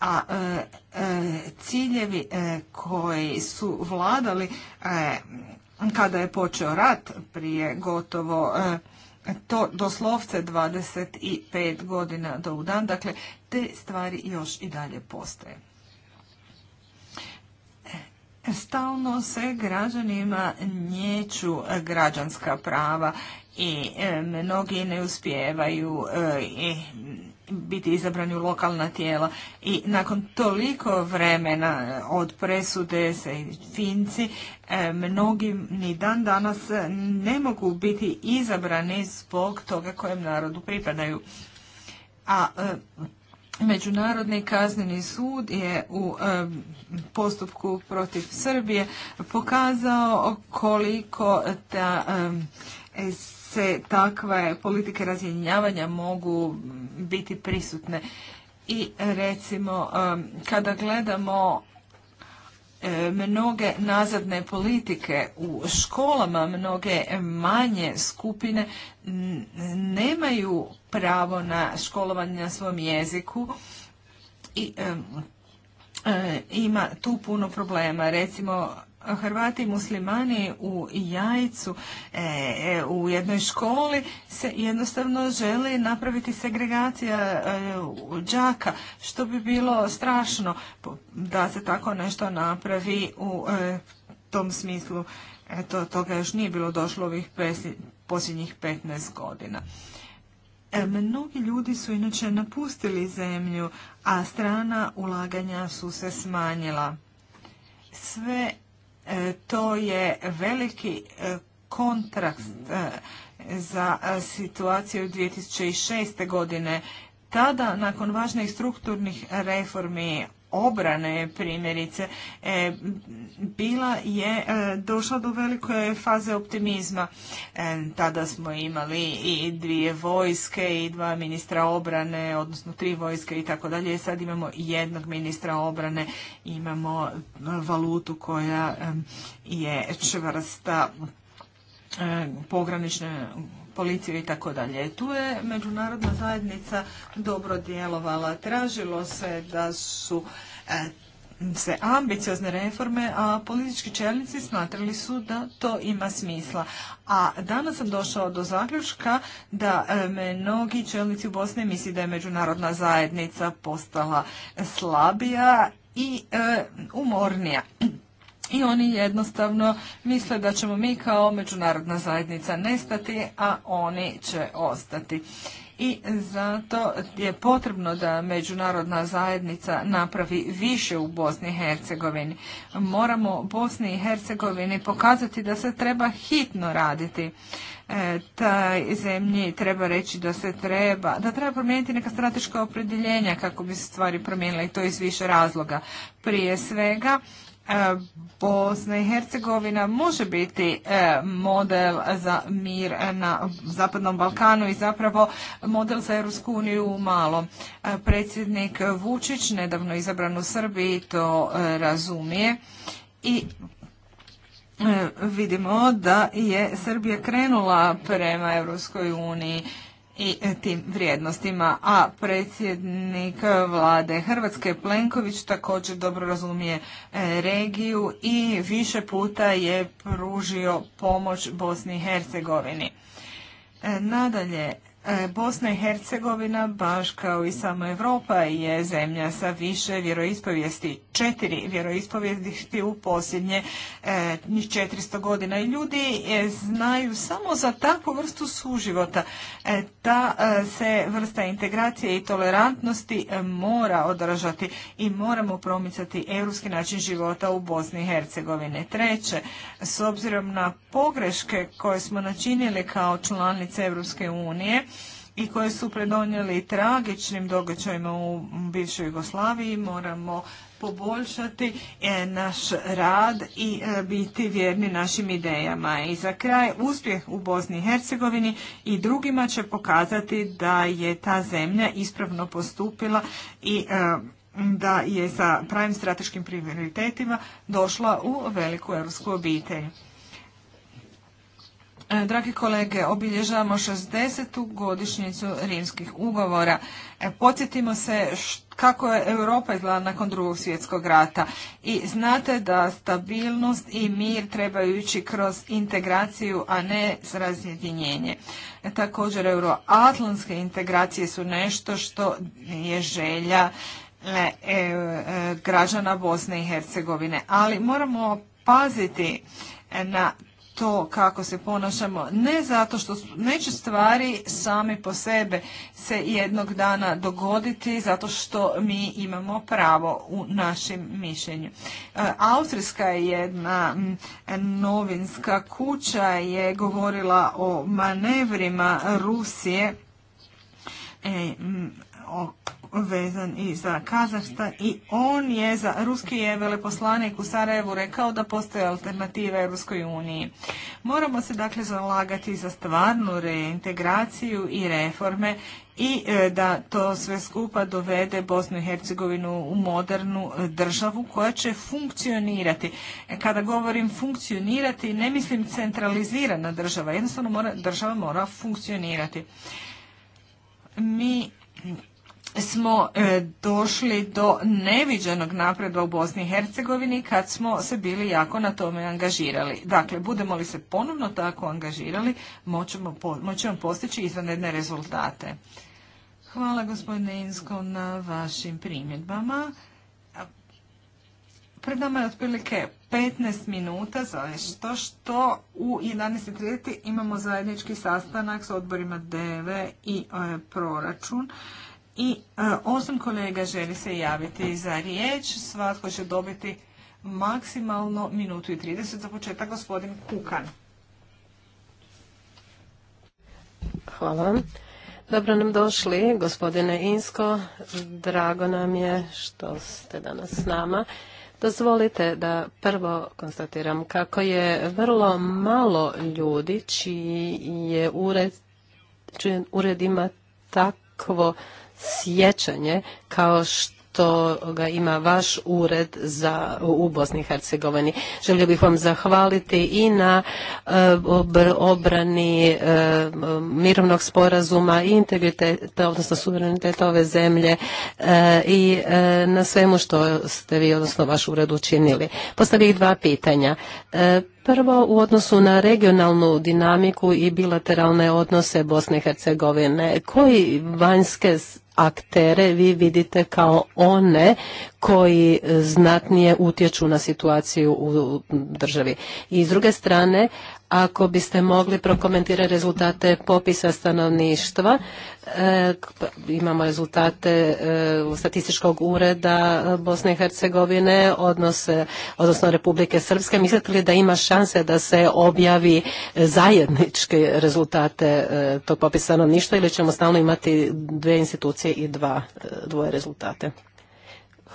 a e, ciljevi koji su vladali kada je počeo rat prije gotovo e, to doslovce 25 godina do u dan, dakle te stvari još i dalje postoje. E, stalno se građanima njeću građanska prava i e, mnogi ne uspijevaju i biti izabrani u lokalna tijela. I nakon toliko vremena e, od presude se Finci, e, mnogi ni dan danas ne mogu biti izabrani zbog toga kojem narodu pripadaju. A e, Međunarodni kazneni sud je u postupku protiv Srbije pokazao koliko ta se takve politike razjedinjavanja mogu biti prisutne. I recimo kada gledamo mnoge nazadne politike u školama, mnoge manje skupine nemaju pravo na školovanje na svom jeziku i ima tu puno problema. Recimo Hrvati i muslimani u jajcu e, e, u jednoj školi se jednostavno želi napraviti segregacija e, đaka što bi bilo strašno da se tako nešto napravi u e, tom smislu. Eto, toga još nije bilo došlo ovih posljednjih 15 godina. Mnogi ljudi su inače napustili zemlju, a strana ulaganja su se smanjila. Sve E, to je veliki e, kontrast e, za situaciju 2006. godine. Tada, nakon važnih strukturnih reformi, obrane primjerice e, bila je e, došla do velike faze optimizma. E, tada smo imali i dvije vojske i dva ministra obrane, odnosno tri vojske i tako dalje. Sad imamo jednog ministra obrane, imamo valutu koja je čvrsta pogranične policiju i tako dalje. Tu je međunarodna zajednica dobro djelovala. Tražilo se da su e, se ambiciozne reforme, a politički čelnici smatrali su da to ima smisla. A danas sam došao do zaključka da e, mnogi čelnici u Bosni misli da je međunarodna zajednica postala slabija i e, umornija. I oni jednostavno misle da ćemo mi kao međunarodna zajednica nestati, a oni će ostati. I zato je potrebno da međunarodna zajednica napravi više u Bosni i Hercegovini. Moramo Bosni i Hercegovini pokazati da se treba hitno raditi. E, taj zemlji treba reći da se treba, da treba promijeniti neka strateška opredjeljenja kako bi se stvari promijenile i to iz više razloga. Prije svega E, Bosna i Hercegovina može biti e, model za mir na Zapadnom Balkanu i zapravo model za Europsku uniju u malom. E, predsjednik Vučić, nedavno izabran u Srbiji, to razumije i vidimo da je Srbija krenula prema Europskoj uniji i tim vrijednostima, a predsjednik vlade Hrvatske Plenković također dobro razumije e, regiju i više puta je pružio pomoć Bosni i Hercegovini. E, nadalje, E, Bosna i Hercegovina, baš kao i sama Europa, je zemlja sa više vjeroispovijesti, četiri vjeroispovijesti u posljednje e, njih 400 godina. I ljudi e, znaju samo za takvu vrstu suživota. E, ta se vrsta integracije i tolerantnosti mora održati i moramo promicati europski način života u Bosni i Hercegovine. Treće, s obzirom na pogreške koje smo načinili kao članice Europske unije, i koje su predonijeli tragičnim događajima u bivšoj Jugoslaviji moramo poboljšati e, naš rad i e, biti vjerni našim idejama. I za kraj uspjeh u Bosni i Hercegovini i drugima će pokazati da je ta zemlja ispravno postupila i e, da je sa pravim strateškim prioritetima došla u veliku europsku obitelj. E, dragi kolege, obilježavamo 60. godišnjicu rimskih ugovora. E, podsjetimo se kako je Europa izgledala nakon drugog svjetskog rata i znate da stabilnost i mir trebaju ići kroz integraciju, a ne s razjedinjenje. E, također, euroatlantske integracije su nešto što je želja građana Bosne i Hercegovine, ali moramo paziti na to kako se ponašamo, ne zato što neće stvari sami po sebe se jednog dana dogoditi zato što mi imamo pravo u našem mišljenju. E, austrijska je jedna novinska kuća je govorila o manevrima Rusije e, vezan i za Kazahstan i on je za ruski je veleposlanik u Sarajevu rekao da postoje alternativa Europskoj uniji. Moramo se dakle zalagati za stvarnu reintegraciju i reforme i e, da to sve skupa dovede Bosnu i Hercegovinu u modernu državu koja će funkcionirati. E, kada govorim funkcionirati ne mislim centralizirana država, jednostavno država mora funkcionirati. Mi smo e, došli do neviđenog napredva u Bosni i Hercegovini kad smo se bili jako na tome angažirali. Dakle, budemo li se ponovno tako angažirali, moćemo, moćemo postići izvanredne rezultate. Hvala gospodine Insko na vašim primjedbama. Pred nama je otprilike 15 minuta zašto što u 11.30 imamo zajednički sastanak s odborima DV i e, proračun i osam kolega želi se javiti za riječ. Svatko će dobiti maksimalno minutu i 30. Za početak gospodin Kukan. Hvala vam. Dobro nam došli, gospodine Insko. Drago nam je što ste danas s nama. Dozvolite da prvo konstatiram kako je vrlo malo ljudi čiji je ured, ured ima takvo sjećanje kao što ga ima vaš ured za, u Bosni i Hercegovini. Želio bih vam zahvaliti i na eh, obrani eh, mirovnog sporazuma i integriteta, odnosno suvereniteta ove zemlje eh, i na svemu što ste vi, odnosno vaš ured učinili. Postavih dva pitanja prvo u odnosu na regionalnu dinamiku i bilateralne odnose Bosne i Hercegovine. Koji vanjske aktere vi vidite kao one koji znatnije utječu na situaciju u državi. I s druge strane, ako biste mogli prokomentirati rezultate popisa stanovništva. E, imamo rezultate e, statističkog ureda Bosne i Hercegovine, odnosno Republike Srpske. Mislite li da ima šanse da se objavi zajedničke rezultate e, tog popisa stanovništva ili ćemo stalno imati dve institucije i dva, dvoje rezultate?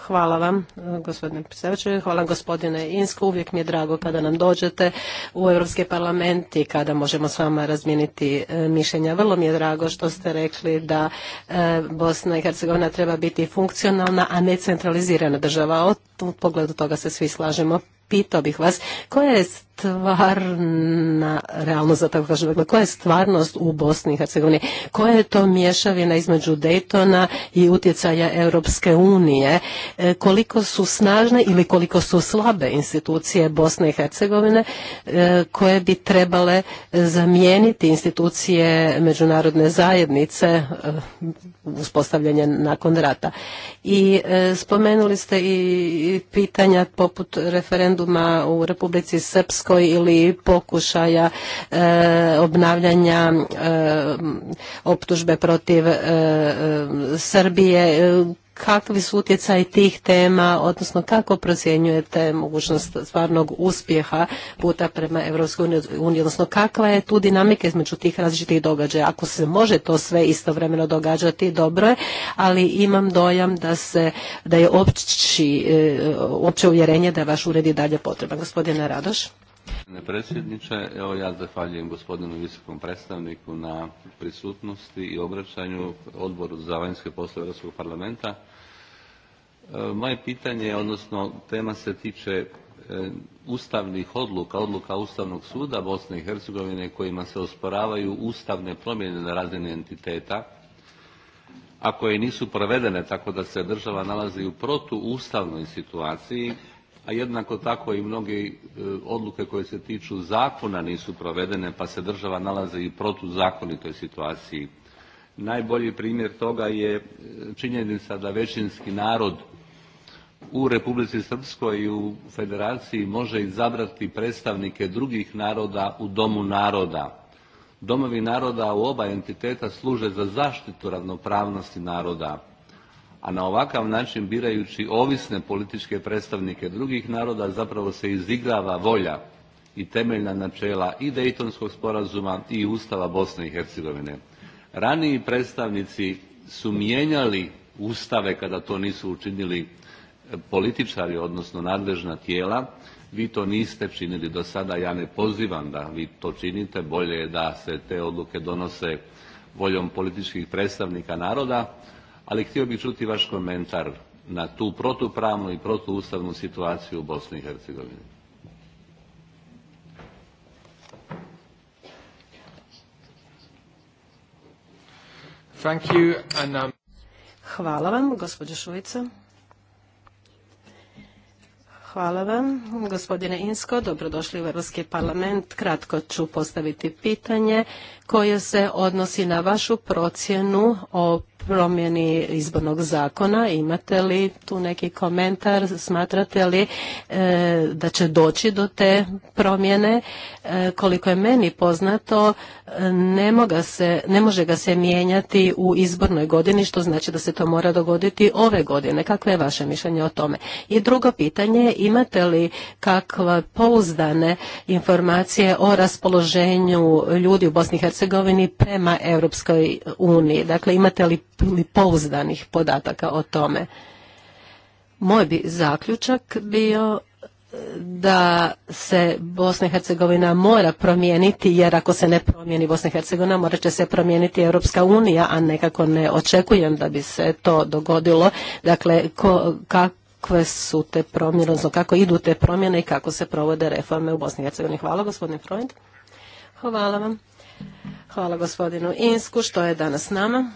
Hvala vam, e, gospodine predsjedavajući. Hvala gospodine Insku. Uvijek mi je drago kada nam dođete u Europski parlament i kada možemo s vama razmijeniti e, mišljenja. Vrlo mi je drago što ste rekli da e, Bosna i Hercegovina treba biti funkcionalna, a ne centralizirana država. U pogledu toga se svi slažemo pitao bih vas koja je stvarna realnost, za tako kažem, dakle, koja je stvarnost u Bosni i Hercegovini, koja je to mješavina između Daytona i utjecaja Europske unije, e, koliko su snažne ili koliko su slabe institucije Bosne i Hercegovine e, koje bi trebale zamijeniti institucije međunarodne zajednice e, uspostavljanje nakon rata. I spomenuli ste i pitanja poput referendum referenduma u Republici Srpskoj ili pokušaja e, obnavljanja e, optužbe protiv e, Srbije kakvi su utjecaj tih tema, odnosno kako procjenjujete mogućnost stvarnog uspjeha puta prema EU, odnosno kakva je tu dinamika između tih različitih događaja. Ako se može to sve istovremeno događati, dobro je, ali imam dojam da, se, da je opći, e, opće uvjerenje da je vaš ured i dalje potreban. Gospodine Radoš. Gospodine predsjedniče, evo ja zahvaljujem gospodinu visokom predstavniku na prisutnosti i obraćanju odboru za vanjske poslove Europskog parlamenta. E, moje pitanje, odnosno tema se tiče e, ustavnih odluka, odluka Ustavnog suda Bosne i Hercegovine kojima se osporavaju ustavne promjene na razini entiteta, a koje nisu provedene tako da se država nalazi u protuustavnoj situaciji a jednako tako i mnoge odluke koje se tiču zakona nisu provedene pa se država nalaze i protuzakonitoj situaciji. Najbolji primjer toga je e, činjenica da većinski narod u Republici Srpskoj i u Federaciji može izabrati predstavnike drugih naroda u Domu naroda. Domovi naroda u oba entiteta služe za zaštitu ravnopravnosti naroda a na ovakav način birajući ovisne političke predstavnike drugih naroda zapravo se izigrava volja i temeljna načela i Dejtonskog sporazuma i Ustava Bosne i Hercegovine. Raniji predstavnici su mijenjali ustave kada to nisu učinili e, političari, odnosno nadležna tijela. Vi to niste činili do sada, ja ne pozivam da vi to činite, bolje je da se te odluke donose voljom političkih predstavnika naroda, ali htio bih čuti vaš komentar na tu protupravnu i protuustavnu situaciju u Bosni i Hercegovini. Um, Hvala vam, gospođo Šujica. Hvala vam. Gospodine Insko, dobrodošli u Europski parlament. Kratko ću postaviti pitanje koje se odnosi na vašu procjenu o promjeni izbornog zakona. Imate li tu neki komentar? Smatrate li e, da će doći do te promjene? E, koliko je meni poznato, e, ne, moga se, ne može ga se mijenjati u izbornoj godini, što znači da se to mora dogoditi ove godine. Kakve je vaše mišljenje o tome? I drugo pitanje, imate li kakve pouzdane informacije o raspoloženju ljudi u Bosni Hercegovini prema Europskoj uniji? Dakle, imate li, pouzdanih podataka o tome? Moj bi zaključak bio e, da se Bosna i Hercegovina mora promijeniti, jer ako se ne promijeni Bosna i Hercegovina, morat će se promijeniti Europska unija, a nekako ne očekujem da bi se to dogodilo. Dakle, kakve su te promjene, odnosno kako idu te promjene i kako se provode reforme u Bosni i Hercegovini. Hvala, gospodin Freund. Hvala vam. Hvala gospodinu Insku što je danas nama.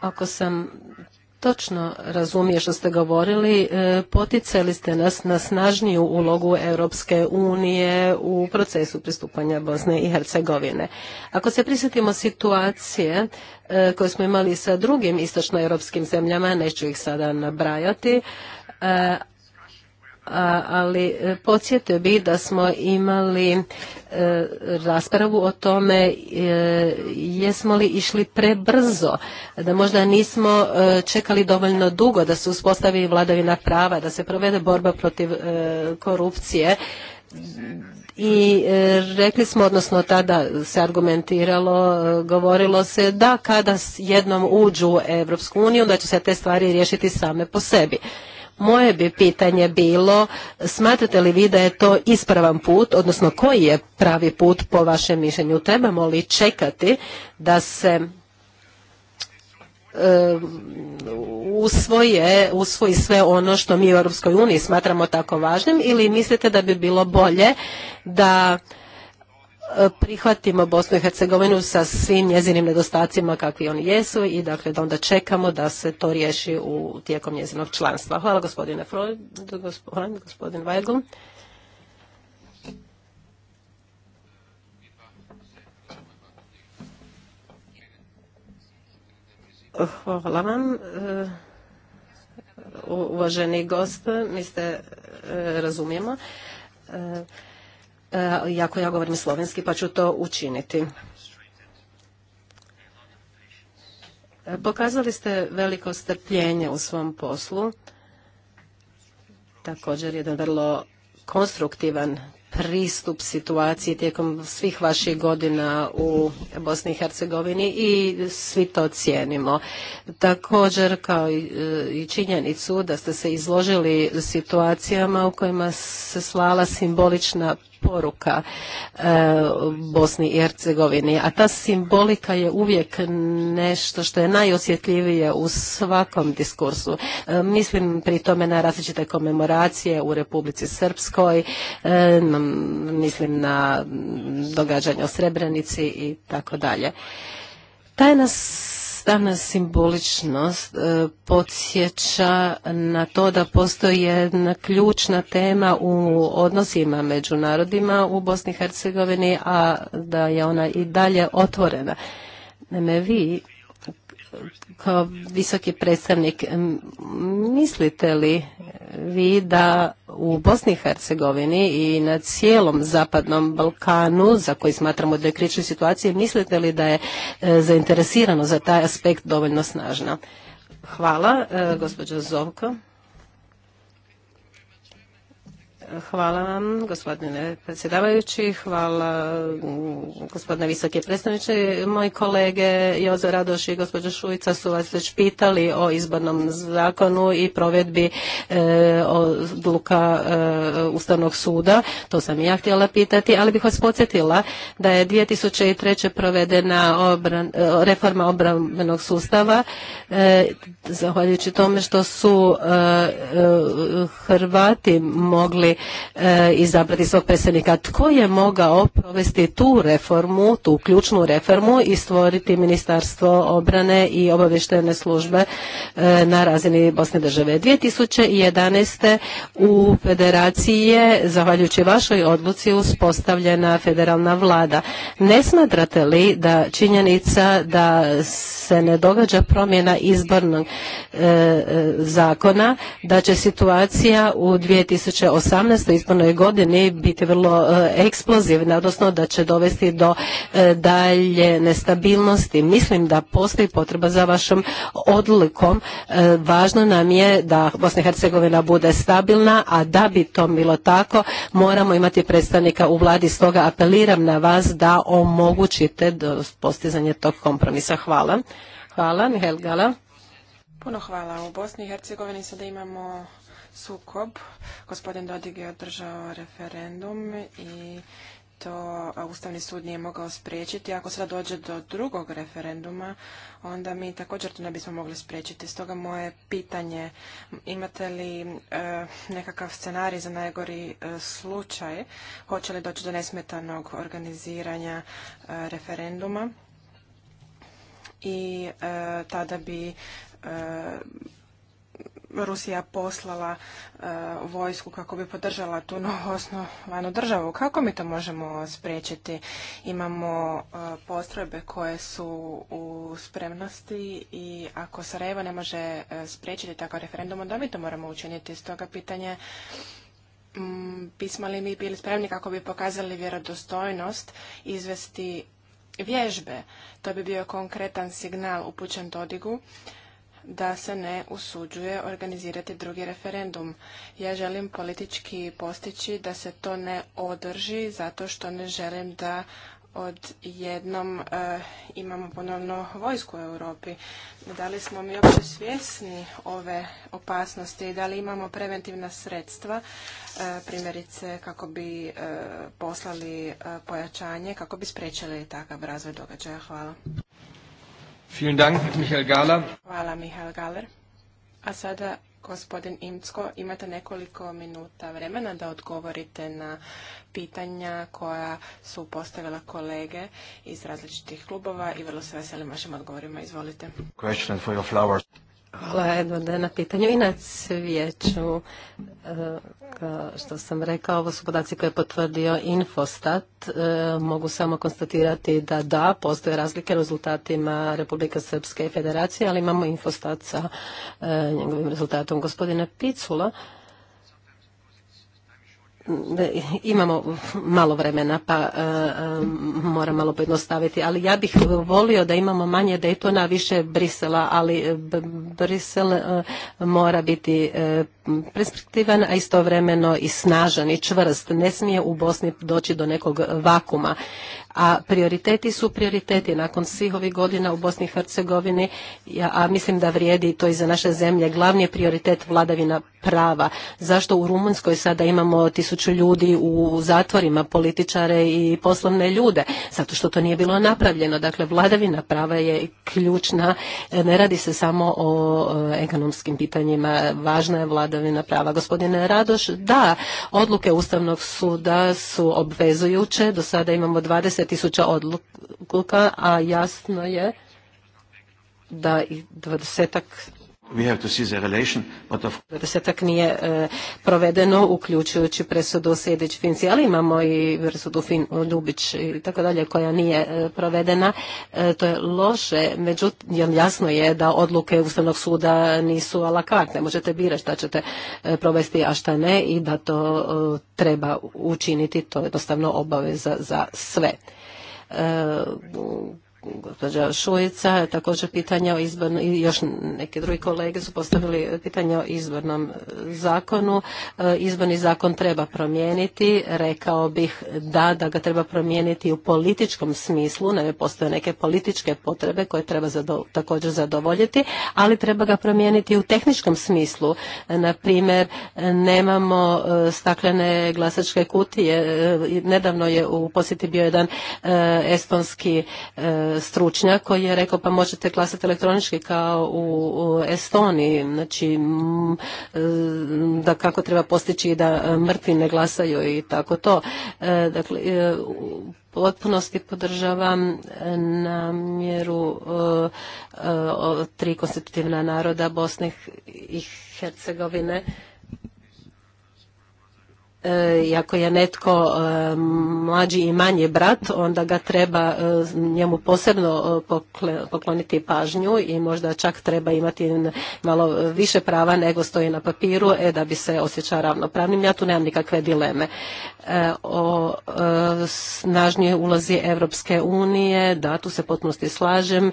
Ako sam točno razumije što ste govorili, e, poticali ste nas na snažniju ulogu Europske unije u procesu pristupanja Bosne i Hercegovine. Ako se prisjetimo situacije e, koje smo imali sa drugim istočnoeuropskim zemljama, neću ih sada nabrajati, e, ali e, podsjetio bih da smo imali e, raspravu o tome e, jesmo li išli prebrzo, da možda nismo čekali dovoljno dugo da se uspostavi vladavina prava, da se provede borba protiv korupcije i rekli smo, odnosno tada se argumentiralo, govorilo se da kada jednom uđu u Evropsku uniju, da će se te stvari riješiti same po sebi. Moje bi pitanje bilo, smatrate li vi da je to ispravan put, odnosno koji je pravi put po vašem mišljenju? Trebamo li čekati da se usvoje, usvoji sve ono što mi u Europskoj uniji smatramo tako važnim ili mislite da bi bilo bolje da prihvatimo Bosnu i Hercegovinu sa svim njezinim nedostacima kakvi oni jesu i dakle da onda čekamo da se to riješi u tijekom njezinog članstva. Hvala gospodine Freud, gospodin, Weigl. Hvala vam. Uvaženi gost, mi ste e, razumijemo. E, iako e, ja govorim slovenski, pa ću to učiniti. E, pokazali ste veliko strpljenje u svom poslu. Također jedan vrlo konstruktivan pristup situaciji tijekom svih vaših godina u Bosni i Hercegovini i svi to cijenimo. Također kao i e, činjenicu da ste se izložili situacijama u kojima se slala simbolična poruka e, Bosni i Hercegovini, a ta simbolika je uvijek nešto što je najosjetljivije u svakom diskursu. E, mislim pri tome na različite komemoracije u Republici Srpskoj, e, mislim na događanje o Srebrenici i tako dalje. Taj nas Stavna simboličnost e, podsjeća na to da postoji jedna ključna tema u odnosima među narodima u Bosni i Hercegovini, a da je ona i dalje otvorena. Naime, vi kao visoki predstavnik, mislite li vi da u Bosni i Hercegovini i na cijelom zapadnom Balkanu, za koji smatramo da je krična situacija, mislite li da je e, zainteresirano za taj aspekt dovoljno snažna? Hvala, e, gospođo Zovko. Hvala vam, gospodine predsjedavajući. Hvala, mm, gospodine visoki predstavniče. Moji kolege Jozo Radoš i gospođa Šujica su vas već pitali o izbornom zakonu i provedbi e, odluka e, Ustavnog suda. To sam i ja htjela pitati, ali bih vas podsjetila da je 2003. provedena reforma obrambenog sustava e, zahvaljujući tome što su Hrvati mogli E, izabrati svog predsjednika. Tko je mogao provesti tu reformu, tu ključnu reformu i stvoriti Ministarstvo obrane i obavještajne službe e, na razini Bosne države? 2011. u federaciji je, zahvaljujući vašoj odluci, uspostavljena federalna vlada. Ne smatrate li da činjenica da se ne događa promjena izbornog e, zakona, da će situacija u 2018 2017. izbornoj godini biti vrlo eh, eksplozivna, odnosno da će dovesti do eh, dalje nestabilnosti. Mislim da postoji potreba za vašom odlikom. Eh, važno nam je da Bosna i Hercegovina bude stabilna, a da bi to bilo tako, moramo imati predstavnika u vladi. Stoga apeliram na vas da omogućite postizanje tog kompromisa. Hvala. Hvala, Mihael Gala. Puno hvala. U Bosni i Hercegovini sada imamo sukob. Gospodin Dodig je održao referendum i to Ustavni sud nije mogao spriječiti. Ako sada dođe do drugog referenduma, onda mi također to ne bismo mogli spriječiti. Stoga moje pitanje, imate li e, nekakav scenarij za najgori e, slučaj? Hoće li doći do nesmetanog organiziranja e, referenduma? I tada bi E, Rusija poslala e, vojsku kako bi podržala tu novoosnovanu državu. Kako mi to možemo spriječiti? Imamo e, postrojbe koje su u spremnosti i ako Sarajevo ne može spriječiti takav referendum, onda mi to moramo učiniti. Stoga pitanje bismo mm, li mi bili spremni kako bi pokazali vjerodostojnost izvesti vježbe. To bi bio konkretan signal upućen Dodigu da se ne usuđuje organizirati drugi referendum. Ja želim politički postići da se to ne održi zato što ne želim da odjednom jednom eh, imamo ponovno vojsku u Europi. Da li smo mi uopće svjesni ove opasnosti, i da li imamo preventivna sredstva, eh, primjerice kako bi eh, poslali pojačanje, kako bi spriječili takav razvoj događaja. Hvala. Hvala, Mihael Galer. A sada, gospodin Imcko, imate nekoliko minuta vremena da odgovorite na pitanja koja su postavila kolege iz različitih klubova i vrlo se veselim vašim odgovorima. Izvolite. Hvala Edvarde na pitanju i na cvijeću. E, što sam rekao, ovo su podaci koje je potvrdio Infostat. E, mogu samo konstatirati da da, postoje razlike rezultatima Republike Srpske i Federacije, ali imamo Infostat sa e, njegovim rezultatom. Gospodine Picula, imamo malo vremena pa e, e, moram malo pojednostaviti, ali ja bih volio da imamo manje Daytona, više Brisela, ali e, Brisel mora biti perspektivan, a istovremeno i snažan i čvrst. Ne smije u Bosni doći do nekog vakuma a prioriteti su prioriteti nakon svih ovih godina u Bosni i Hercegovini, a mislim da vrijedi to i za naše zemlje, glavni je prioritet vladavina prava. Zašto u Rumunjskoj sada imamo tisuću ljudi u zatvorima, političare i poslovne ljude? Zato što to nije bilo napravljeno. Dakle, vladavina prava je ključna, e, ne radi se samo o ekonomskim pitanjima, važna je vladavina prava. Gospodine Radoš, da, odluke Ustavnog suda su obvezujuće, do sada imamo 20 tisuća odluka, a jasno je da i dvadesetak dvadesetak nije e, provedeno uključujući presudu Sjedić Finci, ali imamo i presudu fin, Ljubić i tako dalje koja nije e, provedena. E, to je loše, međutim jasno je da odluke Ustavnog suda nisu a la carte, možete birati šta ćete provesti, a šta ne i da to treba učiniti, to je jednostavno obaveza za sve. Uh gospođa Šujica, također pitanja o izbornom, i još neki drugi kolege su postavili pitanje o izbornom zakonu. E, izborni zakon treba promijeniti, rekao bih da, da ga treba promijeniti u političkom smislu, naime postoje neke političke potrebe koje treba također zadovoljiti, ali treba ga promijeniti u tehničkom smislu. Na primjer, nemamo e, staklene glasačke kutije, e, nedavno je u posjeti bio jedan estonski stručnjak koji je rekao pa možete glasati elektronički kao u Estoniji, znači e, da kako treba postići da e, mrtvi ne glasaju i tako to. E, dakle, u potpunosti podržavam mjeru tri konstitutivna naroda Bosne i Hercegovine E, i ako je netko e, mlađi i manji brat, onda ga treba e, njemu posebno pokloniti pažnju i možda čak treba imati malo više prava nego stoji na papiru e, da bi se osjećao ravnopravnim. Ja tu nemam nikakve dileme. O snažnije ulozi Evropske unije, da, tu se potpunosti slažem,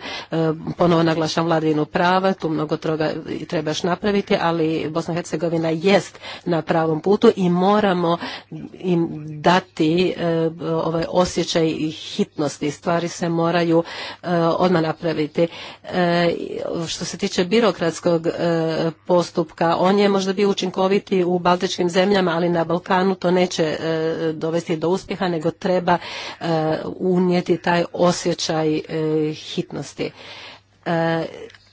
ponovo naglašam vladinu prava, tu mnogo toga trebaš napraviti, ali Bosna Hercegovina jest na pravom putu i moramo moramo im dati e, ovaj osjećaj hitnosti. Stvari se moraju e, odmah napraviti. E, što se tiče birokratskog postupka, on je možda bio učinkoviti u baltičkim zemljama, ali na Balkanu to neće dovesti do uspjeha, nego treba unijeti taj osjećaj hitnosti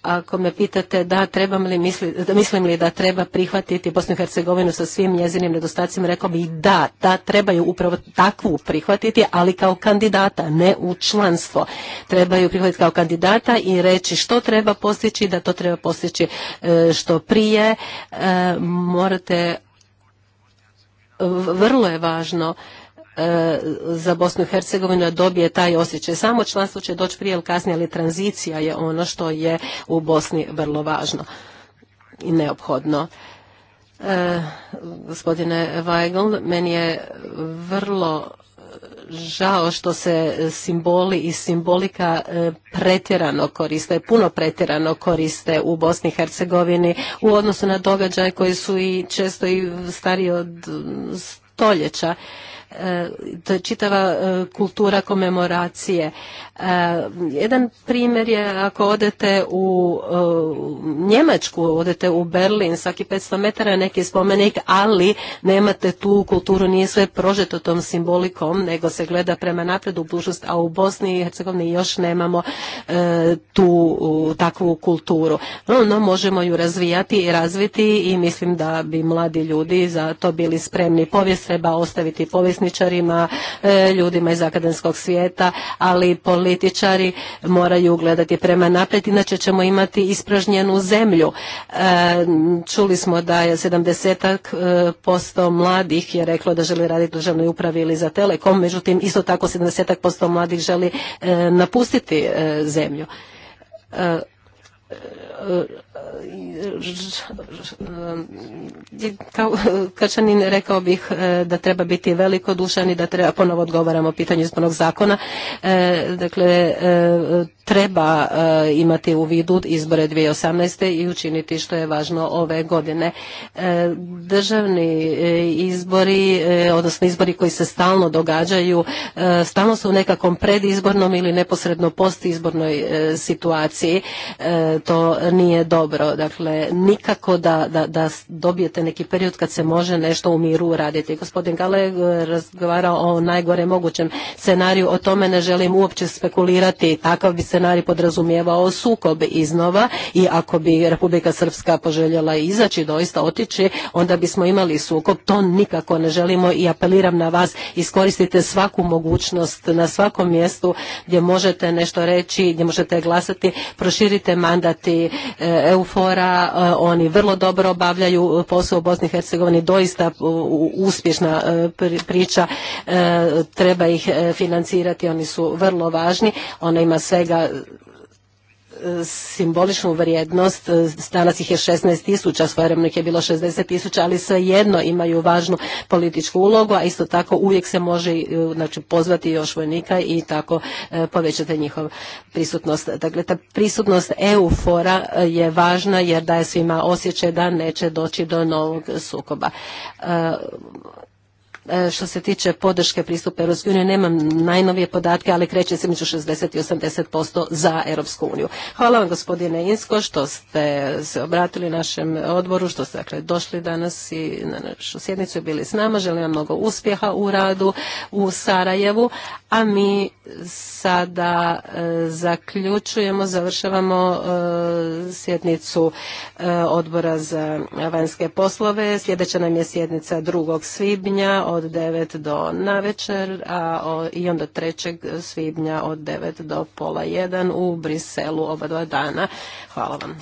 ako me pitate da trebam li misli, mislim li da treba prihvatiti Bosnu i Hercegovinu sa svim njezinim nedostacima, rekao bih da, da trebaju upravo takvu prihvatiti, ali kao kandidata, ne u članstvo. Trebaju prihvatiti kao kandidata i reći što treba postići, da to treba postići e, što prije. E, morate vrlo je važno E, za Bosnu i Hercegovinu dobije taj osjećaj. Samo članstvo će doći prije ili kasnije, ali tranzicija je ono što je u Bosni vrlo važno i neophodno. E, gospodine Weigl, meni je vrlo žao što se simboli i simbolika e, pretjerano koriste, puno pretjerano koriste u Bosni i Hercegovini u odnosu na događaje koji su i često i stariji od stoljeća. E, to čitava e, kultura komemoracije. E, jedan primjer je ako odete u Njemačku, odete u Berlin, svaki 500 metara neki spomenik, ali nemate tu kulturu, nije sve prožeto tom simbolikom, nego se gleda prema napredu u a u Bosni i Hercegovini još nemamo tu takvu kulturu. no, možemo ju razvijati i razviti i mislim da bi mladi ljudi za to bili spremni. Povijest treba ostaviti povijest povjesničarima, e, ljudima iz akademskog svijeta, ali političari moraju gledati prema naprijed, inače ćemo imati ispražnjenu zemlju. E, čuli smo da je 70 e, posto mladih je reklo da želi raditi u državnoj upravi ili za telekom, međutim isto tako 70 posto mladih želi napustiti zemlju E, kao rekao bih e, da treba biti velikodušan i da treba ponovo odgovaramo o pitanju izbornog zakona. E, dakle, treba imati u vidu izbore 2018. i učiniti što je važno ove godine. Državni izbori, odnosno izbori koji se stalno događaju, stalno su u nekakvom predizbornom ili neposredno postizbornoj situaciji. To nije dobro. Dakle, Dakle, nikako da, da, da dobijete neki period kad se može nešto u miru uraditi. Gospodin Gale eh, razgovarao o najgore mogućem scenariju, o tome ne želim uopće spekulirati. Takav bi scenarij podrazumijevao sukob iznova i ako bi Republika Srpska poželjela izaći, doista otići, onda bismo imali sukob. To nikako ne želimo i apeliram na vas, iskoristite svaku mogućnost na svakom mjestu gdje možete nešto reći, gdje možete glasati, proširite mandati eh, eufora, E, oni vrlo dobro obavljaju e, posao u Bosni i Hercegovini, doista e, uspješna priča, treba ih financirati, oni su vrlo važni, ona ima svega simboličnu vrijednost, e, danas ih je 16 tisuća, svojeremno je bilo 60 tisuća, ali svejedno imaju važnu političku ulogu, a isto tako uvijek se može e, znači, pozvati još vojnika i tako e, povećati njihov prisutnost. Dakle, ta prisutnost EU fora je važna jer daje svima osjećaj da neće doći do novog sukoba. E, što se tiče podrške pristupa Europske unije nemam najnovije podatke, ali kreće se među 60 i 80% za Europsku uniju. Hvala vam gospodine Insko što ste se obratili našem odboru, što ste dakle, došli danas i na našu sjednicu i bili s nama. Želim vam mnogo uspjeha u radu u Sarajevu, a mi sada e, zaključujemo, završavamo e, sjednicu odbora za vanjske poslove. Sljedeća nam je sjednica 2. svibnja od 9 do na večer a o, i onda 3. svibnja od 9 do pola 1 u Briselu oba dva dana. Hvala vam.